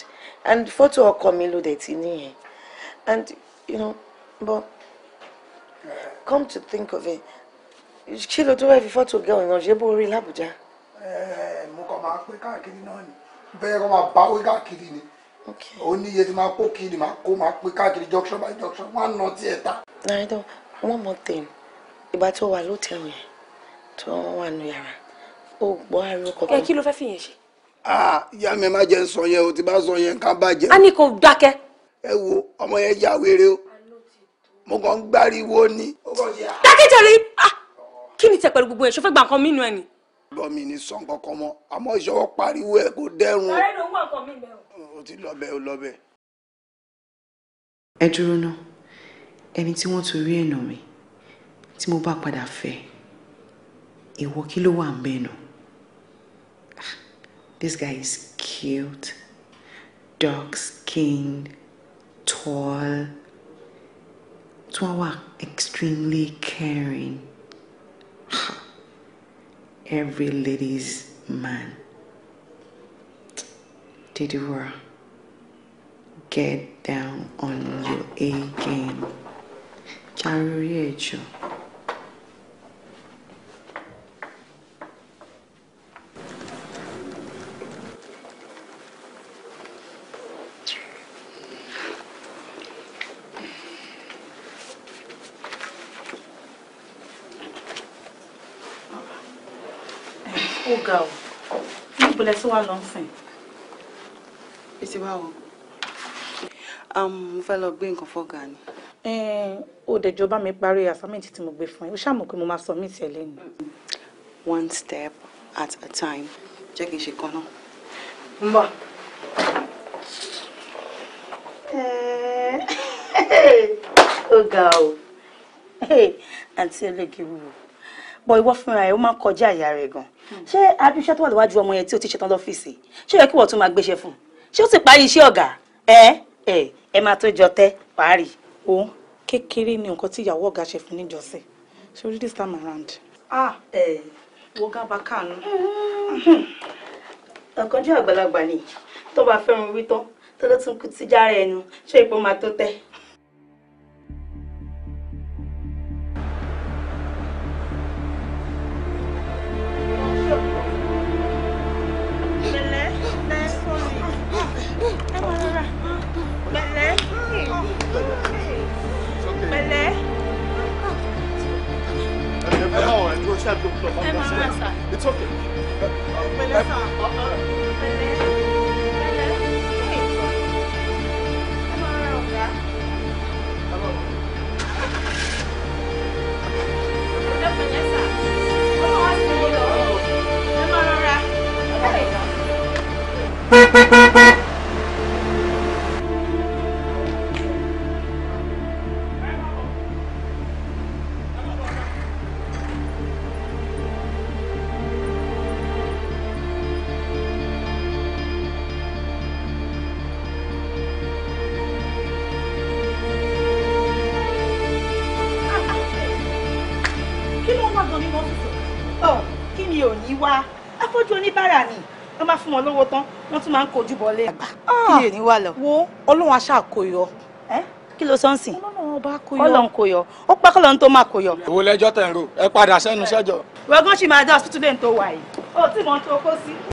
and photo ọkọ mi ló dẹ̀ ti níyẹn and you know but come to think of it ṣé ló tó wá fi fọ́tò gẹ̀ ọ̀yàn ṣé bó rí làbújá. Eh, mo kàn máa pé káàkiri náà ni bẹ́ẹ̀ kọ́ máa báwé káàkiri ni ó ní iye tí máa kó kiri máa kó máa pé káàkiri junction by junction wọ́n á nà tí ẹ̀ ta. náírà one more thing ìgbà tó wà lóòótọ́ yẹn tó wà nù yàrá o gbọ́ ariwo kankan. ẹ kí ló fẹ́ fi yẹn ṣe. ìyá mi má jẹ́ ń sọ yẹn o ti bá sọ yẹn ká bàjẹ́. a ní kò dákẹ́. ẹ wo ọmọ yẹn ya wèrè o mo kàn ń gbáriwo ni. dákẹ́jẹ̀rì ah, kí ni tẹ̀ pẹ̀lú gbogbo yẹn ṣó fẹ́ gba nǹkan mí nù ẹ ni lọ́mì ní sàn kankan mọ́ àmọ́ pariwo ẹ̀ kò dẹ́rùn. ọ̀rẹ́ ló ń wà nǹkan mi lẹ́ o. o ti lọ bẹ́ẹ̀ o lọ bẹ́ẹ̀. ẹ dúró ná ẹni tí wọ́n torí ẹ̀nà mi tí mo bá padà fẹ́ ìwọ kí ló wà ń bẹ́ẹ̀ náà. This guy is cute, dark skinned, tall. Twawa, extremely caring. Every lady's man. Didura, get down on your A game. Charuriecho. lẹ sí wa lọ sìn. èsì wa o mo fẹ́ lọ gbé nǹkan fọ́gà ni. ó dẹjọ́ bá mi parí assignment tí mo gbé fún ẹ ó ṣàmọ̀ pé mo máa sọ mí tiẹ̀ lẹ́nu. one step at a time jẹ́ kí n ṣe kan náà. ń bọ̀. ó ga o àǹtí ẹlẹ́gẹ̀ẹ́ wúwo bọ ìwọ fúnra ẹ ó máa kọjá ìyá rẹ gan hmm. ṣé abiṣẹ́ tó wà lọ́wájú ọmọ yẹn tí ó ti ṣetán lọ́fíìsì ṣé ó yẹ kí wọ́n tún máa gbéṣẹ́ fún un ṣé ó sì parí iṣẹ́ ọ̀gá ẹ ẹ ẹ máa tó jọ tẹ́ parí. o kékeré ni nǹkan tí ìyàwó ọ̀gá ṣe fún níjọ́sẹ̀ ṣé orí this time around. ah ẹ wo gábà káànú. ọ̀kanjú àgbàlagbà ni tó bá fẹ́ràn wí tán tó ló tún kú tíjára ẹnu ṣé ipò máa tó tẹ́. kojú bọlé àgbà kí lè ní wà lọ. wo ọlọ́run aṣáà kò yọ. kí ló sọ́nsìn ọlọ́run kò yọ ó pẹ́ kọ́lọ́run tó máa kò yọ. èwo lẹ́jọ́ tẹ̀ ń rò ẹ padà sẹ́nu sẹ́jọ́. wẹ́gán ṣì máa dá hospital lẹ́yìn tó wà yìí ó tì mọ́ tó kó sí.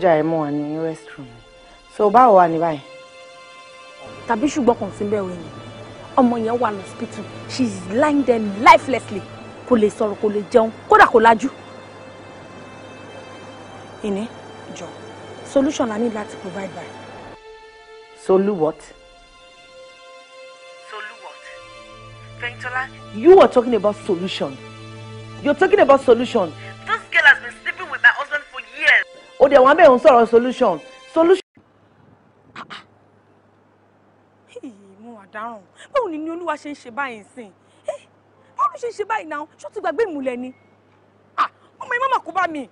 sọ́jà ẹ̀ mọ̀ ní restroom so báwo wà ní báyìí. tàbí ṣùgbọ́n kàn sí bẹ́ẹ̀ wẹ̀yìn ọmọ yẹn wà ní hospital she is lying there lifelessly kò lè sọ̀rọ̀ kò lè jẹun kódà kò lajú. ìní jọ solution la ní láti provide by. solu what. solu what. Fẹ́yìntọ́lá. you are talking about solution you are talking about solution ó dẹ̀ wọ́n abẹ́hùn sọ̀rọ̀ solution solution. Ah, ah. mo wà dáràn báwo ni ni olúwa ṣe ń ṣe báyìí sìn báwo ló ṣe ń ṣe báyìí náà ṣó ti gbàgbé ìmùlẹ̀ ni ah, ọmọ ìmọ̀ màkú bá mi.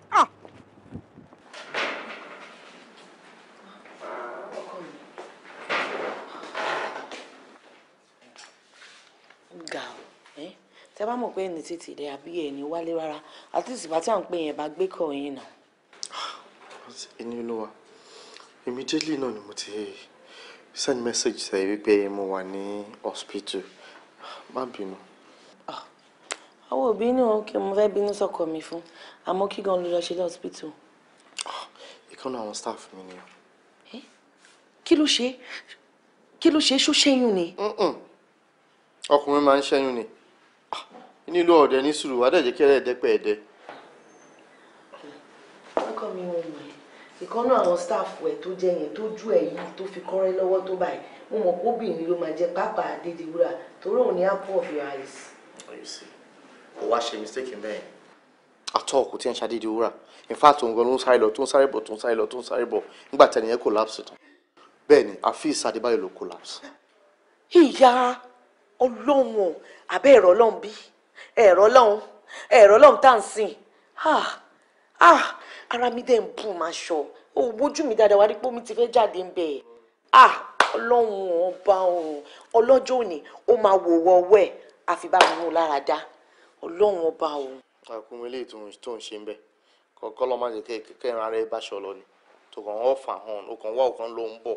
ga ọ tẹ bá mọ̀ pé ẹni tètè rẹ àbí ẹni wálé rárá àti ìsìnbá tí à ń pè yẹn bá gbé kọ yín náà because ẹni olúwa immediately náà ni send message sẹ́yìn wípé mo wà ní hospital má Ah, àwọn òbí ní òun kí mo fẹ́ bínú sọ̀kọ̀ mi fún àmọ́ kí gan ló lọ ṣe ní hospital. ìkànnì àwọn staff mi ni. Eh? kí ló ṣe kí ló ṣe ṣó ṣẹ́yún ni. ọkùnrin máa ń ṣẹ́yún ni ah, nílò ọ̀dẹ ní sùúrù wàá dẹ̀ jẹ́ kí ẹ̀rẹ́ ẹ̀dẹ́ pẹ̀ ẹ̀dẹ́. ọkọ mi ò ìkànnà àwọn staff ẹ̀ tó jẹ́ yẹn tó jú ẹ̀ yìí tó fi kọ́rẹ́ lọ́wọ́ tó báyìí mo mọ̀ pé obìnrin ló máa jẹ pápá Adédiwúrà torí òun ni apple of your eyes. Oh, kò wá ṣe mistake bẹ́ẹ̀. àtọ́ kò tí ẹ̀ ń ṣàdédiwúrà in fact òun gan ló ń sáré lọ tó ń sáré bọ̀ tó ń sáré lọ tó ń sáré bọ̀ nígbà tẹnìyẹn collapse tán bẹ́ẹ̀ ni àfi ìsàdébáyọ̀ ló collapse. ìyá ọlọ́run àbẹ́ ẹ̀rọ ọlọ́run bí ẹ̀rọ ọlọ́run ẹ̀rọ ọlọ́run tá à ń sìn ah ah ara mi dẹ̀ ń bù máa ṣọ o bójú mi dáadáa wá rí pé omi ti fẹ́ jáde ń bẹ̀ ah ọlọ́run ọba ọ̀run ọlọ́jọ́ òní ó máa wò wọ ọwọ́ ẹ̀ àfi bá mi mú lára dá ọlọ́run ọba ọ̀run. àkùnrin ilé tó ń ṣe ń bẹ kọ́kọ́ lọ́ọ́ máa jẹ́ kẹ́kẹ́rin ara ẹ bá ṣọ lọ ni tó kàn wọ́n fà hàn ó kàn wá ọ̀kan ló ń bọ̀.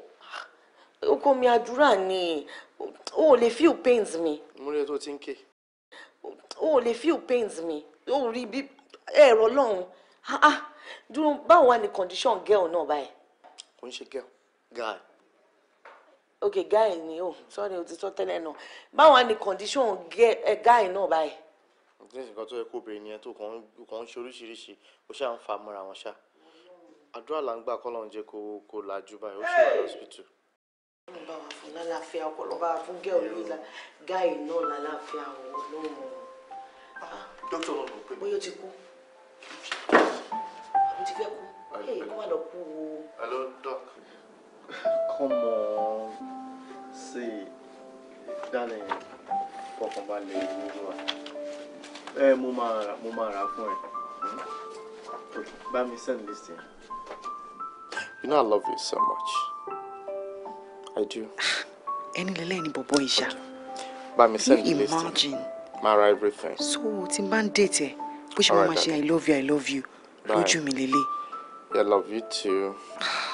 ó mi àdúrà ni o ò lè feel pains mi. múlẹ̀ tó ti ń ké. o ò lè feel pains mi o ò rí bí ẹ̀rọ ọlọ́run ah, ah dúró báwo wá ní condition girl náà báyìí. kò ń ṣe girl guy. ok guy ni o oh, sorry o ti sọ tẹ́lẹ̀ náà báwo wá ní condition eh, guy náà báyìí. nítorí nǹkan tó yẹ kó obìnrin yẹn tó kàn ń ṣe oríṣiríṣi ó ṣáà ń fa mọ́ra wọn ṣáà àdúrà là ń gbà kọ́ lọ́n jẹ́ kó kó lajú báyìí ó ṣe wà lọ́sibítù. ọlọ́run bá wa fún lálàáfíà ọpọlọ bá wa fún gẹ́ọ̀ yìí gáì náà lálàáfíà ọ̀hún lọ́wọ́. dókítà ọlọ́run ah, pé. bóyá ó ti kú mo ti fẹ́ kú ee kó má lọ kú o. hello doc. come on see darling fọkànbalẹ̀ ìlú wa ẹ mo máa rà mo máa rà fún ẹ hmm? bá mi send list yẹn. you know i love you so much i do. ẹni lélẹ́yìn ni bọ̀bọ̀ ìṣá. bá mi send list yẹn. you imagine. mara everything. so tí n bá ń date ẹ bó ṣe máa ma ṣe i love you i love you lójú mi lélẹ̀. I love you too.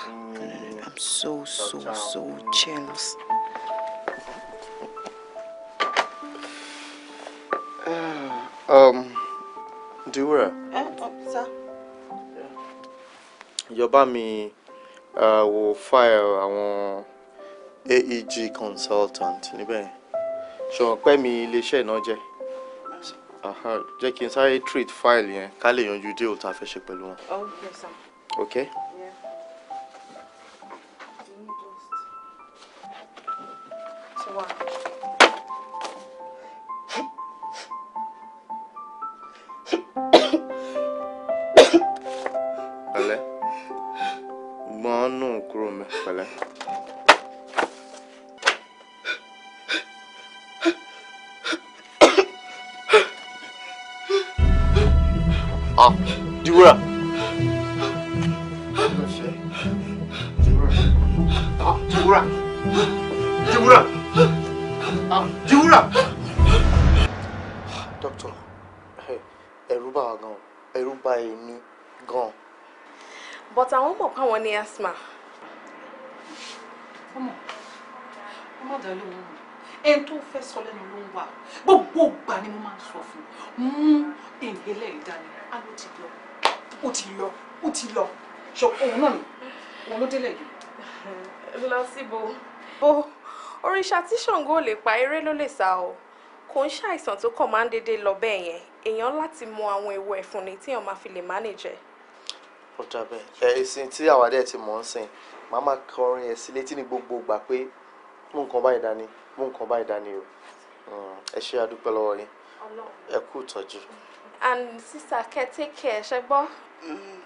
Mm. I'm so so so jealous. um, Dura. Eh, officer. Oh, Yọba mi uh, wo file àwọn AEG consultant níbẹ̀. Ṣọ̀pẹ́ mi iléeṣẹ́ náà jẹ́ jẹ́ kí n sáré treat file yẹn ká lè yanjú deal tá a fẹ́ ṣe pẹ̀lú wọn. ok sir. ok. dání a ló ti lọ o ti lọ ó ti lọ ṣọ òun náà ni òun ló délẹ̀ jù. lọ síbo bo òrìṣà tí Ṣàngó ò lè pa eré ló lè sá o kò ń ṣàìsàn tó kàn máa ń dédé lọ bẹ́ẹ̀ yẹn èèyàn láti mọ àwọn ewu ẹ̀fúnni tíyàn máa fi lè mánèjẹ. ó dàbẹ̀ ẹ ìsìn tí àwàdẹ ti mọ̀ ń sìn màá kọrin ẹ̀ sí létí ní gbogbo ìgbà pé mú nǹkan báyìí dání mú nǹkan báyìí dání o hmm, ẹ ṣé a dúpẹ́ yín ẹ kú ìtọ́jú and sister kẹ́ take care ṣe gbọ́. Mm-hmm.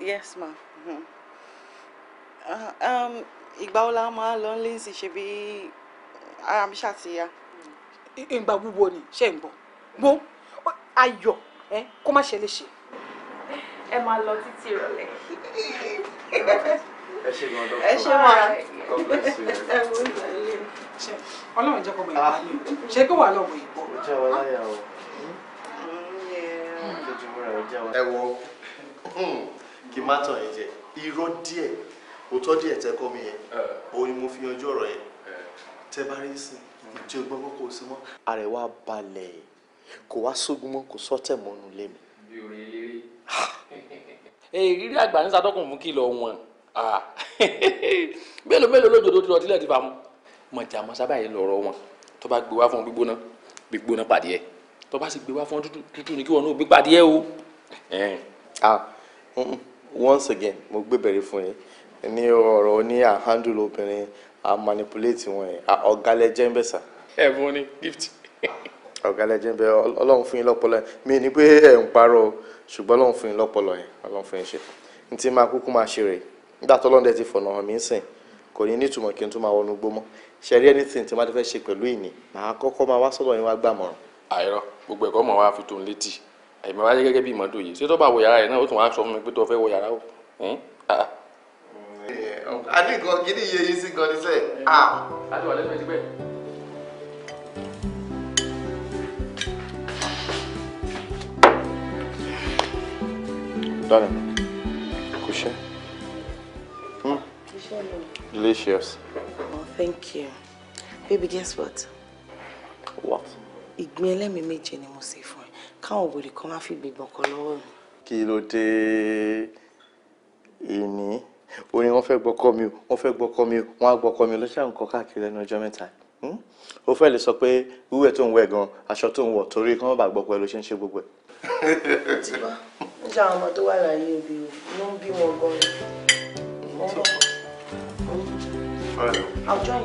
yes ma mm-hmm. uh, um, ìgbà wo la máa lọ ní ìsìn ṣe bí ara mi ṣàtìyà. Mm-hmm. ìgbà wúwo ni ṣe ń gbọ́ gbọ́ ayọ̀ kó má ṣe lè ṣe. ẹ máa lọ títí ìrọ̀lẹ́. ẹ ṣe gan dọ́kítọ̀ ẹ ṣe máa ẹ wò ó ìgbà ilé. ọlọ́run jẹ́ kó mọ̀ ìwà ni ṣé pé wàá lọ́wọ́ ìbọn. ó jẹ́ wọláyà o ẹ wo hmm, kí n má tàn yín jẹ irọ́ díẹ̀ òótọ́ díẹ̀ tẹ́ kọ́ mi yẹn òun ni mo fi yanjú ọ̀rọ̀ yẹn tẹ́ bá rí sí ìjọ gbọ́gbọ́ kò sí mọ́. àrẹwà balẹ̀ kò wá sógun mọ́ kò sọ́tẹ̀ mọ́nu lé mi. bí orin eléré. ìrírí àgbà ní sadọ́kùn mú kí lọ wọn mélòó mélòó lójoojú tí ọtílẹ̀ ti fa mu mọ̀jà mọ́sábà yìí lọ̀rọ̀ wọn tó bá gbé wá fún gbígbóná gbígbóná pàdé ẹ̀ tó sì gbé wá fún tútù ní kí wọn náà gbé pàdé ẹ o. Ah, once again mo gbé bẹ̀rẹ̀ fún yín ní ọ̀rọ̀ ní à handle obìnrin à manipulate wọn yẹn ah, ọ̀gá lẹ́jẹ̀ ń bẹ̀ sà. ẹ̀bùn ni gift. ọ̀gá lẹ́jẹ̀ ń bẹ ọlọ́run fún yín lọ́pọlọ yẹn mi ní pé ẹ̀ ń parọ́ ṣùgbọ́n ọlọ́run fún yín lọ́pọlọ yẹn ọlọ́run fún yín ṣe n ti máa kúkú máa ṣe rèé nígbà tó lọ́ndẹ̀ ti fọ̀nà hàn mí ń sìn kò ní nítumọ̀ kí n tún máa wọnú gbó ṣe rí anything tí wọ́n ti fẹ́ ṣe pẹ̀lú ìní màá kọ́kọ́ máa wá sọ́dọ̀ yín wá gbàmọ̀ràn àìrọ gbogbo ẹ̀kọ́ mọ̀ wá fi tó ń létí àìmọ̀ wá gẹ́gẹ́ bí ìmọ̀dò yìí ṣé tó bá wọ yàrá rẹ̀ náà ó tún wá sọ fún mi pé tó fẹ́ wọ yàrá o. Hm? adìgàn gidi iye yìí sí gan-an níṣẹ́. adìwà lẹ́nu ẹ̀ ti bẹ́ẹ̀. Darling, coucher. Hmm? Delicious. Oh, thank you. Baby, guess what? What? ìgbín ẹlẹ́mìí méje ni mo ṣe fún ẹ káwọn òbòdì kan má fi gbìgbọ̀n kan lọ́wọ́ mi. kí ló dé èmi ó ní wọ́n fẹ́ gbọ́kọ mi wọ́n fẹ́ gbọ́kọ mi wọ́n á gbọ́kọ mi lọ́sẹ̀ àwọn nǹkan káàkiri lẹ́nu ọjọ́ mẹ́ta ó hmm? fẹ́ lè sọ pé wíwẹ̀ tó ń wẹ̀ gan aṣọ tó ń wọ̀ torí kí wọ́n bá gbọ́kọ ẹ ló ṣe ń ṣe gbogbo ẹ̀. tìbá àwọn ọmọ tó wà láyé ibi o ló ń bí wọn gan-an. join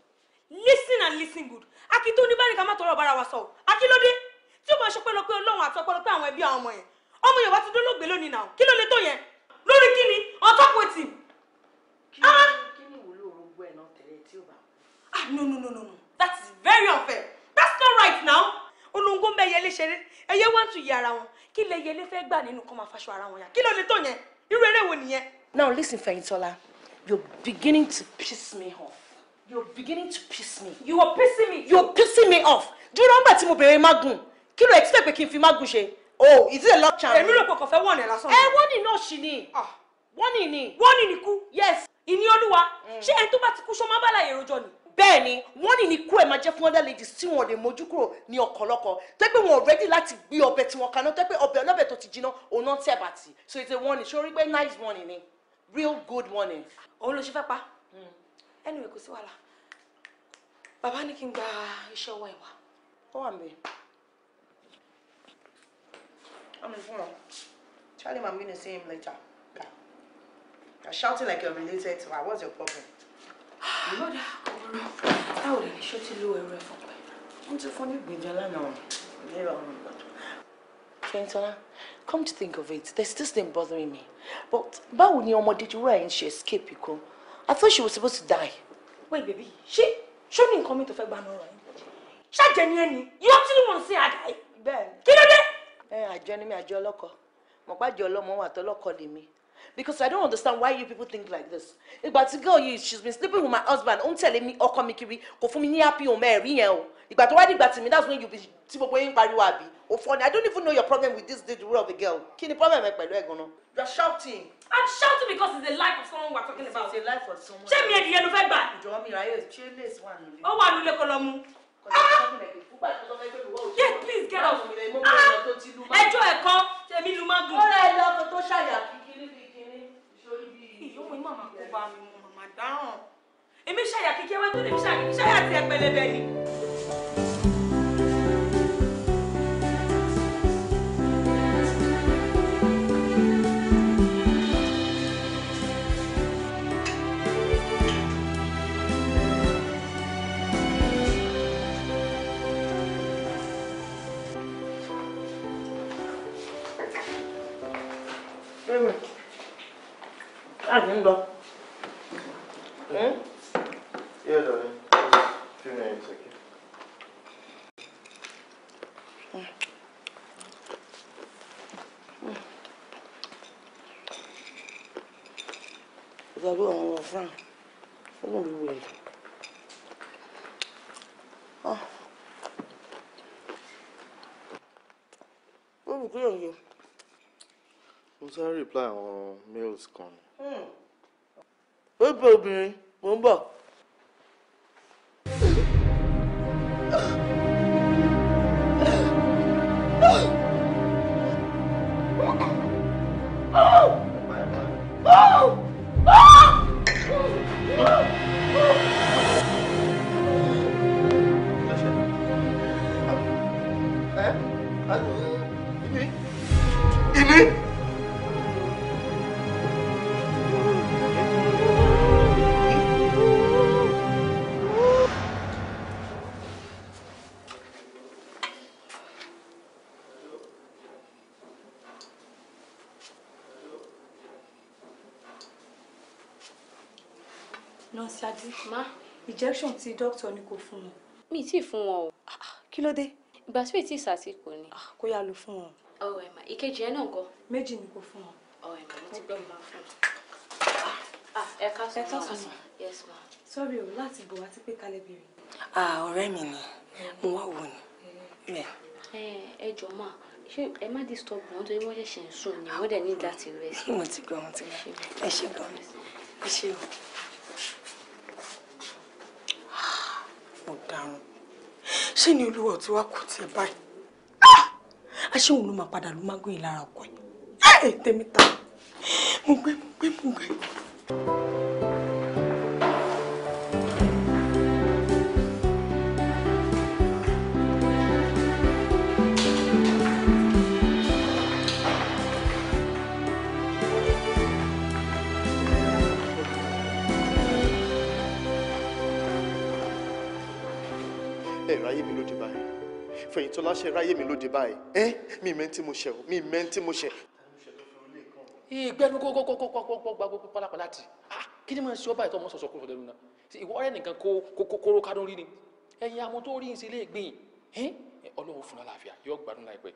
listen and listen good akin tó oníbàárẹ̀ ká má tọrọ bára wa sọ o akílódé tí o máa ṣe pẹ́lọpẹ́ ọlọ́run àti ọpẹ́lọpẹ́ àwọn ẹbí àwọn ọmọ yẹn ọmọ yẹn wá ti dólógbé lónìí náà kí ló lè tó yẹn lórí kí ni on top wetin. kí ni ah! ìwúlò orogún ẹ̀ náà tẹ̀lé tí o bá. ah no no no no no that is very unfair that's not right now. olóńgbò ń bẹ ẹyẹlé ṣeré ẹyẹ wá ń tu ìyá ara wọn kí lè ẹyẹlé fẹ́ gbà nínú kọ́ máa faṣọ ara wọn yá kí ló lè tó yẹn irú eré wo nìyẹn. now listen Fẹ́yìntọ́lá you're beginning to piss me off. You're beginning to piss me. You are pissing me. You're pissing me off. Do you remember tí mo bèrè magun? Kí ló expect me to n fi magun ṣe? Oh, is it a love charm? Èmi rò pé kò fẹ́ wọ̀nì lásán. Ẹ eh, wọ́nì náà ṣì ni. Ah. Wọ́nì ni. Wọ́nì ni kú. Yes. Ìní Olúwa. Mm. Ṣé ẹni tó bá ti kú ṣó máa bá láyè rojọ́ ni? bẹ́ẹ̀ ni wọ́n ní ní kú ẹ̀ máa jẹ́ fún other ladies tí wọ́n lè mójú kúrò ní ọ̀kọ̀lọ́kọ̀ tó pé wọn ready láti gbé ọbẹ̀ tí wọ́n kaná tó pé ọbẹ̀ ọlọ́bẹ̀ tó ti jiná òun náà tẹ̀ bàtì so it's a warning ṣé orí pé nice warning ni real good warning. òun ló ṣe fẹ́ pa. Mm anyway kò sí wàhálà bàbá ní kí n gba iṣẹ́ ọwọ́ ẹ̀ ó wà mí. I'm in phone. Charlie, him I'm going to see him later. Yeah. You're shouting like you're related to her. What's your problem? Mọ́dà ọ̀rọ̀ táwọn lè ní ṣó ti lo ẹ̀rọ ẹ̀fọn pẹ̀. Wọ́n ti fún ní ìgbìjà lánàá wọn. Ìlera ọ̀run ìgbàdùn. Fẹ́ntọ́lá, come to think of it, there's this thing bothering me. But báwo ni ọmọdé ti wúrà yẹn ṣe escape ikú? I thought she was supposed to die. Wait, baby. Ṣé ṣó ní nǹkan mi tó fẹ́ gba náà rẹ̀? Ṣáàjẹ́ ni ẹni, yóò tí Kill her! Eh, I Kí ló dé? Ẹ àjọ My mi àjọ ọlọ́kọ. Mọ̀pá àjọ ọlọ́mọ wà tọ́lọ́kọ lèmi because I don't understand why you people think like this. Ìgbà tí girl yìí she's been sleeping with my husband, ó ń tẹ̀lé mi ọkọ mi kiri, kò fún mi ní happy home ẹ̀rí yẹn o. Ìgbà tó wá dìgbà tì mí, that's when you be tí gbogbo yín pariwo àbí. O fọ ni, I don't even know your problem with this dude of a girl. Kí ni problem ẹ pẹ̀lú ẹ̀ gan-an? You are shouting. I'm shouting because it's the life of someone we are talking about. It's the life of someone. Ṣé mi ẹ̀dìyẹ ló fẹ́ gbà? Ìjọ mi ráyè ṣé lace wà nílé. Ó wà nílé kó lọ mú. Yes, please get out. Ah! Ẹjọ́ ẹ̀kọ́, ṣèmi lu mágùn. Ó rẹ̀ lọ́kọ̀ tó ṣàyàkí ìyóò mú màmá kó bá mi mú màmá dáràn èmi ṣàyà kíkẹ́ wá tó lè ṣàyà kíkẹ́ ṣàyà ti ẹ̀pẹ̀lẹ̀bẹ̀ ni. àti ń lọ. Here, darling. Just few minutes, okay? Ìgbàgbọ́ àwọn ọmọ Frank, ó lóun ah. ló wẹ̀ lọ. Ó wù kí èyí. Mo sáré reply àwọn mails kan ni pé obìnrin mò ń bọ̀ ìtọ́jú. má injection tí dókítà ní kò fún wọn. mi ì tí ì fún wọn o. Ah, ah, kí ló dé. ìgbà tí ò tí ì sàtìkù ni. Ah, kó yá lọ fún wọn. ọ̀rọ̀ oh, ẹ̀ mà ìkejì ẹ̀ náà kọ́. méjì ni kò fún wọn. ọ̀rọ̀ oh, ẹ̀ mo ti gbọ́ mi máa fún un. ẹ ká sọ ma yes ma. sọ́ọ̀rì o láti bọ̀ wá ti pé kalẹ̀ bèrè. ọ̀rẹ́ mi ni mm. mo wá wò ni. Eh. Eh, ẹ jọ máa ṣé ẹ má disturb wọn torí wọn ṣẹ̀ṣẹ̀ ń sùn ni wọn dẹ ní láti rest. mo ti gbọ́ mo ti gbọ́ ẹ ṣe gan ẹ ṣe o. ọ̀daràn ṣé ni olúwa tí wàá kú tiẹ̀ báyìí ah! aṣé òun ló máa padà ló máa gbé ìlara ọkọ yìí tèmi ta mo gbé mo gbé mo gbé. fẹ̀yìntọ́lá ṣe ráyè mi lóde báyìí ẹ́ mi mẹ́ntì mo ṣe o mi mẹ́ntì mo ṣe ìgbẹ́nu kókókókókókókókókókókó pálápàlá tì ah, kí ni mo ṣe ọba ìtọ́ mọ́ sọ̀sọ̀ kúrò lẹ́nu náà ìwọ ọ̀rẹ́ nìkan kóró kádùn rí ni ẹ̀yin àwọn tó rí ń ṣe lè gbìn ín ọlọ́run fún aláàfíà yóò gbádùn láìpẹ́.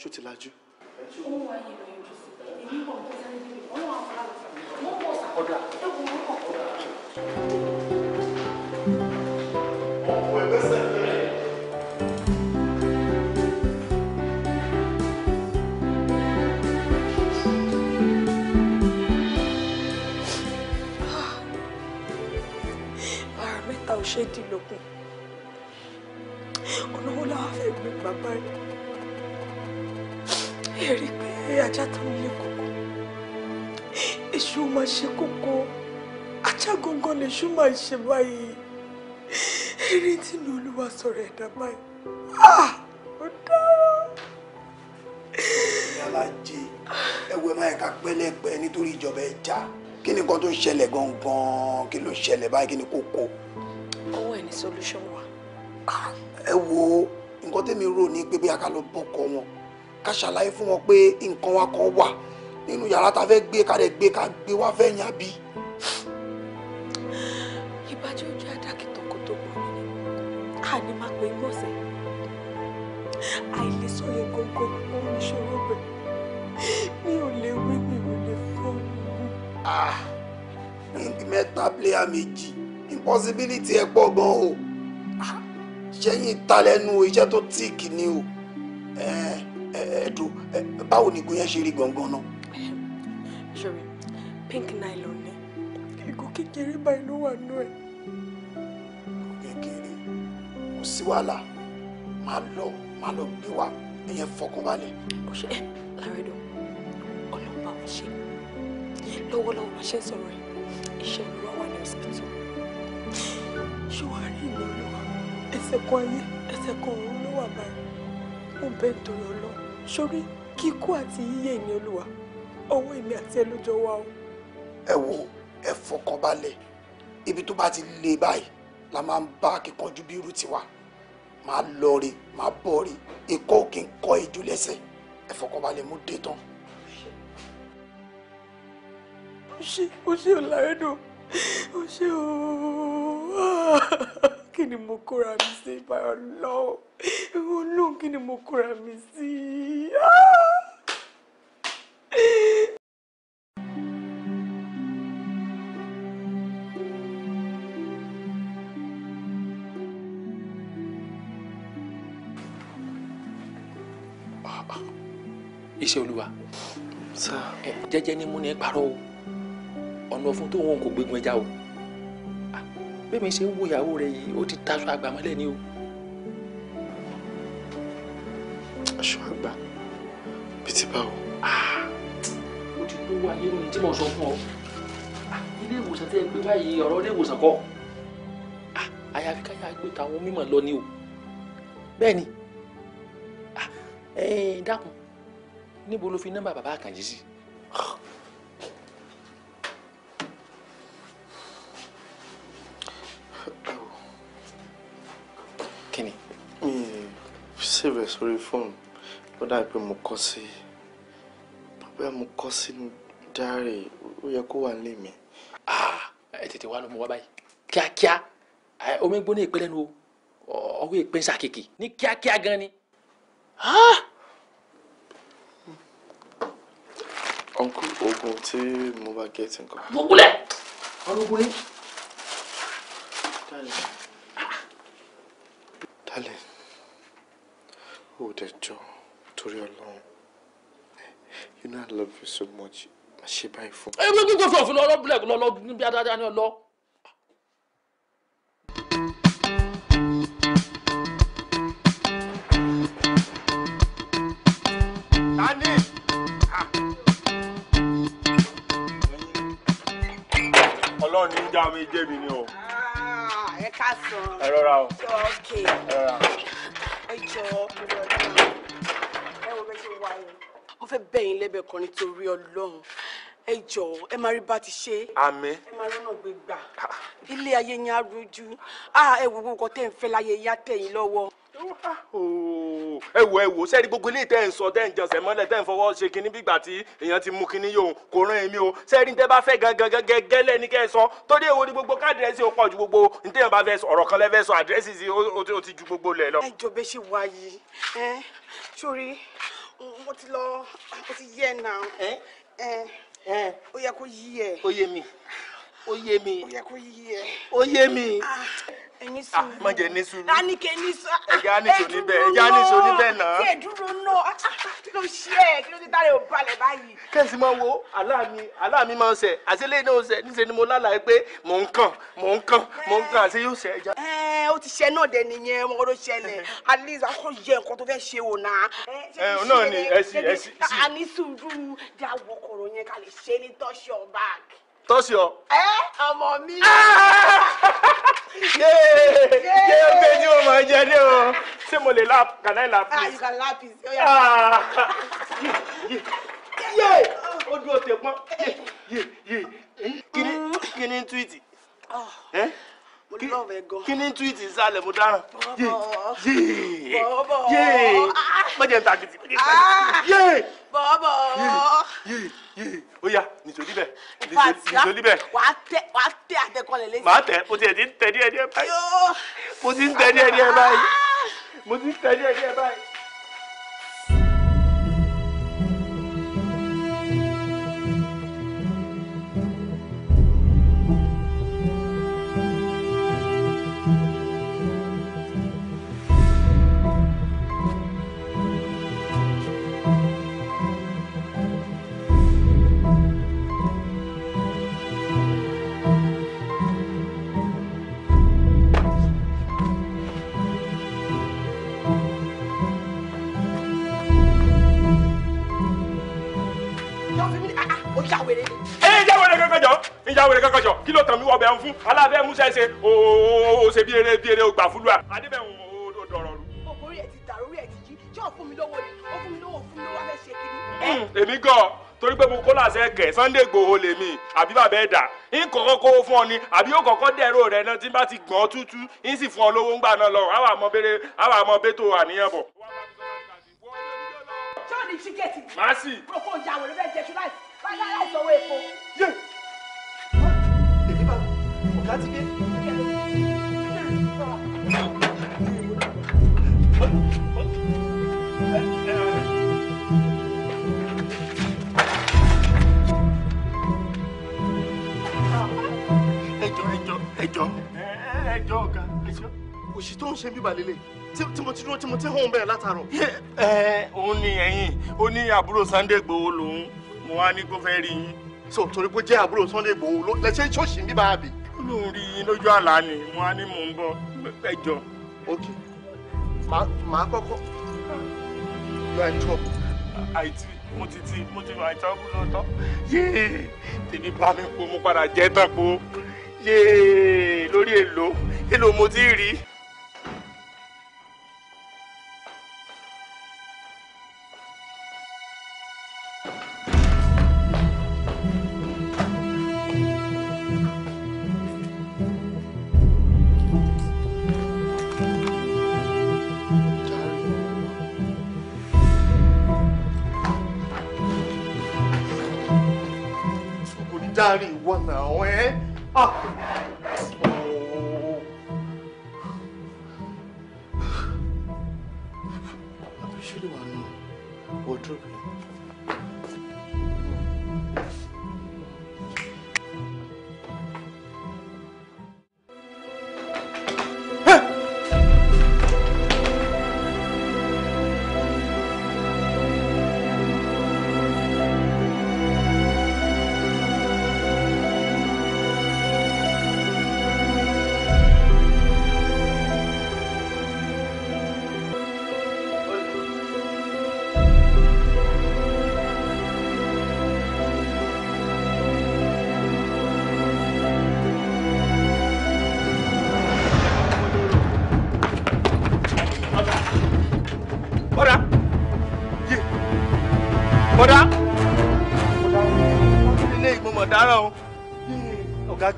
ṣó ti lajú. ọ̀dà ọ̀pọ̀ ẹgbẹ́ sẹ́yìn. ṣe dì lókun ọ̀nà wo làwọn fẹ́ gbé bàbá rẹ̀ èrè pé ajá tán lé kókó èṣù máa ṣe kókó ajá gangan lèṣù máa ṣe báyìí èrè tí ní olúwa sọ̀rọ̀ ẹ̀dá báyìí ah! ó dára. ìyá alájẹ ẹwẹ máa ka pẹlẹpẹ nítorí ìjọba ẹja kí ni kan tó ń ṣẹlẹ̀ gangan kí ló ṣẹlẹ̀ báyìí kí ni kókó ni solution wà. ẹ wo nǹkan tẹ́mi rò ní pé bí a kà lọ bọ́kọ wọn ká ṣàlàyé fún wọn pé nǹkan wa kan wà nínú yàrá ta fẹ́ gbé ká gbé ká gbé wá fẹ́ yàn bí. ìbàjẹ́ ojú adákì tọkọ tó gbọ́ mi ni a ní máa pè é gbọ́sẹ̀ àìlèsọ̀yẹ gógó òun ìṣòro bẹ̀ mi ò lè wí mi ò lè fọ́. Ah, mẹ́ta pléyà méjì responsibility ẹ pọ̀ gan o ṣẹ́yìn ta lẹ́nu o iṣẹ́ tó tíìk ni o ẹ̀ẹ́dùn báwo ni ìgúnyẹn ṣe rí gangan náà. ṣòro pink nylon ni ìgò kékeré báyìí ló wà nù ẹ̀. kékeré kò sí wàhálà máa lọ máa lọ gbé wa ẹ̀yẹn fọkànbalẹ̀. kò ṣe ẹ lárẹ́dọ̀ ọlọ́run bá wa ṣe lọ́wọ́lọ́wọ́ bá ṣe ń sọ̀rọ̀ ẹ̀ iṣẹ́ ìrora wà ní hospital ṣùwárí ìlú olúwa ẹsẹ̀ kan ayé ẹsẹ̀ kan ọ̀run ló wà báyìí ó bẹ́ẹ̀ nítorí ọlọ́ sórí kíkú àti yíyẹ ní olúwa ọwọ́ èmi àti ẹ ló jọ wá o. ẹ wo ẹ fọkàn balẹ̀ ibi tó bá ti le báyìí la máa ń bá akíkanjú bí irú tiwa máa lọ rí máa bọ̀ rí ikọ́ òkè ń kọ́ ijú lẹ́sẹ̀ ẹ fọkàn balẹ̀ mú dé tán. ó ṣe ó ṣe ò láyé dùn ó ṣe ooo. kí ni mo kóra mi sí báyọ̀ lọ́wọ́ ìwọ náà kí ni mo kóra mi sí. Ah, iṣẹ́ olúwa jẹ́jẹ́ ni mo ní pàrọ̀ ọ̀nà ọ̀fun tó wọn kò gbégun ẹja o bẹ́ẹ̀mi ṣe ń wo ìyàwó rẹ yìí ó ti taṣọ àgbà mọ́lẹ̀ ni o. aṣọ àgbà bíi ti báwo. ó ti gbówó ayé mi tí mo sọ fún ọ ilé ìwòsàn tẹ́ ẹ gbé báyìí ọ̀rọ̀ ilé ìwòsàn kọ́ àyàfi káyà gbé tàwọn mímọ̀ lọ ni o bẹ́ẹ̀ ni dákun níbo ló fi nọ́mbà bàbá àkànjí sí. Si? ẹ̀ sórí o ó dàbí pé mo kọ́ sí bóyá mo kọ́ sínú dáre o yẹ kó wà nílé mi. Ah, ẹ tètè wá lọ mọ wá báyìí o omi gbóná ìpínlẹ̀ nu ọwọ́ ìpín sàkìkì ní kíákíá gan ni. ọ̀nkú ah! oògùn tí mo bá gẹ̀ẹ́tì nǹkan. mo kúlẹ̀ ọ̀rọ̀ ogun ni. Oh, Dejo, Tori Ọlọ́run. You know I love you so much. Má ṣe báyìí fún. Ẹ gbẹ́gbẹ́ gbẹ́gbẹ́ òfin lọ́lọ́ bílẹ̀ lọ́lọ́ níbi adájá ni ọlọ́. Tani. Ọlọ́run ní ń dá omi jẹ́ mi ni o. Ah, ẹ ká sọ. Ẹ ìjọ ẹ wo bẹ ṣe wá yẹn wọn fẹ́ bẹ̀yìn lẹ́bẹ̀ kan nítorí Ọlọ́run ẹ jọ̀ọ́ ẹ máa rí bá ti ṣe àmín ẹ máa rọnà gbé gbà ah. ilé ayé yẹn á rojú ah, ẹ wo gbogbo nǹkan tẹ́ ń fẹ́ láyé yá tẹ̀yìn lọ́wọ́ ẹ wò ẹ wò sẹ́ẹ̀rí gbogbo ilé tẹ́ ẹ̀ ń sọ tẹ́ ẹ̀ ń jọsẹ̀ mọ́lẹ̀ tẹ́ ẹ̀ ń fọwọ́ ṣe kinní bí ìgbà èèyàn ti mú kinní yòó kò rán èmi o sẹ́ẹ̀rí tẹ́ bá fẹ́ gẹ́gẹ́gẹ́ lẹ́ni kẹ́ ẹ sọ torí èwo ni gbogbo kádìrẹ́sì ó pọ̀ ju gbogbo ntẹ́yàn bá fẹ́ sọ kan lẹ́fẹ́ sọ àdírẹ́sì sí ó ti ju gbogbo lẹ̀ lọ. ẹ bẹ ṣe wá yìí ẹ sórí mo ti lọ mo ti yẹ náà ẹ ó yẹ kó yí ẹ. ó yé mi ó yé mi ó yé mi ah, ah, má jẹ ní sùúrù anike ah, ní sùúrù ẹjẹ aniso níbẹ̀ náà kí máa wo àlá mi àlá mi máa ń ṣẹ àṣẹlẹ̀ náà ṣẹ níṣẹ́ ni mo lálàá pé mò ń kàn mò ń kàn mò ń kàn àṣẹ yóò ṣẹ ẹja. ẹ ó ti ṣe náà dẹ nìyẹn mo gbọ́dọ̀ ṣẹlẹ̀ aliza kò yẹ nǹkan tó fẹ́ ṣe o náà. ẹ ọ náà ni ẹ sì ẹ sì. àní sùúrù dáwọ́ kọ̀rọ̀ yẹn ká lè ṣe ní tọ́ṣọ̀ báàgì tọ́sí ọ. ẹ ọmọ mi. yé yé o pé tí mo máa jẹ dé o ṣé mo lè lap can I lap ah, please. ah you can lap it. yé o dúró tẹ pọn yé yé kíni kíni túwìtì. Ah. mo lè lọ́ọ̀bẹ̀ gan. kíni túwìtì sálẹ̀ mo dáràn. yé yé yé mọ̀jẹ̀ ń ta kìtì mọ̀jẹ̀ ń bọ̀bọ̀. yìí yìí ó yá nìṣòlí bẹ nìṣòlí bẹ. wà á tẹ wà á tẹ àtẹkọlẹ lẹsẹ. màá tẹ mo ti ẹ̀ ti ń tẹ díẹ̀ díẹ̀ báyìí mo ti ń tẹ díẹ̀ díẹ̀ báyìí ah. mo ti ń tẹ díẹ̀ díẹ̀ báyìí. kí ló tàn mí wọ bẹ̀rù fún alábẹ́ musa ṣe ooo ṣe bí eré bí eré ògbà fúlùwà adébẹ̀wò ó dọ̀rọ̀ rú. òkòrí ẹ̀ ti dàrú ẹ̀ ti jí tí ò fún mi lówó ni ó fún mi lówó fún mi lówó abẹ́ ṣe kiri. èmi gan torí pé mo kó làṣẹ kẹ Sunday Igboho lèmi àbí bàbá ẹ̀dà ń kọ́kọ́ kówó fún ọ ni àbí yóò kọ́kọ́ dẹ̀rọ rẹ náà tí n bá ti gàn ọ́ tútú ń sì fún ọ lówó ńgbà náà lọ àwọn àmọ́ bẹ́rẹ̀ àwọn àmọ́ bẹ́tò àníyàn bọ̀. ṣọ́ọ̀nì tíkẹ́ẹ̀tì. màá sì. proko ìyàwó rẹ bẹ́ẹ̀ jẹ́ ṣúláì láì láì sọ̀rọ̀ èkó ọ̀gá ti dé. ẹjọ́ ẹjọ́ ẹjọ́ ẹjọ́ ọ̀gá ẹjọ́ òṣì tó ń ṣe bíbà lélẹ̀ tí mo ti dúró tí mo ti hàn bẹ́ẹ̀ látàárọ̀. ẹ ẹ òun ni ẹ̀yin ó ní àbúrò Sunday Igboho lòun mo wá ní kó fẹ́ rí yín. so torí pé jẹ́ àbúrò Sunday Igboho lẹ́sẹ̀ ṣọ́ọ̀ṣì bíbá àbí mi rí i lójú àlá ni mo á ní mò ń bọ̀ ẹjọ́. ok màá kọ́kọ́ you are in àìtí mo ti ti mo ti wà ìtọ́ kú lọ́tọ́ yéé tèmi bá mi po mo padà jẹ́ tán po yéé lórí èlò èlò mo ti rí i. láàrin wanna win.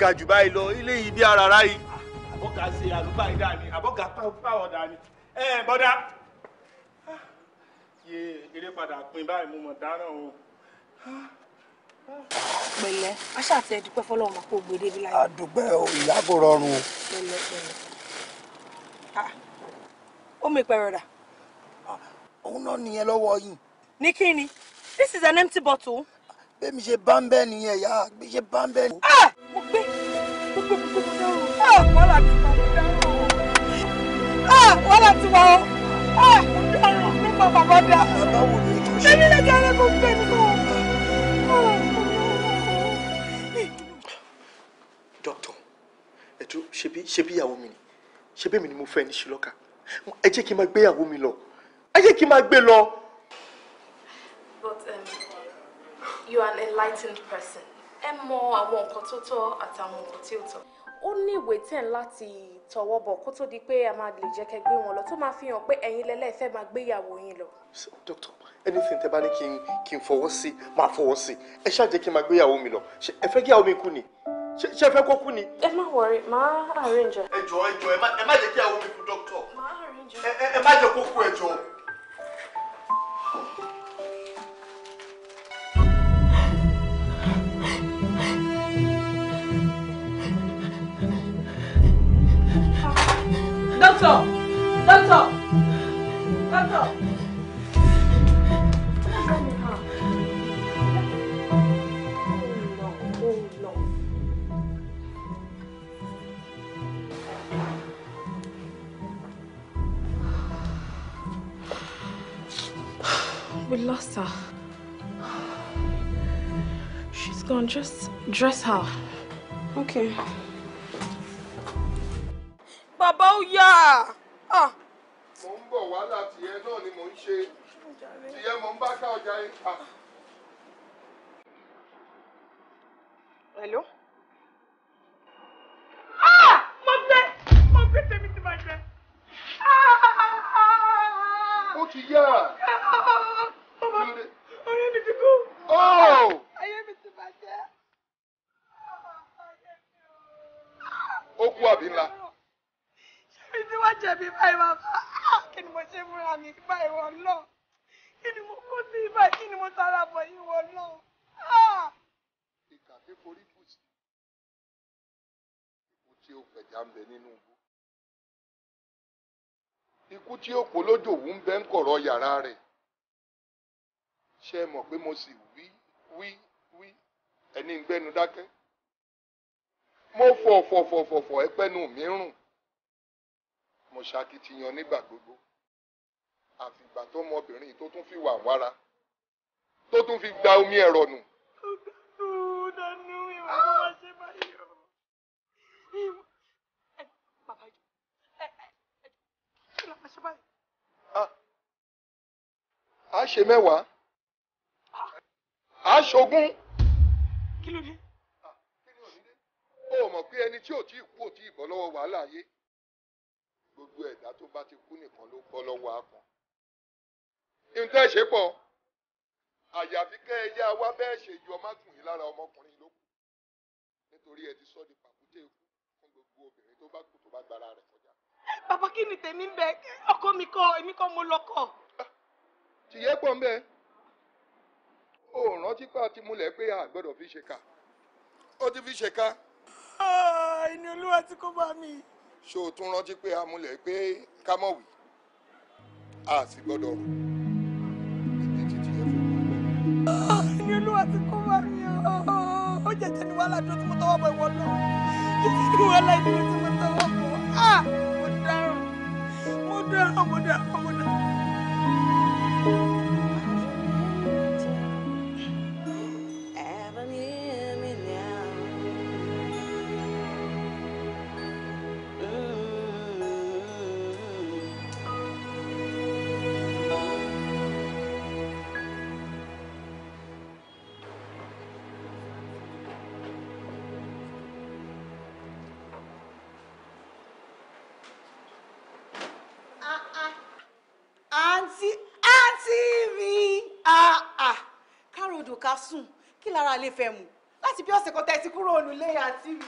ga jù báyìí lọ ilé yìí bí ara rárá yìí. àbọ̀gà ṣe àlùbáyìdá ni àbọ̀gà pàwọ̀dà ni ẹ ẹ bọ́dá. yé eré padà pin báyìí mo mọ̀ dáràn o. pẹ̀lẹ́ a ṣàtẹ dúpẹ́ fọ́lọ́run kó gbé débi láyé. a dúpẹ́ ìyàgò rọrùn o. pẹ̀lẹ́ pẹ̀lẹ́ ah, ó mi pẹ̀rọ̀ dà. òun náà nìyẹn lọ́wọ́ yìí. ní kí ni this is an empty bottle bẹ́mi ṣe bá ń bẹ́ẹ̀ nìyẹn ìyá mi ṣe bá ń bẹ́ẹ̀ nìyẹn. Ah, mo gbé wàhálà ti wà ó dáhùn wàhálà ti wà ó dáhùn nípa bàbá dà ẹni ẹ jẹ́ kí n máa gbé mi lọ ẹ jẹ́ kí n máa gbé lọ. But um, you are an enlightened person ẹ mọ àwọn nǹkan tó tọ́ àtàwọn nǹkan tí ò tọ́ ó ní ìwé tẹ̀ láti tọwọ́ bọ̀ kó tó di pé a máa lè jẹ́ kẹ́ gbé wọn lọ tó máa fi hàn pé ẹ̀yin lẹ́lẹ́ fẹ́ máa gbéyàwó yín lọ. doctor anything tẹ bá ní kí n kí n fọwọ́ sí máa fọwọ́ sí ẹ ṣáà jẹ́ kí n máa gbéyàwó mi lọ ẹ fẹ́ kí àwọn mi kú ni ṣé ẹ fẹ́ kó kú ni. ẹ má wọrí màá arrange. ẹ jọ ẹ jọ ẹ má jẹ́ kí àwọn mi kú doctor ẹ má jẹ́ kó kú ẹ jọ. Doctor! Doctor! Doctor! We lost her. She's gone. Just dress her. Okay. bàbá ó yá. Ah. mo ń bọ̀ wàhálà tìyẹ náà ni mò ń ṣe tìyẹ mo ń bá ká ọjà yín pa. Ah. Hello? Ah! Mo gbé! Mo gbé tèmi ti máa ah! gbé! Ó ti yá! Bàbá, ayé mi ti kú! Ayé mi ti bàjẹ́! Ó kú àbí ńlá wá jẹ̀bi báyìí bàbá ah, kí ni mo ṣe fúnra mi báyìí wọ́n náà kí ni mo kó sí báyìí kí ni mo tara bọ̀ yìí wọ́n náà. Ah! ìkà forí kù sí ikú tí ó pẹ̀já ń bẹ nínú igbó ikú tí ó pò lójò òun ń ń kọ̀rọ̀ yàrá rẹ̀ ṣe mọ̀ pé mo sì wí wí wí ẹni ń gbẹ́nu dákẹ́ mo fọ̀fọ̀fọ̀fọ̀fọ̀ ẹpẹ́nu mi rùn mo ṣakitiyan nígbà gbogbo àfìgbà tó mọ obìnrin tó tún fi wà wára tó tún fi gba omi ẹ̀rọ nù. a ṣe mẹ́wàá a ṣogún. kí ló dé. Ah, o mọ̀ pé ẹni tí ò tí ì kú ò tí ì bọ́ lọ́wọ́ wàhálà ayé gbogbo ẹ̀dá tó bá ti kú nìkan ló bọ́ lọ́wọ́ akàn. nǹkan ṣe pọ̀ àyàfi kẹ́ ẹ yá bẹ́ẹ̀ ṣe yọ mákùn yìí lára ọmọkùnrin ló kù nítorí ẹ ti sọ di pàkúté ikú fún gbogbo obìnrin tó bá kú tó bá gbára rẹ̀ kọjá. bàbá kí ni tèmi ń bẹ ọkọ mi kọ èmi kọ mo lọkọ. tìyẹ́ pọ̀ ń bẹ o rántí pa ti múlẹ̀ pé a gbọ́dọ̀ fi ṣe ká ó ti fi ṣe ká. ẹni olúwa ti kó bá mi ṣó o tún rántí pé amúlẹ̀ pé kámọ̀wé a sì gbọ́dọ̀ rò ìdí títí ẹ fún mi. ní olúwa kó wá mi ó jẹjẹ ní wàhálà dúró tí mo tọwọ́ bọ̀ ìwọ náà jẹjẹ wàhálà dúró tí mo tọwọ́ bọ̀ mo dáràn mo dáràn mo dáràn mo dáràn. tára lè fẹ́ mu láti bí ọ̀sẹ̀ kan tẹ́ ti kúrò nílé àti mi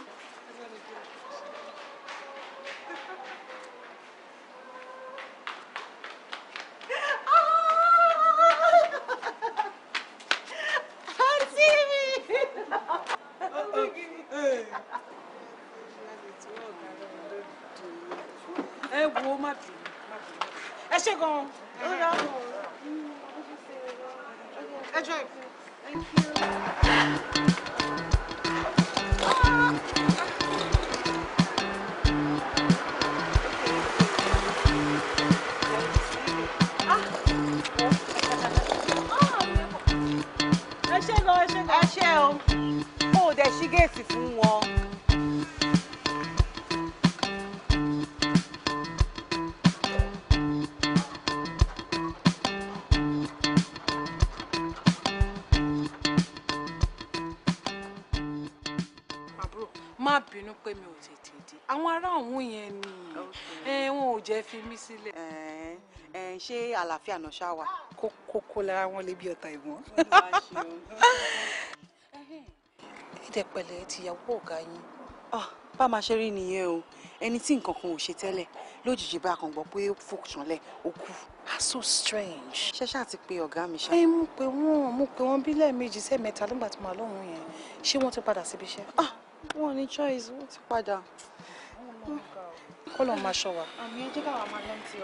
wọn ò jẹ́ fi mí sílẹ̀. ẹ ṣé àlàáfíà náà ṣá kókó lára wọn lè bí ọ̀tá ìwọ̀n. ẹ̀ẹ́dẹ̀ pẹ̀lẹ́ tìyàwó ọ̀gá yín. bá a máa ṣe rí nìyẹn o ẹni tí nǹkan kan ò ṣe tẹ́lẹ̀ lójijì bá a kàn gbọ́ pé ó fòkùnṣánlẹ̀ ó kú. Ah, so strange. ṣé ṣáà ti pe ọ̀gá mi ṣá. ẹ mú pé wọ́n mú pé wọ́n bí lẹ́ẹ̀mejì sẹ́ẹ̀mẹ́ta nígbà tó máa lọ́hùn yẹn ṣé wọ́n ti padà síbi iṣẹ́. wọn ò ní choice wọ́n ti padà kọ́ lọ́n máa ṣọ́ wa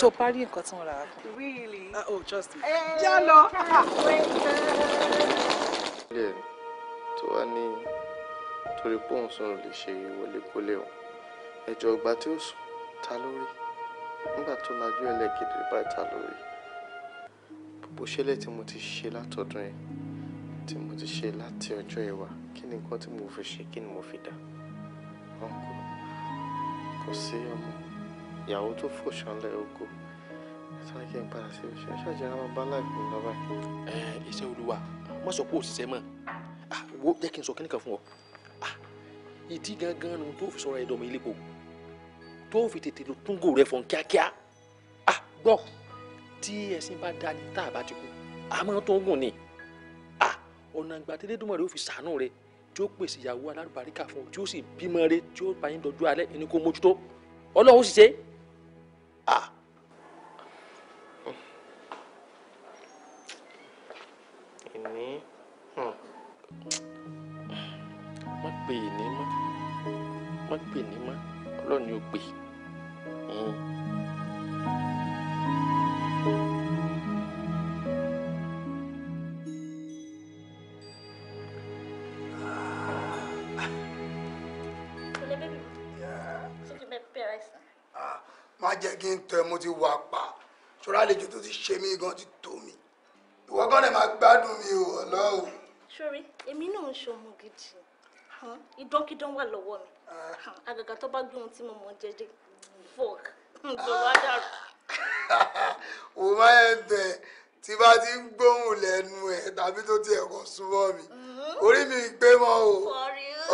tó parí nǹkan tí wọ́n rà á fún. really ah, oh trust me. Eh, já lọ. ilé ẹ̀ tó wá ní torí póun sùn lè ṣe wọlékólé o ẹjọ́ ìgbà tí ó sùn ta lórí nígbà tó lajú ẹlẹ́gẹ̀dẹ̀ báyìí ta lórí gbogbo ṣẹlẹ̀ tí mo ti ṣe látọdún yẹn tí mo ti ṣe láti ọjọ́ ìwà kí ni nǹkan tí mo fi ṣe kí ni mo fi dà ọ̀nkọ́ kò sí ọmọ ìyàwó tó fòṣànlẹ̀ ògo sáré kí n padà sí iṣẹ́ ṣáàjẹ́ ara máa bá láìpẹ́ lọ báyìí. ẹ iṣẹ́ olúwa má sọ pé òṣìṣẹ́ mọ̀ ah, wo jẹ́ kí n sọ kíní kan fún ọ ah, ìdí gangan nu tó fi sọ̀rọ̀ ẹ̀dọ̀ mi lépo tó fi tètè lọ túngò rẹ fọ̀n kíákíá ah, gbọ́ tí ẹ̀sìn bá dá ní tá a bá ti kú àmọ́ tó ń ah o ọ̀nà ìgbà tí Elédùmarè ó fi ṣàánú rẹ̀ tí ó pèsè ìyàwó alárùbáríkà fún ọ tí ó sì bímọ rẹ tí ó bá yín dọjú alẹ́ ẹni kó mójútó ọlọ́run ó sì ṣe é. Ah. ìní hmm. má pè ní má má pè ní má ọlọ́run ni ó pè jẹ́ kí n tọ́ ẹ mo ti wà pa ṣọ́ra àlejò tó ti ṣe mí gan ti tó mi ìwọ gan lè máa gbádùn mi o ọlọ́run. sori èmi náà ń ṣe ọmọ gidi ìdánkídán wà lọ́wọ́ mi ah. àgàgà tó bá gbé ohun tí mo mọ̀ jẹ́jẹ́ fọ́ọ̀k ǹdọ̀wọ́ dàrú. wò má yẹ bẹ tí bá ti ń gbóhùn lẹ́nu ẹ̀ tàbí tó ti ẹ̀kọ́ súnmọ́ mi mm-hmm. orí mi gbé mọ́ o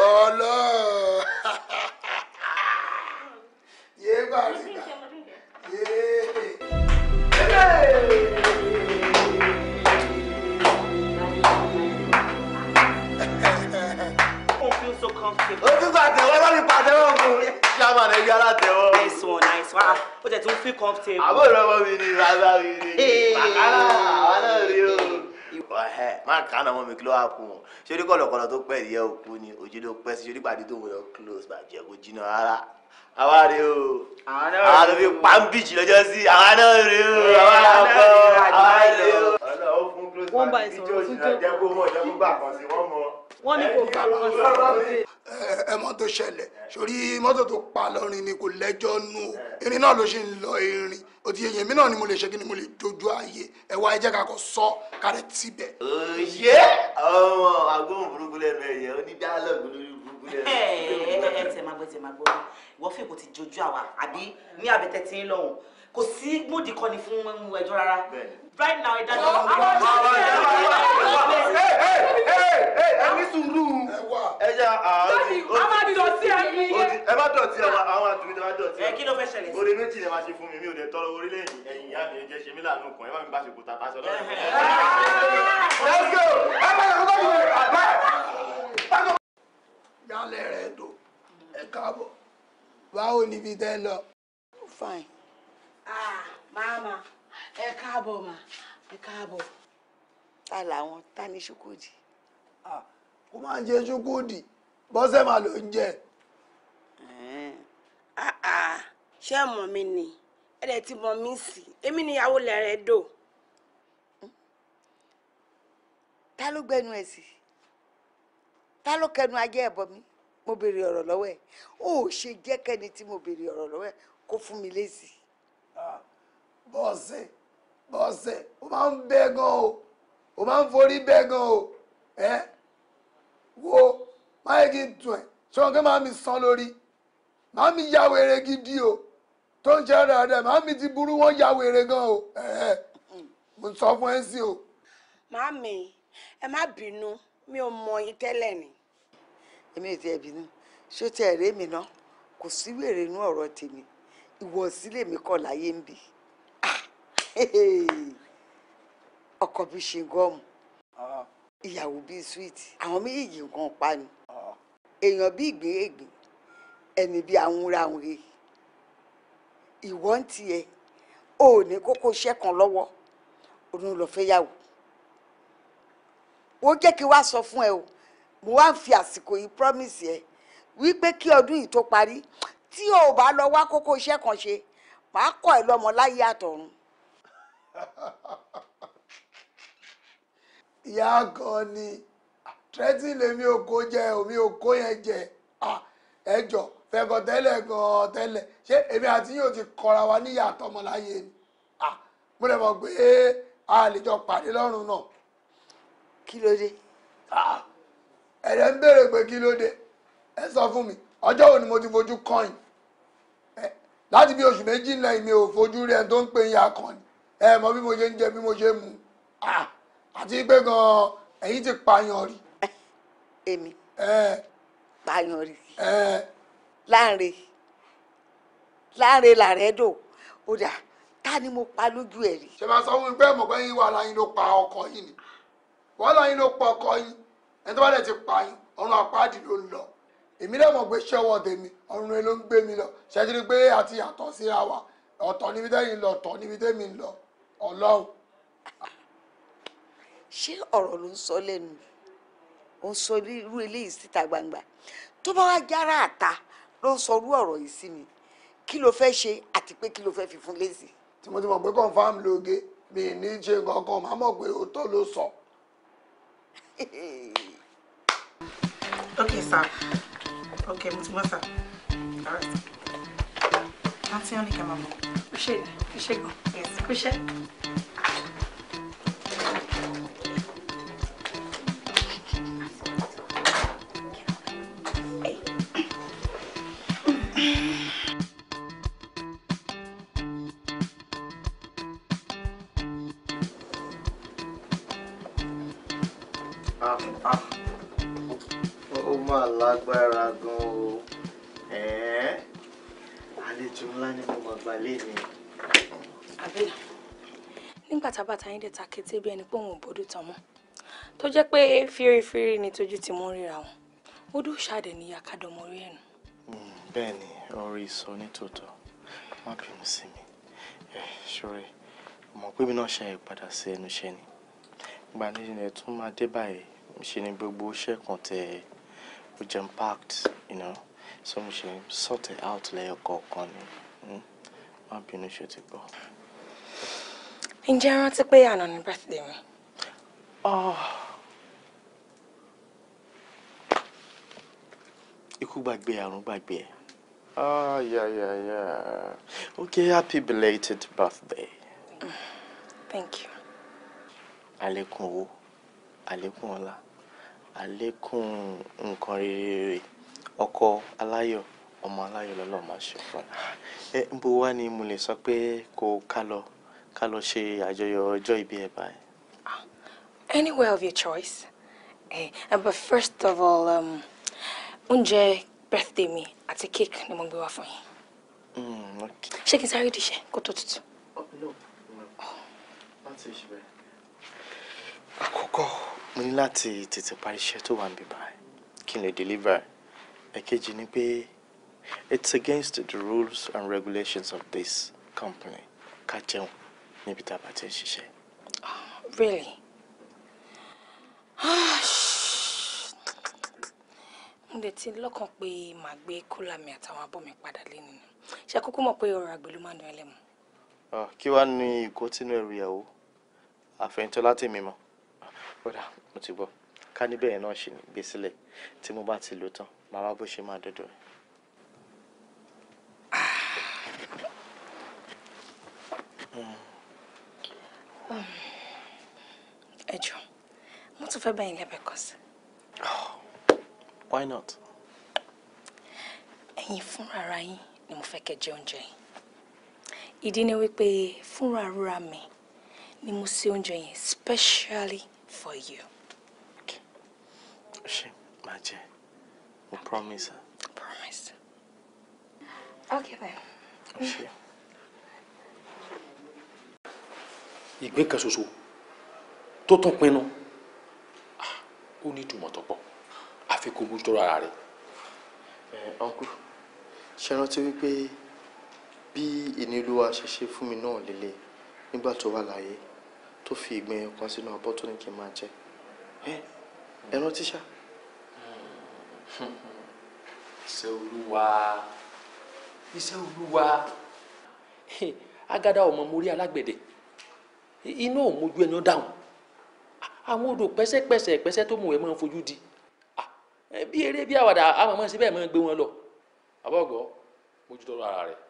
ọlọ́ọ̀ yéé bá mi feel comfortable. àbúrò ọmọ mi ni bàbá mi ni bàbá àwa náà rí o. má kàn án ọmọ mi kí ló wá kú wọn ṣé orí kọlọkọlọ tó pẹ́ ìyẹ́ òkú ni ojú ló pẹ́ sí orí pàdé tó wọ́n yọ close bàjẹ́ kò jìnnà rárá àwa rè o àwa tó fi pàmbíjì lọ́jọ́ sí àwa náà rè o àwa àbọ̀ àwa rè o. ọ̀nà ó fún close one by ìjọ ìjìnà jẹ́gbó mọ̀ jẹ́gbó gbà kan sí wọ́n mọ̀. wọ́n ní kò gbà kan sí ọ̀rọ̀ ẹ mọ tó ṣẹlẹ̀ sórí mọ́tò tó pa lọ́rin ni kò lẹ́jọ́ nù o irin náà ló ṣe ń lọ irin ó ti yẹyẹ mi náà ni mo lè ṣe kí ni mo lè dojú ààyè ẹ wá ẹ jẹ́ ká kọ sọ kárẹ̀ tibẹ̀. òye ọmọ agbóhùn burúkú lẹ́nu ẹ̀yẹ onídàálọ́gù lórí burúkú lẹ́nu. ẹ ẹ ẹ tẹ máa gbọ́ tẹ máa gbọ́ wọ́n fèkó ti jojú àwa àbí ní àbẹ̀tẹ̀ tí ń lọ́hùn kò sí múdi kọ́ni fún ẹjọ́ rárá right now ẹ dájọ́. ẹni sùúrù ẹja àwọn. a máa dìdọ̀ sí ẹni yẹn. ẹ má dọ̀tí ẹ àwọn àtúntò má dọ̀tí. ẹ kí ló fẹ́ ṣẹlẹ̀ sí. orí méjì lè máa ṣe fún mi mi ò dé tọrọ orílẹ̀ èdè ẹ̀yìn ìyá mi jẹ́ ṣe mí láàánú kan ẹ má mi bá ṣe kó tata aṣọ lọ́rùn. let's go ẹ má yàgò tó kìí àgbẹ̀. yálẹ̀ rẹ̀ dùn ẹ káàbọ̀ báwo ni ibi tẹ́ lọ. fine. Ah, máàmá ẹ káàbọ̀ mà ẹ káàbọ̀. ta làwọn ta ni ṣúkòdì. ó ah, máa ń jẹ ṣúkòdì bọ́sẹ̀ máa ló ń jẹ. Ah, ṣé ẹ mọ̀ mi ni ẹ dẹ̀ ti mọ̀ mí sí èmi níyàwó lẹ́rẹ̀ẹ́ dò. ta ló gbẹnu ẹ sí ta ló kẹnu ajé ẹbọ mi mo béèrè ọ̀rọ̀ lọ́wọ́ ẹ ó ṣe jẹ́ kẹ́ni tí mo béèrè ọ̀rọ̀ lọ́wọ́ ẹ kó fún mi lésì. bọ́ọ̀sì bọ́ọ̀sì ó máa ń bẹ́ gan o ó máa ń forí bẹ́ gan o ẹ wo máyé kí n tún ẹ̀ ṣọ́n kí máa mi san lórí máa mi ya wèrè gidi o tó ń ṣe máa mi ti burú wọn ya wèrè gan o ẹ̀ mo sọ fún ẹ sí o. ẹ mọ yín tẹ́lẹ̀ ni. èmi ò tiẹ̀ bínú ṣé kò sí ìwọ̀nsí lèmi kọ̀ láyé ń bì ọkọ bíi ṣe gọ́ọ̀mù ìyàwó bíi súwìtì àwọn méjèèjì nǹkan pa ni èèyàn bíi ìgbéègbé ẹni bíi ahunrahunre ìwọ ń tiẹ̀ o ò ní kókó iṣẹ́ kan lọ́wọ́ òun lọ fẹ́ yàwó wọ́n jẹ́ kí wá sọ fún ẹ o mo wá ń fi àsìkò yìí promise ẹ wípé kí ọdún yìí tó parí tí o bá lọ wá kókó iṣẹ́ kan ṣe màá kọ́ ẹ lọ́mọ láyé àtọ̀run. ìyá kan ni tírẹ́tì lèmi òkó jẹ omi òkó yẹn jẹ ẹjọ fẹkọ tẹ́lẹ̀ gan tẹ́lẹ̀ ṣé èmi àti yóò ti kọra wa níyà àtọmọ láyé ni mo lè mọ̀ pé a lè jọ pàdé lọ́rùn náà. kí ló dé. ẹ̀rẹ̀ ń béèrè pé kí ló dé ẹ sọ fún mi ọjọ́ wo ni mo ti fojú kàn yín láti bí oṣù méjì lẹ́yìn mi ò fojú rí ẹni tó ń pè yín akọni ẹ mọ bí mo ṣe ń jẹ bí mo ṣe ń mu àti pé gan-an ẹ̀yin ti pààyàn rí. èmi pààyàn rí láǹre láǹre làrẹ́ dò ó dà ta ni mo pa lójú ẹ̀ rí. ṣe máa sọ fún mi pé mọ̀ pé yín wà láyín ló pa ọkọ yín ni wọ́n láyín ló pa ọkọ yín ẹni tó bá dẹ̀ ti pààyàn ọ̀run àpáàdì ló ń lọ èmi náà mọ̀ pé ṣé ọwọ́ tèmi ọ̀run ló ń gbé mi lọ ṣẹ́jú pé àti yàtọ̀ síra wa ọ̀tọ̀ níbi tẹ́yìn lọ ọ̀tọ̀ níbi tẹ́mi lọ ọlọ́run. ṣé ọ̀rọ̀ ló ń sọ lẹ́nu ó ń sọ irú eléyìí síta gbangba tó bá wá jára àta ló ń sọ irú ọ̀rọ̀ yìí sí mi kí ló fẹ́ ṣe àti pé kí ló fẹ́ fi fún lézì. tí pé confam lóge mi ní ṣe kankan màá mọ̀ pé òótọ́ ló sọ. okay sir ok mo ti gbọ́ sà alright láti hàn ní kẹ́mọ́ mọ́. go. Yes, gan kúṣe. mà lágbára gan o àlejò ńlá ni mo mọ̀ gbà lé mi. àbílà nígbà tá a bá tayín dẹ̀ ta kété bí ẹni pé òun ò bódú tán mọ́ tó jẹ́ pé fírífírí ni tójú ti mú ríra wọn ó dùn ṣáàdẹ níyà kádọmọ orí ẹnu. Hmm, bẹ́ẹ̀ ni ìsọ nítòótọ́ má bínú sí mi ṣọ́rẹ́ mọ̀ pé mi náà ṣe àyípadà sí ẹnu iṣẹ́ ni gbani tún máa dé báyìí ṣe ni gbogbo iṣẹ́ kan tẹ̀ ẹ́ ó jẹun packed you know so mo ṣe sort it out lẹ́yọ kọ̀ọ̀kan ni hmm? má bínú ṣe ti gbọ́. ǹjẹ́ rántí pé àná ni birthday mi. Ah. ikú gbàgbé àrùn gbàgbé ẹ. Oh, yeah, yeah, yeah. Okay, happy belated birthday. Thank you. Àlékún owó, àlékún ọlá. àlékún nkan rere ọkọ aláyọ̀ ọmọ aláyọ̀ lọlọ máa ṣe fún ẹ bó wá ni mo lè sọ pé kó kálọ kálọ ká lọ ṣe ibi ọjọ́ ìbí ẹ báyìí. Ah, anywhere of your choice eh, but first of all um, oúnjẹ um, birthday mi àti cake ni mo gbé wá fún yín. Mm, ṣé kí n sáré díṣẹ́ kó tó tutù. Oh, no no oh. mo ní láti tètè parí iṣẹ́ tó wà níbí báyìí kí n lè deliver ẹ̀kejì ni pé it's against the rules and regulations of this company ká jẹun níbi tá a bá ti ń ṣiṣẹ́. Ah, really ah, mo lè ti lọ́kàn pé màá gbé kólà mi àtàwọn abọ́ mi padà lẹ́nu ṣe kúkú mọ̀ pé ọ̀rọ̀ àgbẹ̀ ló máa ń dán ẹlẹ́mu. Ah, kí wàá ní ìkó tínú ẹrù ìyàwó àfẹ̀yìntọ́ látẹ̀mí mọ́ kódà mo ti gbọ́ ká níbẹ̀ yẹn náà ṣì ní gbé sílẹ̀ tí mo bá ti lò tán màá wá bó ṣe máa dọ́dọ̀ rẹ̀. mo tún fẹ́ bá yín lẹ́bẹ̀ẹ́ kan sí. why not. ẹ̀yin fúnra yín ni mo fẹ́ kẹ́ jẹ oúnjẹ yìí ìdí ni wípé fúnra ara mi ni mo ṣe oúnjẹ yẹn specially for you. Okay. Ṣé máa jẹ? Mo promise. her. Promise. Okay then. She. Ìgbín kan ṣoṣo tó tún pinnu. Ah, ó ní ìtumọ̀ tó pọ̀. Àfi kó bójú tó ara rẹ̀. Ọ̀nkú, ṣe rántí wípé bí ìnílùú wa ṣe ṣe fún mi náà lélẹ̀ nígbà tó wà láyé tó fi ìgbín ẹyọ kan sínú abọ́ tó ní kí n máa jẹ ẹran tíṣà. iṣẹ́ olúwa iṣẹ́ olúwa agada ọmọ mo rí alágbẹ̀dẹ iná ò mójú ẹni dáhùn àwọn odò pẹ́sẹ́pẹ́sẹ́ pẹ́sẹ́ tó mú ẹ máa ń fojú di bí eré bí àwàdà àwọn ọmọ síbẹ̀ máa ń gbé wọn lọ àbọ̀gọ́ mójútó ara rẹ̀.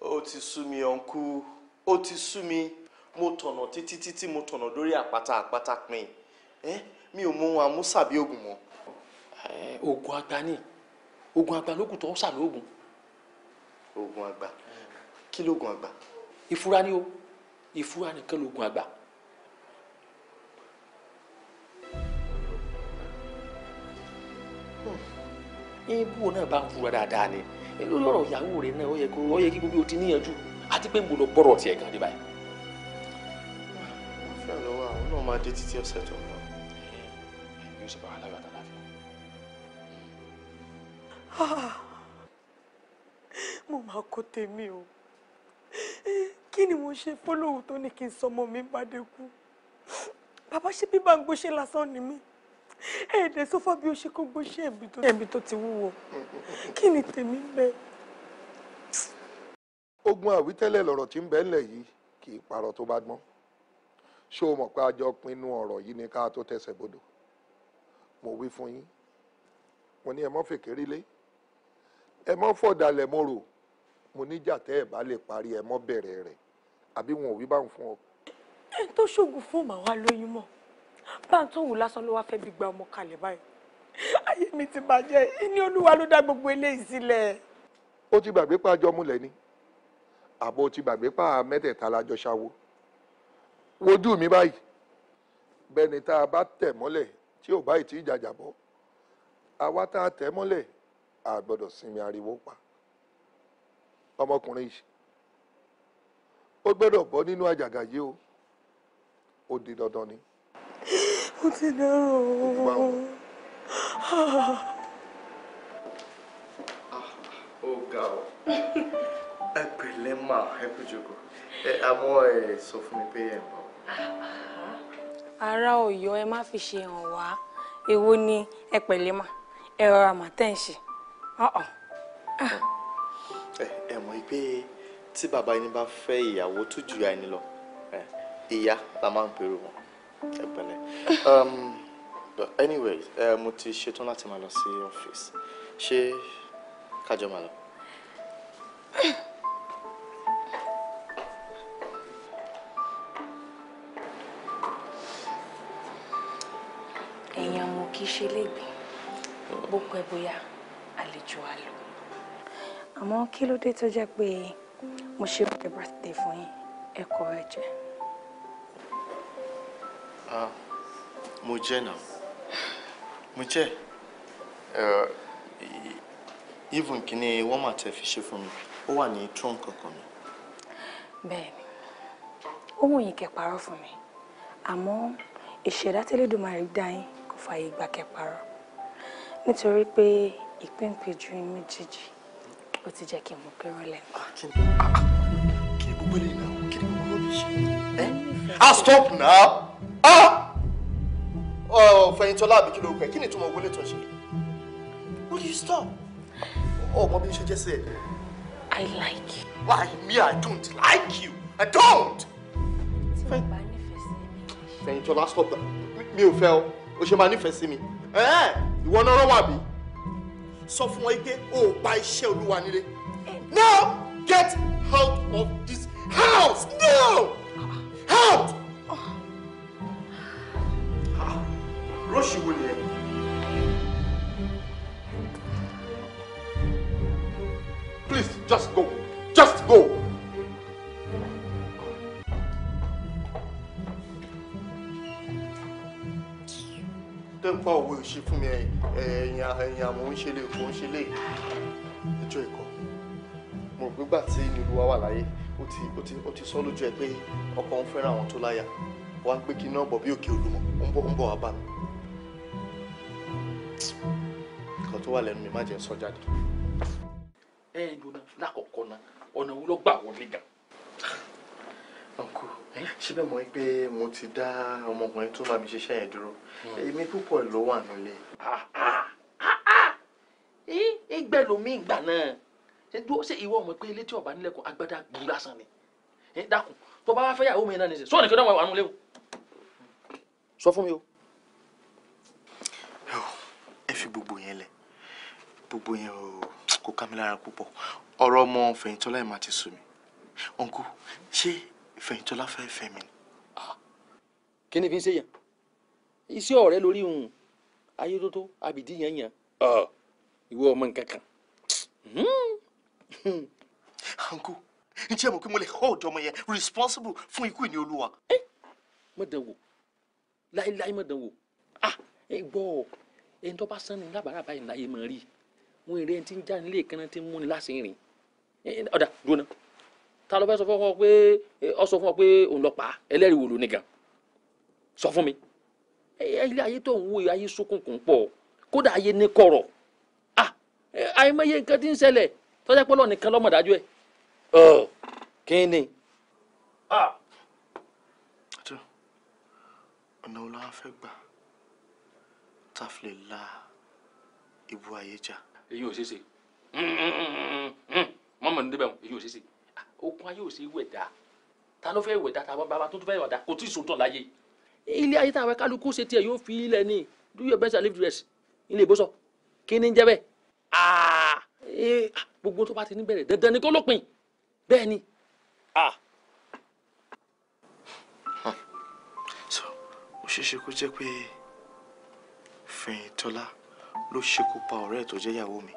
ó ti sú mi ọ̀nkú ó ti sú mi mo tọ̀nà títí títí mo tọ̀nà lórí àpáta àpáta pin ẹ mi ò mọ ohun àmúṣàbí oògùn mọ́. oògùn àgbà ni oògùn àgbà lókùn tó ń ṣàlóògùn. oògùn àgbà kí lóògùn àgbà. ìfura ni o ìfura nìkan lóògùn àgbà. Hm. ibo náà bá ń fura dáadáa ni lọ́rọ̀ ìyàwó rẹ̀ náà ó yẹ kí gbogbo ti níyànjú àti pé ń bò lọ bọ́rọ̀ tiẹ̀ gan-an dé báyìí máa dé títí ọ̀sẹ̀ tó ń bọ̀. yóò sì bá wa láyọ̀ àtàláfíà. Ah, mo máa kó tèmi o kí ni mo ṣe fọ́lọ́hùn tó ní kí n sọmọ mi bá dé kú bàbá ṣe bí bàǹgbò ṣe lásán ni mí ẹ̀ẹ́dẹ̀ sọ́fà bí ó ṣe kó gbó ṣe ẹ̀bí tó ti wúwo kí ni tèmi bẹ́ẹ̀. ogun àwítẹ́lẹ̀ lọ̀rọ̀ tí ń bẹ ńlẹ̀ yìí kì í parọ́ tó bá gbọ́n ṣó o mọ̀ pé a jọ pinnu ọ̀rọ̀ yìí ni ká tó tẹ̀sẹ̀ bodò mo wí fún yín mo ní ẹ mọ́ fèkéré lé ẹ mọ́ fọ̀dàlẹ̀ mo rò mo níjà tẹ́ ẹ̀ bá lè parí ẹ mọ́ bẹ̀rẹ̀ rẹ̀ àbí wọn ò wí báwọn fún ọ. ẹ tó ṣoògùn fún màá wá lóyún mọ́ bá ń tó wù lásán ló wá fẹ́ bí gba ọmọ kalẹ̀ báyìí ayé mi ti bàjẹ́ ìní olúwa ló dá gbogbo eléyìí sílẹ̀. ó ti gbàgbé pa àjọmúlẹ̀ ni àbò ti gbàgbé pa lájọ ṣáwó wojú mi báyìí bẹ́ni tá a bá tẹ̀ mọ́lẹ̀ tí ò báyìí tí ìjàjà bọ́ àwa tá a tẹ̀ mọ́lẹ̀ a gbọ́dọ̀ sinmi ariwo pa ọmọkùnrin yìí ó gbọ́dọ̀ bọ́ nínú àjàgà yìí o ó di dandan ni. ó ti dárò ó. ó ga ọ ẹ pẹ̀lẹ́ máa ẹ kú jókòó ẹ àmọ́ ẹ sọ fún mi pé ẹ ń bọ̀ ará Ọ̀yọ́ ẹ má fi ṣe hàn wá èwo ni ẹ pẹ̀lẹ́ mà ẹ rọra mà tẹ́ ń ṣe. ẹ mọ̀ pé tí bàbá ẹni bá fẹ́ ìyàwó tó ju ìyá ẹni lọ ìyá la máa ń pèrò wọn ẹ pẹ̀lẹ́ um, anyway mo ti ṣetán láti máa lọ sí ọ́fíìsì ṣé kájọ máa lọ. kì í ṣe léègbé bó pẹ́ bóyá àlejò á lọ. àmọ́ kí ló dé tó jẹ́ pé mo ṣe pé birthday fún yín ẹ kọ ẹ mo jẹ́ náà mo jẹ́ even kìíní wọ́n mà tẹ́ fi ṣe fún mi ó wà ní trunk kankan mi. bẹ́ẹ̀ni ohun yìí kẹ parọ́ fún mi àmọ́ ìṣẹ̀dá tẹ́lẹ̀dùn rí dá yín kò fààyè gbà kẹparọ nítorí pé ìpínpinju méjèèjì ó ti jẹ́ kí n mú pérò lẹ́kọ̀ọ́. kì í gbogbo eléyìí náà kí ni mo lọ bí ṣe. Eh? ah stop now ah oh, fẹ̀yìntọ́lá àbí kí ló pẹ́ kí ni ìtumọ̀ wọlé ṣe will you stop oh, ọmọ bí n ṣe jẹ́ sí I like you. Why me? I don't like you. I don't. Fẹ̀yìntọ́lá stop that mi ò fẹ́ o o ṣe máa nífẹ̀ẹ́ sí mi ìwọ náà rán wà bí sọ fún wọn pé o ò pa iṣẹ́ olúwa nílé now get out of this house now out. rọ́ṣì wo nìyẹn. please just go just go. dẹ́pọ̀ òwe òṣì fún mi ẹ̀yìn ẹ̀yìn àmọ́ ń ṣe lè kó ń ṣe lè ẹjọ́ ìkọ́ mo rò pé tí nílùú wa wà láyé ó ti sọ lójú ẹ pé ọkọ ń fẹ́ràn àwọn tó láyà wá ń pé kí náà bọ̀ bí òkè olúmọ ń bọ̀ ń bọ̀ wá bá mi nǹkan tó wà lẹ́nu mi má jẹ́ sọ jáde. ẹ ẹ gbọ́dọ̀ lákọ̀ọ́kọ́ náà ọ̀nà wo wọlé gan ọkọ ṣé bẹ́ẹ̀ mọ̀ pé mo ti dá ọmọkùnrin tó bá mi ṣiṣẹ́ yẹn dúró hmm. èmi púpọ̀ ló wà nílé. ìgbẹ́ lomi ìgbà náà ṣe ìwọ mọ̀ pé létí ọ̀bá nílẹ̀kùn agbádá gbùn lásán ni dákun tó bá wá fẹ́ yàwó mi náà nìṣẹ́ sọ́ọ̀nì kí wọ́n wà nílé o sọ fún mi o. ẹ fi gbogbo yẹn lẹ gbogbo yẹn o kò ká mi lára púpọ̀ ọ̀rọ̀ ọmọ fẹ̀yìntọ́lá ẹ̀ máa ti sùn mí ọ̀nkú ṣé ìfẹ̀yìntọ́lá fẹ́ fẹ́ mi. kí ni fi ń ṣe yàn iṣẹ́ ọ̀rẹ́ lórí òun ayétótó abìdí yàn yàn ìwọ ọmọ nǹkan kan. hanku njẹ́ mo kí mo lè hold ọmọ yẹn responsible fún ikú ìní olúwa. ẹ eh, má dán wò láéláé má dán wò ah, ẹ gbọ́ ẹni tó bá sánni lábàárà báyìí láyé máa rí wọn èrè ẹni tí ń já nílé kan náà ti ń múni láṣìírín eh, ọ̀dà dúró náà ta ló fẹ́ sọ fún ọ pé ọ sọ fún ọ pé òun lọ pa ẹlẹ́rìí wò ló ní gan sọ fún mi ilé ayé tó ń wo ayé sókùnkùn pọ̀ kódà ayé ní kọ̀rọ̀ ah àìmọye nǹkan tí ń ṣẹlẹ̀ tọ́jà pọ́lọ́ nìkan lọ́mọ dájú ẹ̀ kí ni. Ah! ọ̀nà wo la fẹ́ gbà tá a fi lè la ibú ayé já. èyí ò ṣeé ṣe mọ́mọ́ ní débẹ̀ èyí ò ṣeé ṣe okun ayé ò sí wẹ̀dá ta ló fẹ́ wẹ̀dá ta bàbá tó tún fẹ́ wẹ̀dá kò tí ì sòtọ̀ láyé ilé ayé táwọn kálukú ṣe tiẹ̀ yóò fi ilẹ̀ ní do your best and live the rest ilé ìbùsọ̀ kí ni ń jẹ́ bẹ́ẹ̀ aa ah! gbogbo tó bá ti ní bẹ̀rẹ̀ dandan ni kó lópin bẹ́ẹ̀ ni aa. Ah! sọ ó ṣeé ṣe kó jẹ́ pé Fẹ̀yìntọ́lá ló ṣekú pa ọ̀rẹ́ ẹ̀ tó jẹ́ ìyàwó mi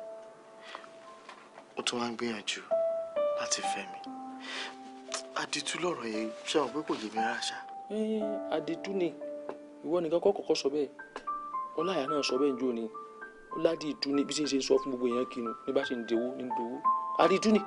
ó tún wá ń gbìyànjú láti fẹ́ mi àdìtú lọ̀rọ̀ yẹn ṣé àwọn pé kò yé mi rárá ṣá. àdìtú ni ìwọ nìkan kọ́ kọ́kọ́ sọ bẹ́ẹ̀ ọláyà náà sọ bẹ́ẹ̀ njó ni ó ládìtú ni bí ṣe ń sọ fún gbogbo èèyàn kinu ní bá ṣe ń dewó ní dowó àdìtú ni.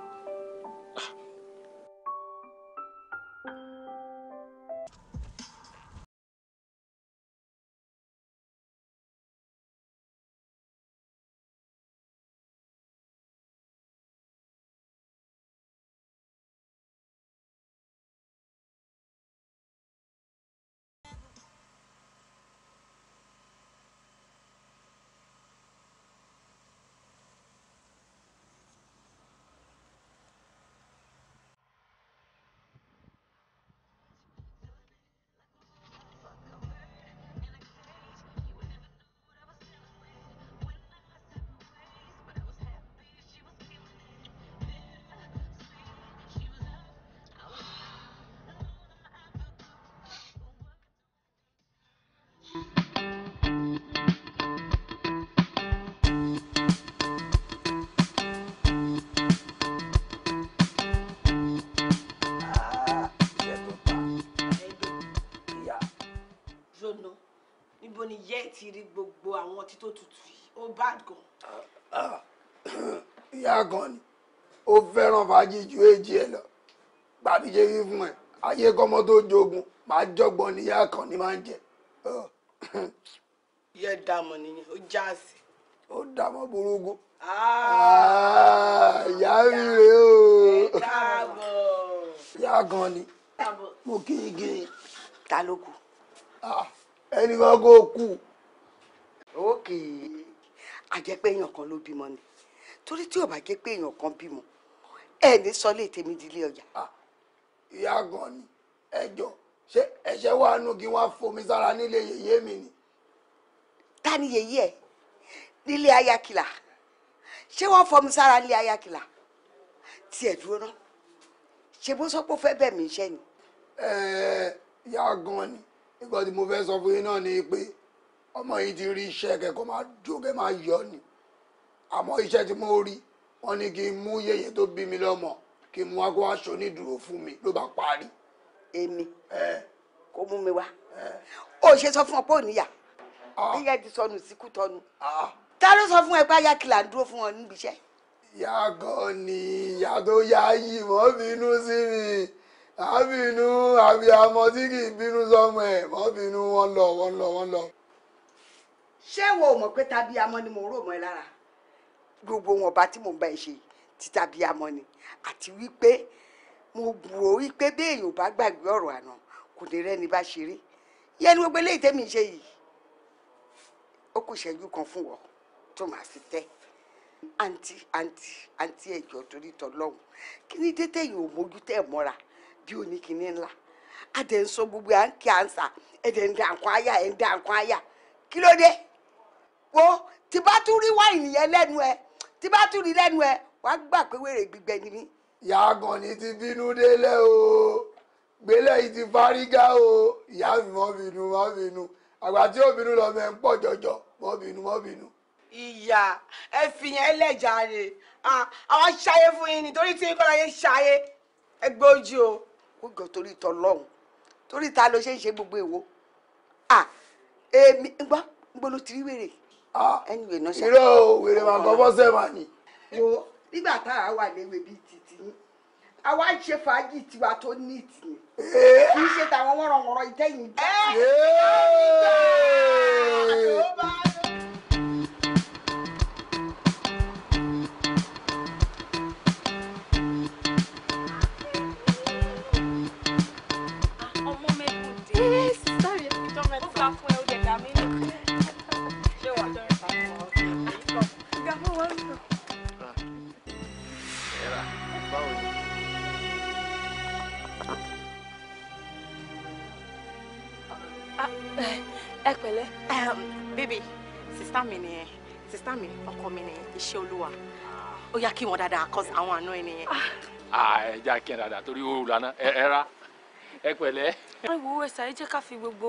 ti rí gbogbo àwọn ọtí tó tutù yìí ó bá gan. ìyá gan ni ó fẹ́ràn fàájì ju èjì ẹ lọ gbàdíje wí fún ẹ ayé kọ́mọ tó jogun máa jọ́gbọ́n ní ìyá kan ni máa ń jẹ. yẹ dààmú nìyẹn ó já sí. ó dààmú burúkú. Ah. ìyá mi rèé o. ìyá gan ni mo kí igi ta ló kù. Ah, ẹnì kan kò kù ókè àjẹpé èèyàn kan ló bímọ ni torí tí ò bá jẹ́ pé èèyàn kan bímọ ẹ ní sọlé tèmi dílé ọjà. Ah, ìyá gan ni ẹjọ ṣé ẹṣẹ wàá nú kí wọn fomi sára nílé yèyé mi ni. ta ni yèyé ẹ nílé ayakìlà ṣé wọn fomi sára nílé ayakìlà tiẹ̀ dúró ná ṣe bó sọ pé ó fẹ́ bẹ̀ mí iṣẹ́ ni. ẹ ẹ ìyá gan ni nígbà tí mo fẹ́ sọ fún yín náà ni pé ọmọ yìí ti rí iṣẹ́ kẹ́kọ̀ọ́ máa jó kẹ́ máa yọ ni àmọ́ iṣẹ́ tí mo rí wọ́n ní kí n mú yèyé tó bí mi lọ́mọ kí n mú akó aṣọ onídùúró fún mi ló bá parí. èmi kò mú mi wá ó ṣe sọ fún ọ pé ò níyà níyà ah. ti sọnù síkú tọnu ah. ta ló sọ fún ẹ pé ayá kìlà ń dúró fún ọ níbi iṣẹ́. ìyá gan ni ìyá tó yá yìí mọ́ bínú sí mi àbínú àbí amọ tí kì í bínú sọmọ ẹ mọ́ bínú wọn lọ wọn lọ wọn lọ ṣé wo ò mọ̀ pé tàbí amọ́ ni mò ń rò mọ́ ẹ lára gbogbo wọn bá tí mò ń bá ẹ ṣe ti tàbí amọ́ ni àti wípé mo bù ó wípé béèyàn ò bá gbàgbé ọ̀rọ̀ àná kò lè rẹ́ni bá ṣeré yẹn ni gbogbo eléyìí tẹ́mi ṣe yìí ó kù ṣẹ́jú kan fún wọn tó máa fi tẹ́ àǹtí àǹtí àǹtí ẹ̀jọ̀ torí tọ́lọ́hún kí ni dédé yìí ò mójú tẹ̀ mọ́ra bí ó ní ńlá adẹ̀ ń sọ gbogbo à ń kí àǹsà ẹ̀dẹ̀ ń dà nǹkan àyà ẹ̀ ń dà nǹkan àyà kí ló dé wo tí bá tún rí wáìnì yẹn lẹ́nu ẹ tí bá tún rí lẹ́nu ẹ wàá gbà pé wèrè gbígbẹ ni mí. ìyá àgànní ti bínú délé o gbélé yìí ti fárígá o ìyá mi mọ́ bínú mọ́ bínú àgbà tí òbínú lọ mẹ́ ń pọ̀ jọjọ mọ́ bínú mọ́ bínú. ìyá ẹ fi yẹn lẹ́jà rè àwọn ṣayé fún yín nítorí tí kọ́lá yẹn ṣayé ẹ gbé ojú o kó gbọ́ torí tọ́lọ́hún torí ta ló ṣe ń ṣe gbogbo èwo èmi gbọ́ ń gbọ́ ló ti rí wèrè irọ́ o wèrè máa kọ́ bọ́sẹ̀ máa nì. wo nígbà tá a wà léwe bíi títí àwa ń ṣe fàájì tiwa tó ní ìtì kì í ṣe tàwọn wọ́nrọ̀wọ́nrọ̀ ìtẹ́yìn. ẹ ẹ ẹ ẹ ẹ ẹ ẹ ẹ ẹ ẹ ẹ ẹ ẹ ẹ pẹ̀lẹ́ ehm, bébì sista mi nìyẹn sista mi ọkọ mi nìyẹn iṣẹ́ olúwa ó yá kí wọn dáadáa cause àwọn àna ẹ nìyẹn. Ah, ẹ já kí ẹ dáadáa torí oru lana ẹ ra ẹ pẹ̀lẹ́. wọ́n ìwúwo ẹ̀sà ẹ jẹ́ ká fi gbogbo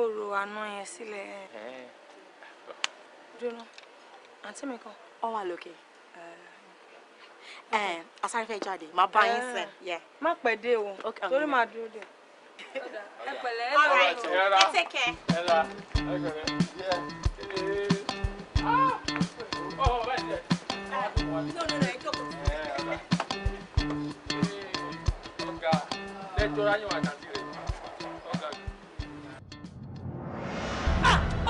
orò àna yẹn sílẹ̀. dúró eh. àǹtí mi kan. ọ wà lókè eh, eh, asáré fẹ́ jáde màá bá yín sẹ́n. má pẹ́ dé o torí màá dúró dé ẹ pẹ̀lẹ́ ẹ lọ ẹ tẹkẹ. ẹ lọ ẹ pẹ̀lẹ́ ah ọ bá yẹ. ọgá lẹjọra yín wà dàbí rẹ ọgá.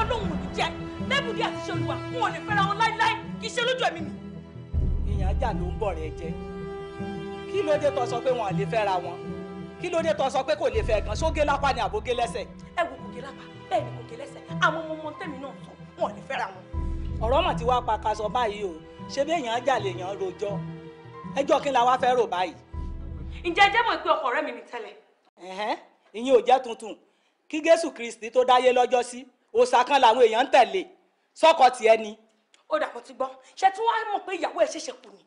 ọlọ́run ò ní jẹ́ lẹ́bùdí àti ṣolúwa wọn ò lè fẹ́ra wọn láíláí kì í ṣe lójú ẹ̀mí mi. èèyàn ajá ló ń bọ̀ rẹ jẹ kí ló dé tó sọ pé wọn ò lè fẹ́ra wọn kí ló dé tó sọ pé kò lè fẹ́ gan ṣó gé lápá ni àbó gé lẹ́sẹ̀. ẹ wo kò gé lápá bẹ́ẹ̀ ni kò gé lẹ́sẹ̀ àwọn ọmọ ọmọ tèmi náà sọ wọn ò ní fẹ́ra wọn. ọ̀rọ̀ mà ti wá pa kaṣọ báyìí o ṣé bí èèyàn jà lè yàn rojọ́ ẹjọ́ kí la wá fẹ́ rò báyìí. ǹjẹ́ ẹ jẹ́ mọ̀ pé ọkọ ọ̀rẹ́ mi ni tẹ́lẹ̀. ìyẹn ò jẹ́ tuntun kí Jésù Kristi tó dáyé lọ́jọ́ sí òòṣà kan làwọn èèyàn ń tẹ̀lé sọ́kọ tiẹ̀ ni. ó dàpọ̀ ti gbọ́ ṣé tí wọ́n á mọ̀ pé ìyàwó ẹ̀ ṣẹ̀ṣẹ̀ kú ni.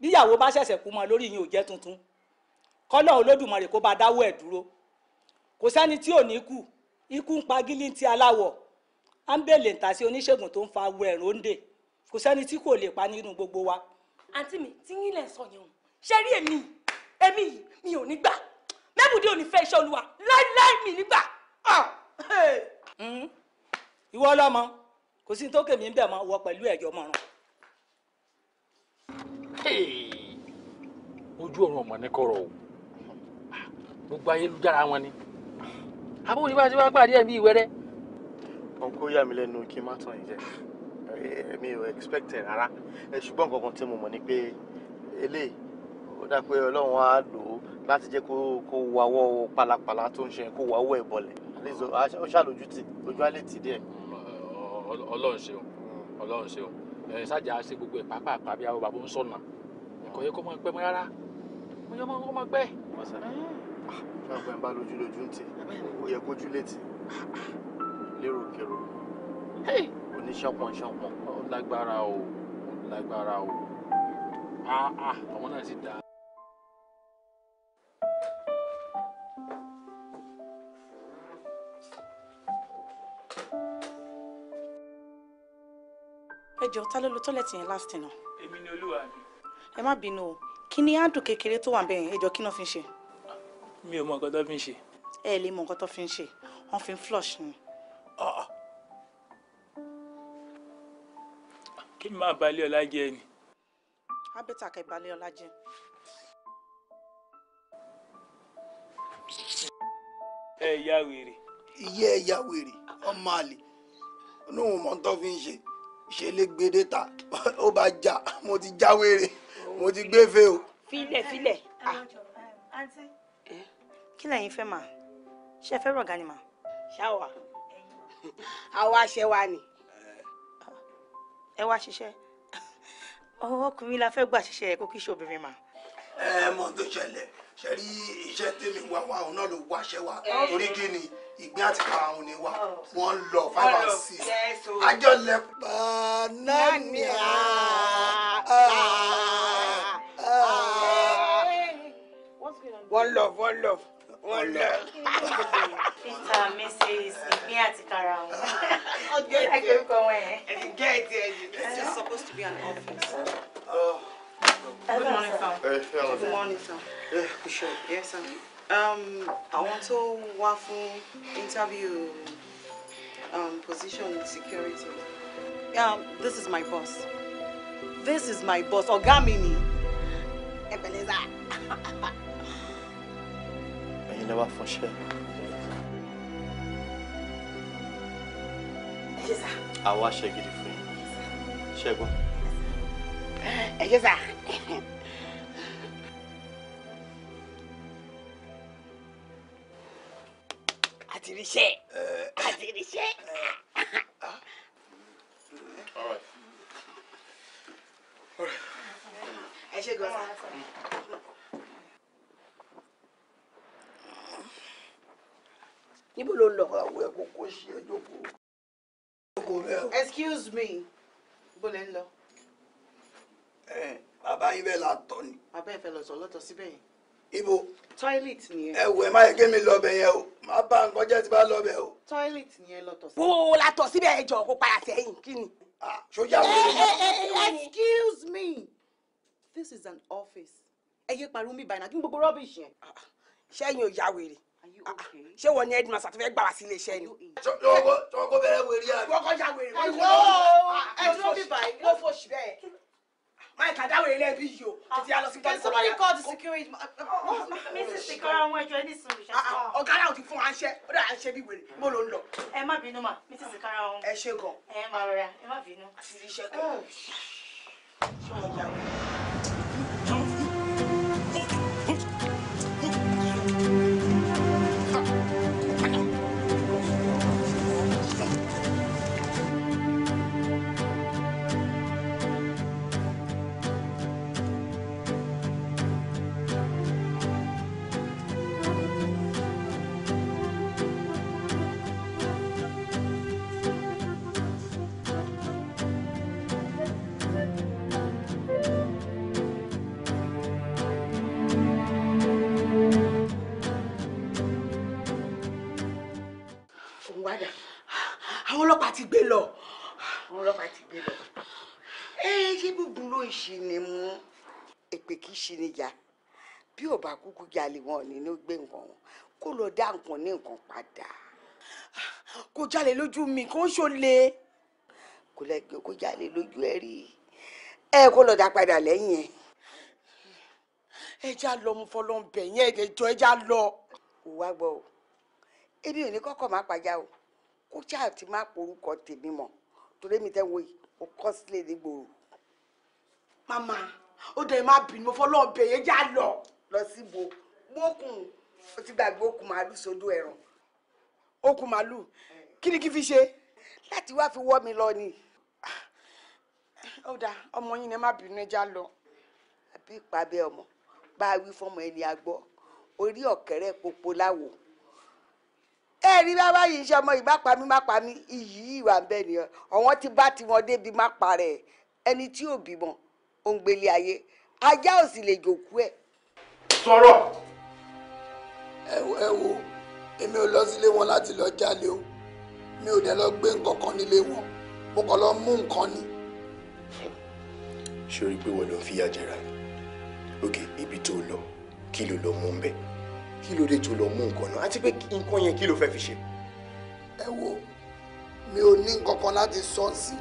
bíyàwó bá ṣẹ̀ṣẹ̀ kú mọ́ lórí ìyẹn ò jẹ́ tuntun kọ́lọ̀ olódùmarè kó bá dáwọ́ ẹ̀ dúró kò sẹ́ni tí ò ní kú ikú ń pa gílí ti aláwọ̀ áńbẹ̀lẹ̀ ń ta sí oníṣègùn tó ń fa awọ ẹ̀rọ ń dè kò sẹ́ni tí kò lè pa nínú gbogbo wa. àǹtí mi tí yín lẹ̀ sọ yẹn o ṣe rí èmi èmi yìí mi ò ní gbà mẹ́bùdé ò ní fẹ́ iṣẹ́ olúwa láíláí mi nígbà. Ah, hmm? ìwọ ọlọ́mọ kò sí tó kèmí ń bẹ̀ mọ́ wọ pẹ̀lú ẹ̀jọ̀ mọ́ràn. ojú ọ̀run ọ̀mọ̀ ní kọ̀rọ̀ o gbogbo ayélujára wọn ni àbúrò nígbà tí wọ́n pàdé ẹ̀ bí ìwẹ́rẹ́. ọ̀nkó yà mí lẹ́nu kí n má tàn yín jẹ èmi eh, ò expect ẹ̀ rárá eh, ṣùgbọ́n nǹkan kan tí mo mọ̀ ni pé eléyìí ó dá pé ọlọ́run á lò ó láti jẹ́ kó wawọ́ pálapàla tó ń ṣe kó wawọ́ ẹ̀ bọ̀lẹ̀ ó ṣàlójú tì ojú á lè tì díẹ̀. ọlọ́run ṣeun ọlọ́run ṣeun ẹ eh, ṣáàjà ṣe gbogbo ẹ̀ pàápàá bí àwọn bàbá ń sọ̀nà ẹ̀kọ́ yẹ kó máa pẹ́ mọ́ rárá mo yọ ọmọ pẹ́ ṣáàpọ̀ ẹ̀ ń bá lójú lójú ń tì ó yẹ kójú létí lérò kérò oníṣàpọ̀nṣàpọ̀n ó lágbára o ó lágbára o àwọn náà ti dá. ẹ jọ̀ọ́ ta ló lo tọ́lẹ̀tì yẹn last náà. èmi ni olúwa mi. ẹ má bínú o kí ni àádùn kékeré tó wà bẹ́ẹ̀ ẹ kí náà fi ṣe mi ò mọ nǹkan tó fi ń ṣe. ẹ lè mọ nǹkan tó fi ń ṣe wọn fi ń flush ni. Ah, ah. kí ni máa balẹ̀ ọ̀la jẹ́ ni. abẹ́ta kẹ́ balẹ̀ ọ̀la jẹ́. ẹ ya wèrè. iye ẹ ya wèrè ọmọ àlè inú wọn tó fi ń ṣe ṣe lè gbé dẹ́ta ó bá jà mo ti já wèrè mo ti gbé fẹ́ o. filẹ̀ filẹ̀. Ah. àǹtí. Eh? kí lẹ́yìn fẹ́ mà ṣe fẹ́ rọ̀gá ni mà. ṣáwa àwa ṣe wa ni. ẹ wá ṣiṣẹ́ ọkùnrin la fẹ́ gbà ṣiṣẹ́ kó kí ṣe obìnrin mà. ẹ mọ tó ṣẹlẹ̀ ṣe rí tèmi wá wá òun náà ló wá ṣẹ́ wa torí kí ni ìgbín àti karùn-ún ni wa wọ́n ń lọ five and six àjọlẹ̀ banani one love one love peter mrs ìpín àti kara wọn. ọjọ́ ìgbẹ́ orúkọ wọn yẹn. ẹni gẹ́ ẹ ti this is supposed to be an office. Oh. Good morning, sir. Good morning, sir. Yeah, sure. Yes, sir. Um, àwọn tó wá fún interview um, position security. Um, this is my boss. This is my boss. Ọ̀gá Ebeleza. you never for sure. àwa ṣe gidi fún yín ṣẹ́gun. ẹ ṣe sá. àti ríṣẹ́ àti ríṣẹ́. ẹ ṣe níbo ló lọ. àwọn ẹ̀kọ́ kò ṣe é jókòó. excuse me bó lẹ ń lọ. bàbá yín bẹ́ẹ̀ la tọ̀ ni. bàbá ẹ̀ fẹ́ lọ sọ lọ́tọ̀ síbẹ̀ yẹn. ibo. toilet nìyẹn. ẹ wò ẹ má yẹ kí mi lọ bẹ yẹn o má bá nǹkan jẹ́ ti bá lọ bẹ o. toilet nìyẹn lọ́tọ̀ síbẹ̀. bó la tọ̀ síbẹ̀ ẹ jọ kó padà sẹ́yìn kí ni. sójà ah, wo ni. Eh, eh, eh, excuse me this is an office. ẹ yé pariwo mi báyìí náà kí n gbogbo rubbish yẹn. sẹ́yìn ah, ò yá wèrè. Ah, ṣé wọ́n ní headmaster tó gbà wá sí ilé iṣẹ́ ni. tọkọ bẹ̀rẹ̀ wèrè àná. wọ́n kọjá wèrè wọ́n kọjá wèrè. Ah, ẹ dúró bí báyìí ló fò sí bẹ́ẹ̀. máa kàdá wèrè yìí o àti ah. alọ sí tọ́jú sọ́dọ̀ yẹn. can somebody call the oh. security. mrs oh, sikora wọn ẹjọ ní sùn ìṣá. ọ̀gá náà ti fún àṣẹ ó dà àṣẹ bí wèrè mo ló ń lọ. ẹ má bínú mà mrs sikora wọn. ẹ ṣe gan. ẹ má rọra ẹ má bínú. àti iṣẹ́ oríṣiríṣi níjà bí ò bá kúkú jalè wọn ò ní ní gbé nǹkan wọn kó lọ dá nǹkan ní nǹkan padà kó jalè lójú mi kó ń ṣọlẹ kó lẹgbẹ kó jalè lójú ẹ rí ẹ kó lọ dá padà lẹ́yìn ẹ. ẹ já lọ mo fọlọ ń bẹ yẹn ẹ jọ ẹ já lọ. ò wá gbọ́ o èmi ò ní kọ́kọ́ máa pàjá o kó ṣáà ti má porúkọ tèmi mọ̀ torí mi tẹ́ wo yìí ó kọ́ sílẹ̀ nígboro. mama o dẹ̀ má bínú mo fọ́ lọ́ọ́ bẹ̀yẹ́ já lo, lọ síbo gbókùn ó ti gbàgbé okùn màálù sódò ẹ̀ràn okùn màálù kí ni kí fi ṣe láti wá fi wọ́ mi lọ ni ó dà ọmọ yín ni má bínú ẹja lọ. àbí ìpàbẹ ọmọ bá a wí fọmọ ẹni àgbọ́ orí ọ̀kẹ́rẹ́ popo láwo ẹ rí bàbá yìí ṣe ọmọ yìí má pa mí má pa mí iyì ìwà ń bẹ nìyẹn àwọn ti bá tiwọn débi má pa rẹ ẹni tí ò bímọ ó ń gbélé ayé ajá ò sì lè jòkú ẹ̀. sọ̀rọ̀. ẹ wo ẹ wo èmi ò lọ sílé wọn láti lọ jalè o mi ò dẹ̀ lọ gbé nǹkan kan nílé wọn mo kàn lọ mú nǹkan ni. ṣé o rí i pé wọ́n lọ fìyà jẹra ni òkè ibi tó lọ kí ló lọ mú bẹ́ẹ̀ kí ló dé tó lọ mú nǹkan náà àti pé nǹkan yẹn kí ló fẹ́ fi ṣe. ẹ wo mi ò ní nǹkan láti sọ́ọ̀sì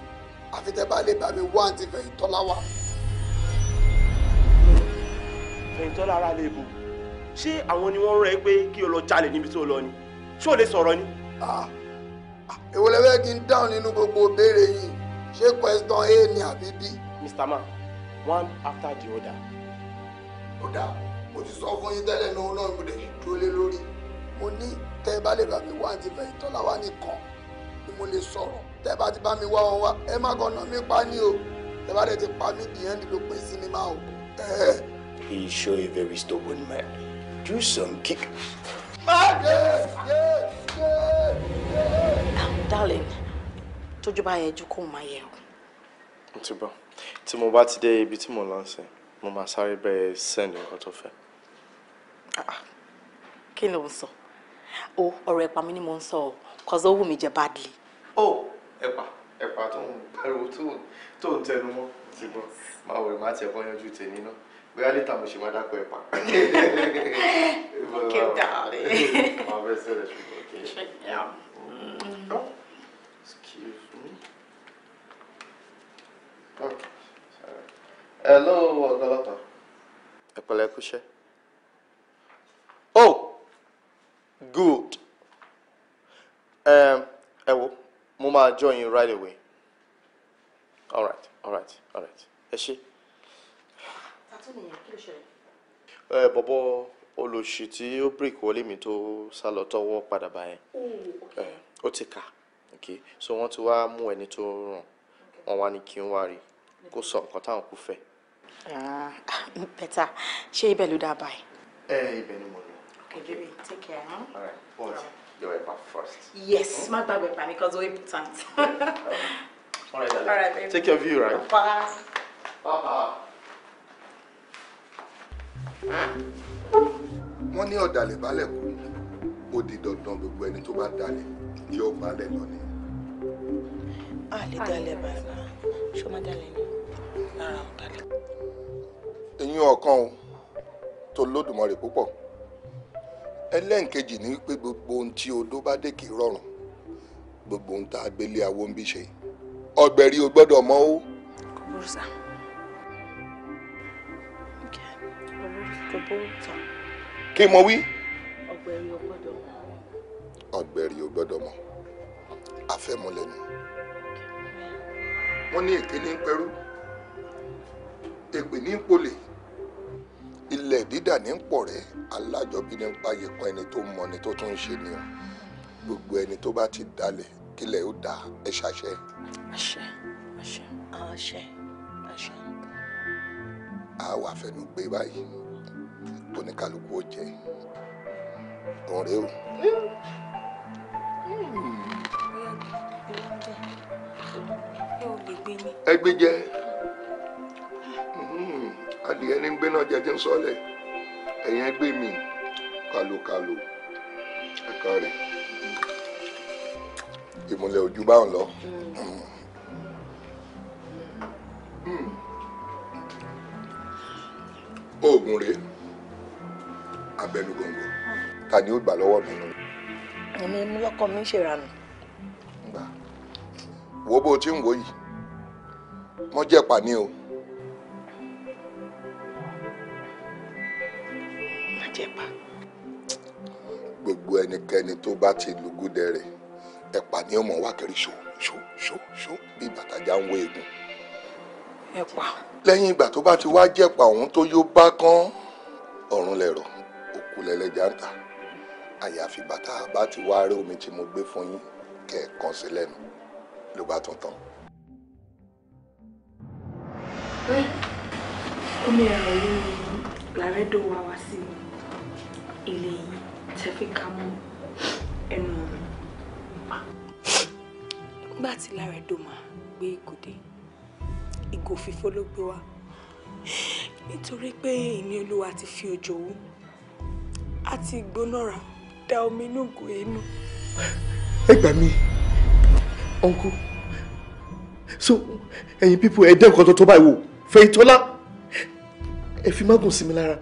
àfi tẹ́ bá lè bá mi wá àǹtí Fẹ́yìntọ́lá wá. ẹ̀ńtọ́ lára lè bò ṣé àwọn ni wọ́n rán ẹ pé kí o lọ jalè níbi tó lọ ni ṣé o lè sọ̀rọ̀ ni. èwo lẹ fẹ́ kí n dáhùn nínú gbogbo ìbéèrè yìí ṣé question a ni àbí b. mr ma one after the other. ó dáa mo ti sọ fún yín tẹ́lẹ̀ náà náà mo lè dúró lé lórí mo ní tẹ́ ẹ bá lè bá mi wá àti fẹ̀yìntọ́ làwa nìkan ni mo lè sọ̀rọ̀ tẹ́ ẹ bá ti bá mi wá wọn wá ẹ má kàn ná mi pa ni o tẹ́ ẹ bá lè ti pa mí dìẹ́ndì ló pé sinimá o. He's sure a very stubborn man. Do some kick. Yes, yes, yes, yes. Darling, tójú bá yẹ ju kó máa yẹ o. Mo ti bọ̀. Tí mo bá ti dé ibi tí mo lọ ń sìn, mo máa sáré bẹ́ẹ̀ send nǹkan tó fẹ́. Ah, kí ló ń sọ? O ọ̀rọ̀ ẹ̀pà mi ni cause ó wù badly. O ẹ̀pà ẹ̀pà tó ń pariwo tó ń tẹnu mọ́ ti bọ̀. Máa wẹ̀ máa bóyá lẹ́tà mo ṣe máa dákọ̀ ẹ̀ pa. ok dale. máa bẹ sílẹ̀ ṣùgbọ́n ok. Yeah. Mm. Oh, excuse me. Okay. Oh, hello ọgọlọpà. ẹ pẹ̀lẹ́ kúṣẹ́. oh good. Um, ẹ wo mo join you right away. all right all right all right ẹ ṣé kí ni kí ló ṣẹlẹ̀. ẹ bọ̀bọ̀ olóṣì tí ó break wọlé mi tó sá lọ tọwọ́ padà báyẹn oh, ó ti kà okay so wọ́n ti wá mú ẹni tó ràn wọ́n wá ní kí n wá rí kó sọ nǹkan táwọn kú fẹ́. Ah, ah, bẹ́tà ṣé ibẹ̀ ló dáa báyìí. ẹ ibẹ̀ ni mo lọ. okay baby take care. Huh? all right but yeah. your epa first. yes hmm? má gbàgbé pa mi cause ó important. all right all right, baby. take care of you right. bye. bye wọ́n ní ọ̀dàlẹ̀ balẹ̀ kú Odi di dandan gbogbo ẹni tó bá dalẹ̀ yóò balẹ̀ lọ ni. a lè dalẹ̀ bàbá ṣó má dalẹ̀ ni rárá ò dalẹ̀. ìyún ọ̀kan o tó lódùmarè púpọ̀ ẹlẹ́ǹkejì ni wípé gbogbo ohun tí odó bá dé kì í rọrùn gbogbo ohun tá a gbélé awo ń bí ṣe ọgbẹ̀rí o gbọ́dọ̀ mọ́ o. kò burú sáà. tó bóró tán. kí mo wí. ọ̀gbẹ̀rì ò gbọ́dọ̀ mọ̀. ọ̀gbẹ̀rì ò gbọ́dọ̀ mọ̀ àfẹ́múlẹ̀ ni wọ́n ní èké ní pẹ́rú èpè ní polè ilẹ̀ dídà ní pọ̀rẹ́ alájọbí ní páyé kan ẹni tó mọ ni tó tún ṣe ni o gbogbo ẹni tó bá ti dalẹ̀ kílẹ̀ ó dà ẹ ṣàṣẹ. àṣẹ àṣẹ àṣẹ àṣẹ. a wà fẹnu gbé báyìí tó ní kálukú ó jẹ òun rèé o. ẹgbẹ́ jẹ adìyẹ ní gbé náà jẹjẹ ń sọlẹ̀ ẹ̀yìn ẹgbẹ́ mi kálukàlù ẹ̀ka rẹ̀ ìmùlẹ̀ ojú báwọn lọ. oògùn rèé gbẹnu gọ̀ǹgọ̀ ta ni ó gbà lọ́wọ́ mi nù. èmi mú lọ́kọ mi ṣèrànù. gbà wo bó o ti ń wò yìí mo jẹ́ pàní o. má jẹ́ pa. gbogbo ẹnikẹ́ni tó bá ti lùgúdẹ rẹ̀ ẹ̀pà ni ó mọ̀ wá kiri ṣó ṣó ṣó ṣó bí bàtàjà ń wé egun. ẹ̀pà. lẹ́yìn ìgbà tó bá ti wá jẹ̀pà òun tó yó bá kán ọ̀run lẹ̀rọ̀ kù lẹ́lẹ́jà ń tà àyàfi bàtà bá ti wá rí omi tí mo gbé fún yín kẹ̀ẹ̀kan sí lẹ́nu ló bá tún tán. omi ẹ̀rọ yìí ni làrẹ́dò wá wá sí ilé yìí tẹ́ fi ká mọ́ ẹnu ọ̀run. nígbà tí làrẹ́dò máa gbé ìgòdè ìgò fífó ló gbé wá nítorí pé ìní olúwa ti fi òjò wú àti ìgbónára da omi inú ògùn inú. ẹ gbà mí uncle so ẹ̀yin pípọ̀ ẹ̀dẹ́ nǹkan tuntun báyìí wò Fẹ́yìntọ́lá ẹ fi mágùn sí mi lára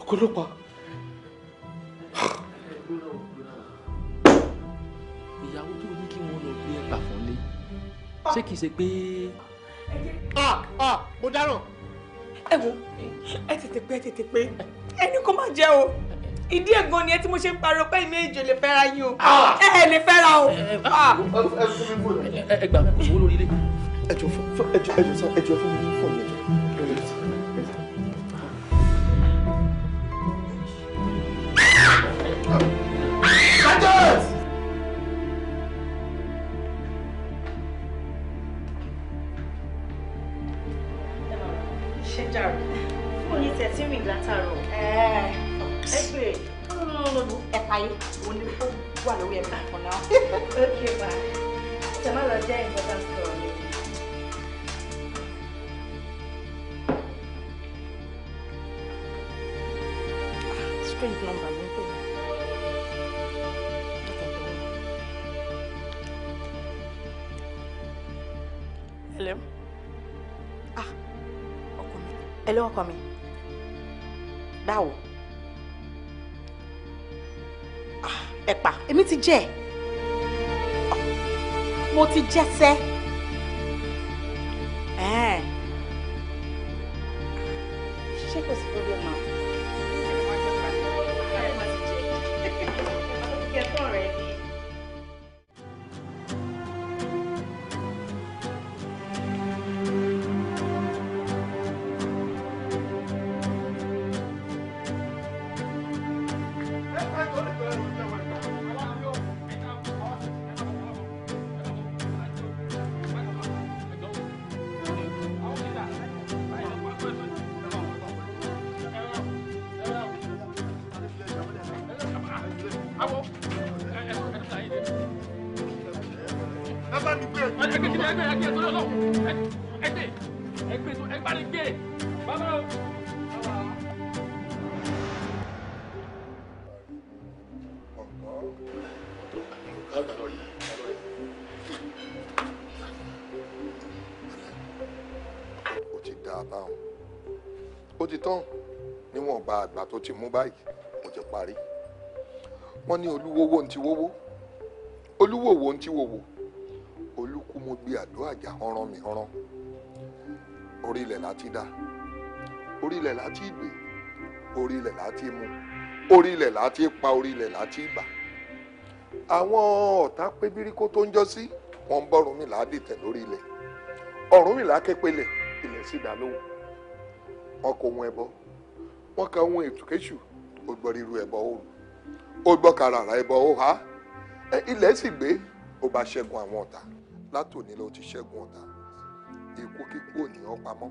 ọ̀pọ̀lọpọ̀. ìyàwó tó ní kí wọn lọ gbé ẹgbà fún lé ṣé kìí ṣe pé. Ah, ah, mo dáràn. ẹ wo ẹ tètè pé ẹ tètè pé ẹni kò má jẹ́ o ìdí ègbón ni ẹ tí mo ṣe ń pariwo pé ìmí èjò lè fẹ́ra yín o ẹ ẹ lè fẹ́ra o. ẹ gbà mí kò sówó lórí ilé ẹjọ fún mi Jesse. ní olúwowó ntí wowó olúwòwò ntí wowó olúkú mo gbé àdó àjà hanran mi hanran orí ilẹ̀ láti dá orí ilẹ̀ láti gbé orí ilẹ̀ láti mú orí ilẹ̀ láti pa orí ilẹ̀ láti bà àwọn ọ̀tá pé bíríkó tó ń jọ sí wọn ń bọ́rùn mi láàdì tẹ̀ lórí ilẹ̀ ọ̀rùn mi láàké pelẹ̀ ilẹ̀ sì dá lóhùn wọn kò wọn ẹbọ wọn kà wọn ètùkéṣù ó gbọ́ ríru ẹbọ òòrùn ó gbọ́kara àrà ẹbọ ó há ilẹ̀ sì gbé ó bá ṣẹ́gun àwọn ọ̀tá látòní ló ti ṣẹ́gun ọ̀tá ikú kíkú ò ní ọ pamọ́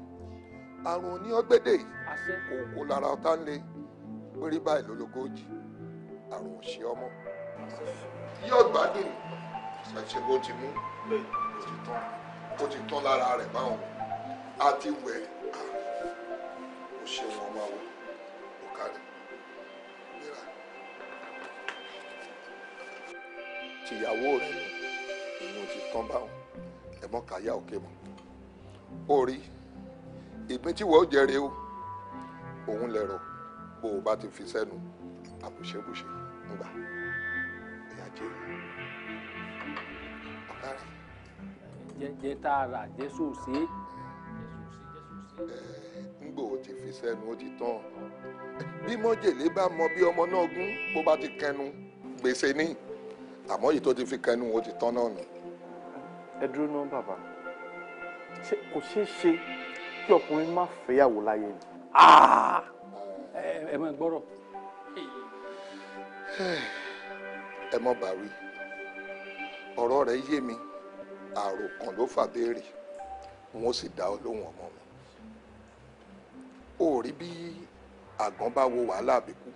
àrùn ní ọgbẹ́dẹ̀ òkú lára ọ̀tá ń le péré báyìí lólogójì àrùn ò ọmọ yóò gbádùn ṣàṣẹ bó ti mú ó ti tán lára rẹ̀ báwọn á ti wẹ̀ ó ṣe wọn máa wọ̀. àtìyàwó rẹ̀ ìyẹn ò ti tán báwọn ẹ̀mọ́ kàyà òkè mọ́ ó rí ìpín tí wọ́n jẹrè o òun lẹ̀rọ bó o bá ti fi sẹ́nu àbùṣebùṣe ńgbà ìyá jẹ́ ọ̀gá rẹ̀. jẹjẹ tá a rà jẹ sòsè. ńgbò ó ti fi sẹ́nu ó ti tán bí mọ́jèlé bá mọ bí ọmọ náà gún bó bá ti kẹnu gbèsè ní àmọ́ yìí tó ti fi kẹnu ó ti tán náà nù. ẹ dúró ná bàbá ṣé kò ṣeé ṣe kí ọkùnrin má fẹ́yàwó láyé ni. Ah! ẹ máa gbọ́rọ̀. ẹ mọ̀ bá wí ọ̀rọ̀ rẹ̀ yé mi àròkàn ló fà béèrè n ó sì dá ọ lóhùn ọmọ mi ó rí bí àgàn bá wo wàhálà àbíkú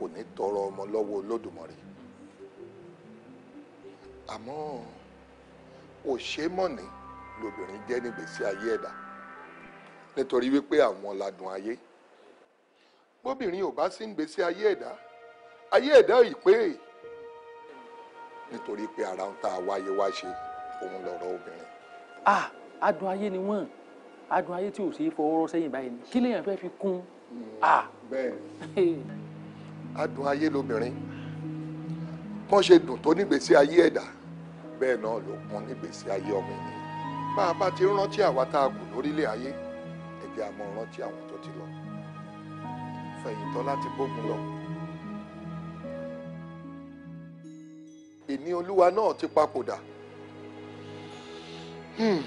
kò ní tọrọ ọmọ lọ́wọ́ Olódùmarè àmọ́ òṣèmọ̀nì lobìnrin jẹ́ nígbèsí ayé ẹ̀dá nítorí wípé àwọn ládùn ayé bóbìnrin ò bá sí nígbèsí ayé ẹ̀dá ayé ẹ̀dá ò pé nítorí pé ara ń tá a wáyé wá ṣe òun lọ̀rọ̀ obìnrin. ah adùn ayé ni wọ́n adùn ayé tí ò ṣeé fọwọ́rọ́ sẹ́yìn báyìí ni kí lèèyàn fẹ́ fi kún ah. bẹ́ẹ̀ adùn ayé lobìnrin kán ṣe dùn tó nígbèsí ayé ẹ̀dá bẹ́ẹ̀ náà ló pọn nígbèsí ayé ọmọ ènìyàn bá a bá ti rántí àwa tá a kù lórílẹ̀ ayé ẹ jẹ́ a máa rántí àwọn tó ti lọ fẹ̀yìntàn láti bógun lọ. ìní olúwa náà ti papòdà hmm.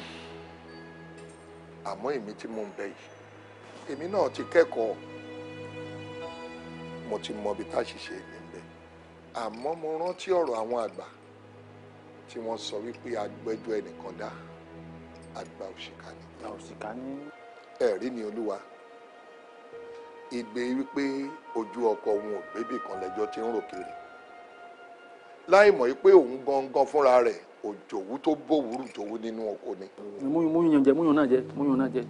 àmọ́ èmi tí mo ń bẹ yìí èmi náà ti kẹ́kọ̀ọ́ mo ti mọ ibi tá a ṣiṣẹ́ èmi ń bẹ àmọ́ mo rántí ọ̀rọ̀ àwọn àgbà tí wọ́n sọ wípé agbẹ́jọ́ ẹnìkan dá àgbà òṣìkà ni. àgbà òṣìkà ni. ẹ̀rí ni olúwa ìgbé wípé ojú ọkọ òun ò gbébì kan lẹ́jọ́ tí ń rò kiri láì mọ̀ wípé òun gangan fúnra rẹ̀ òjòwú tó bòwúrù jòwú nínú oko ni. múyàn jẹ múyàn náà jẹ múyàn náà jẹ.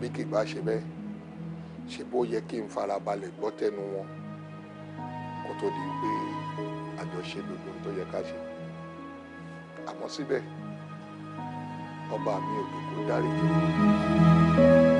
bí kì bá ṣe bẹ́ẹ̀ ṣe bó yẹ kí n farabalẹ̀ gbọ́ tẹnu wọn kó tó di pé àjọṣe gbogbo tó yẹ ká ṣe àmọ́ síbẹ̀ ọba mi ò dùn kó dáríjì.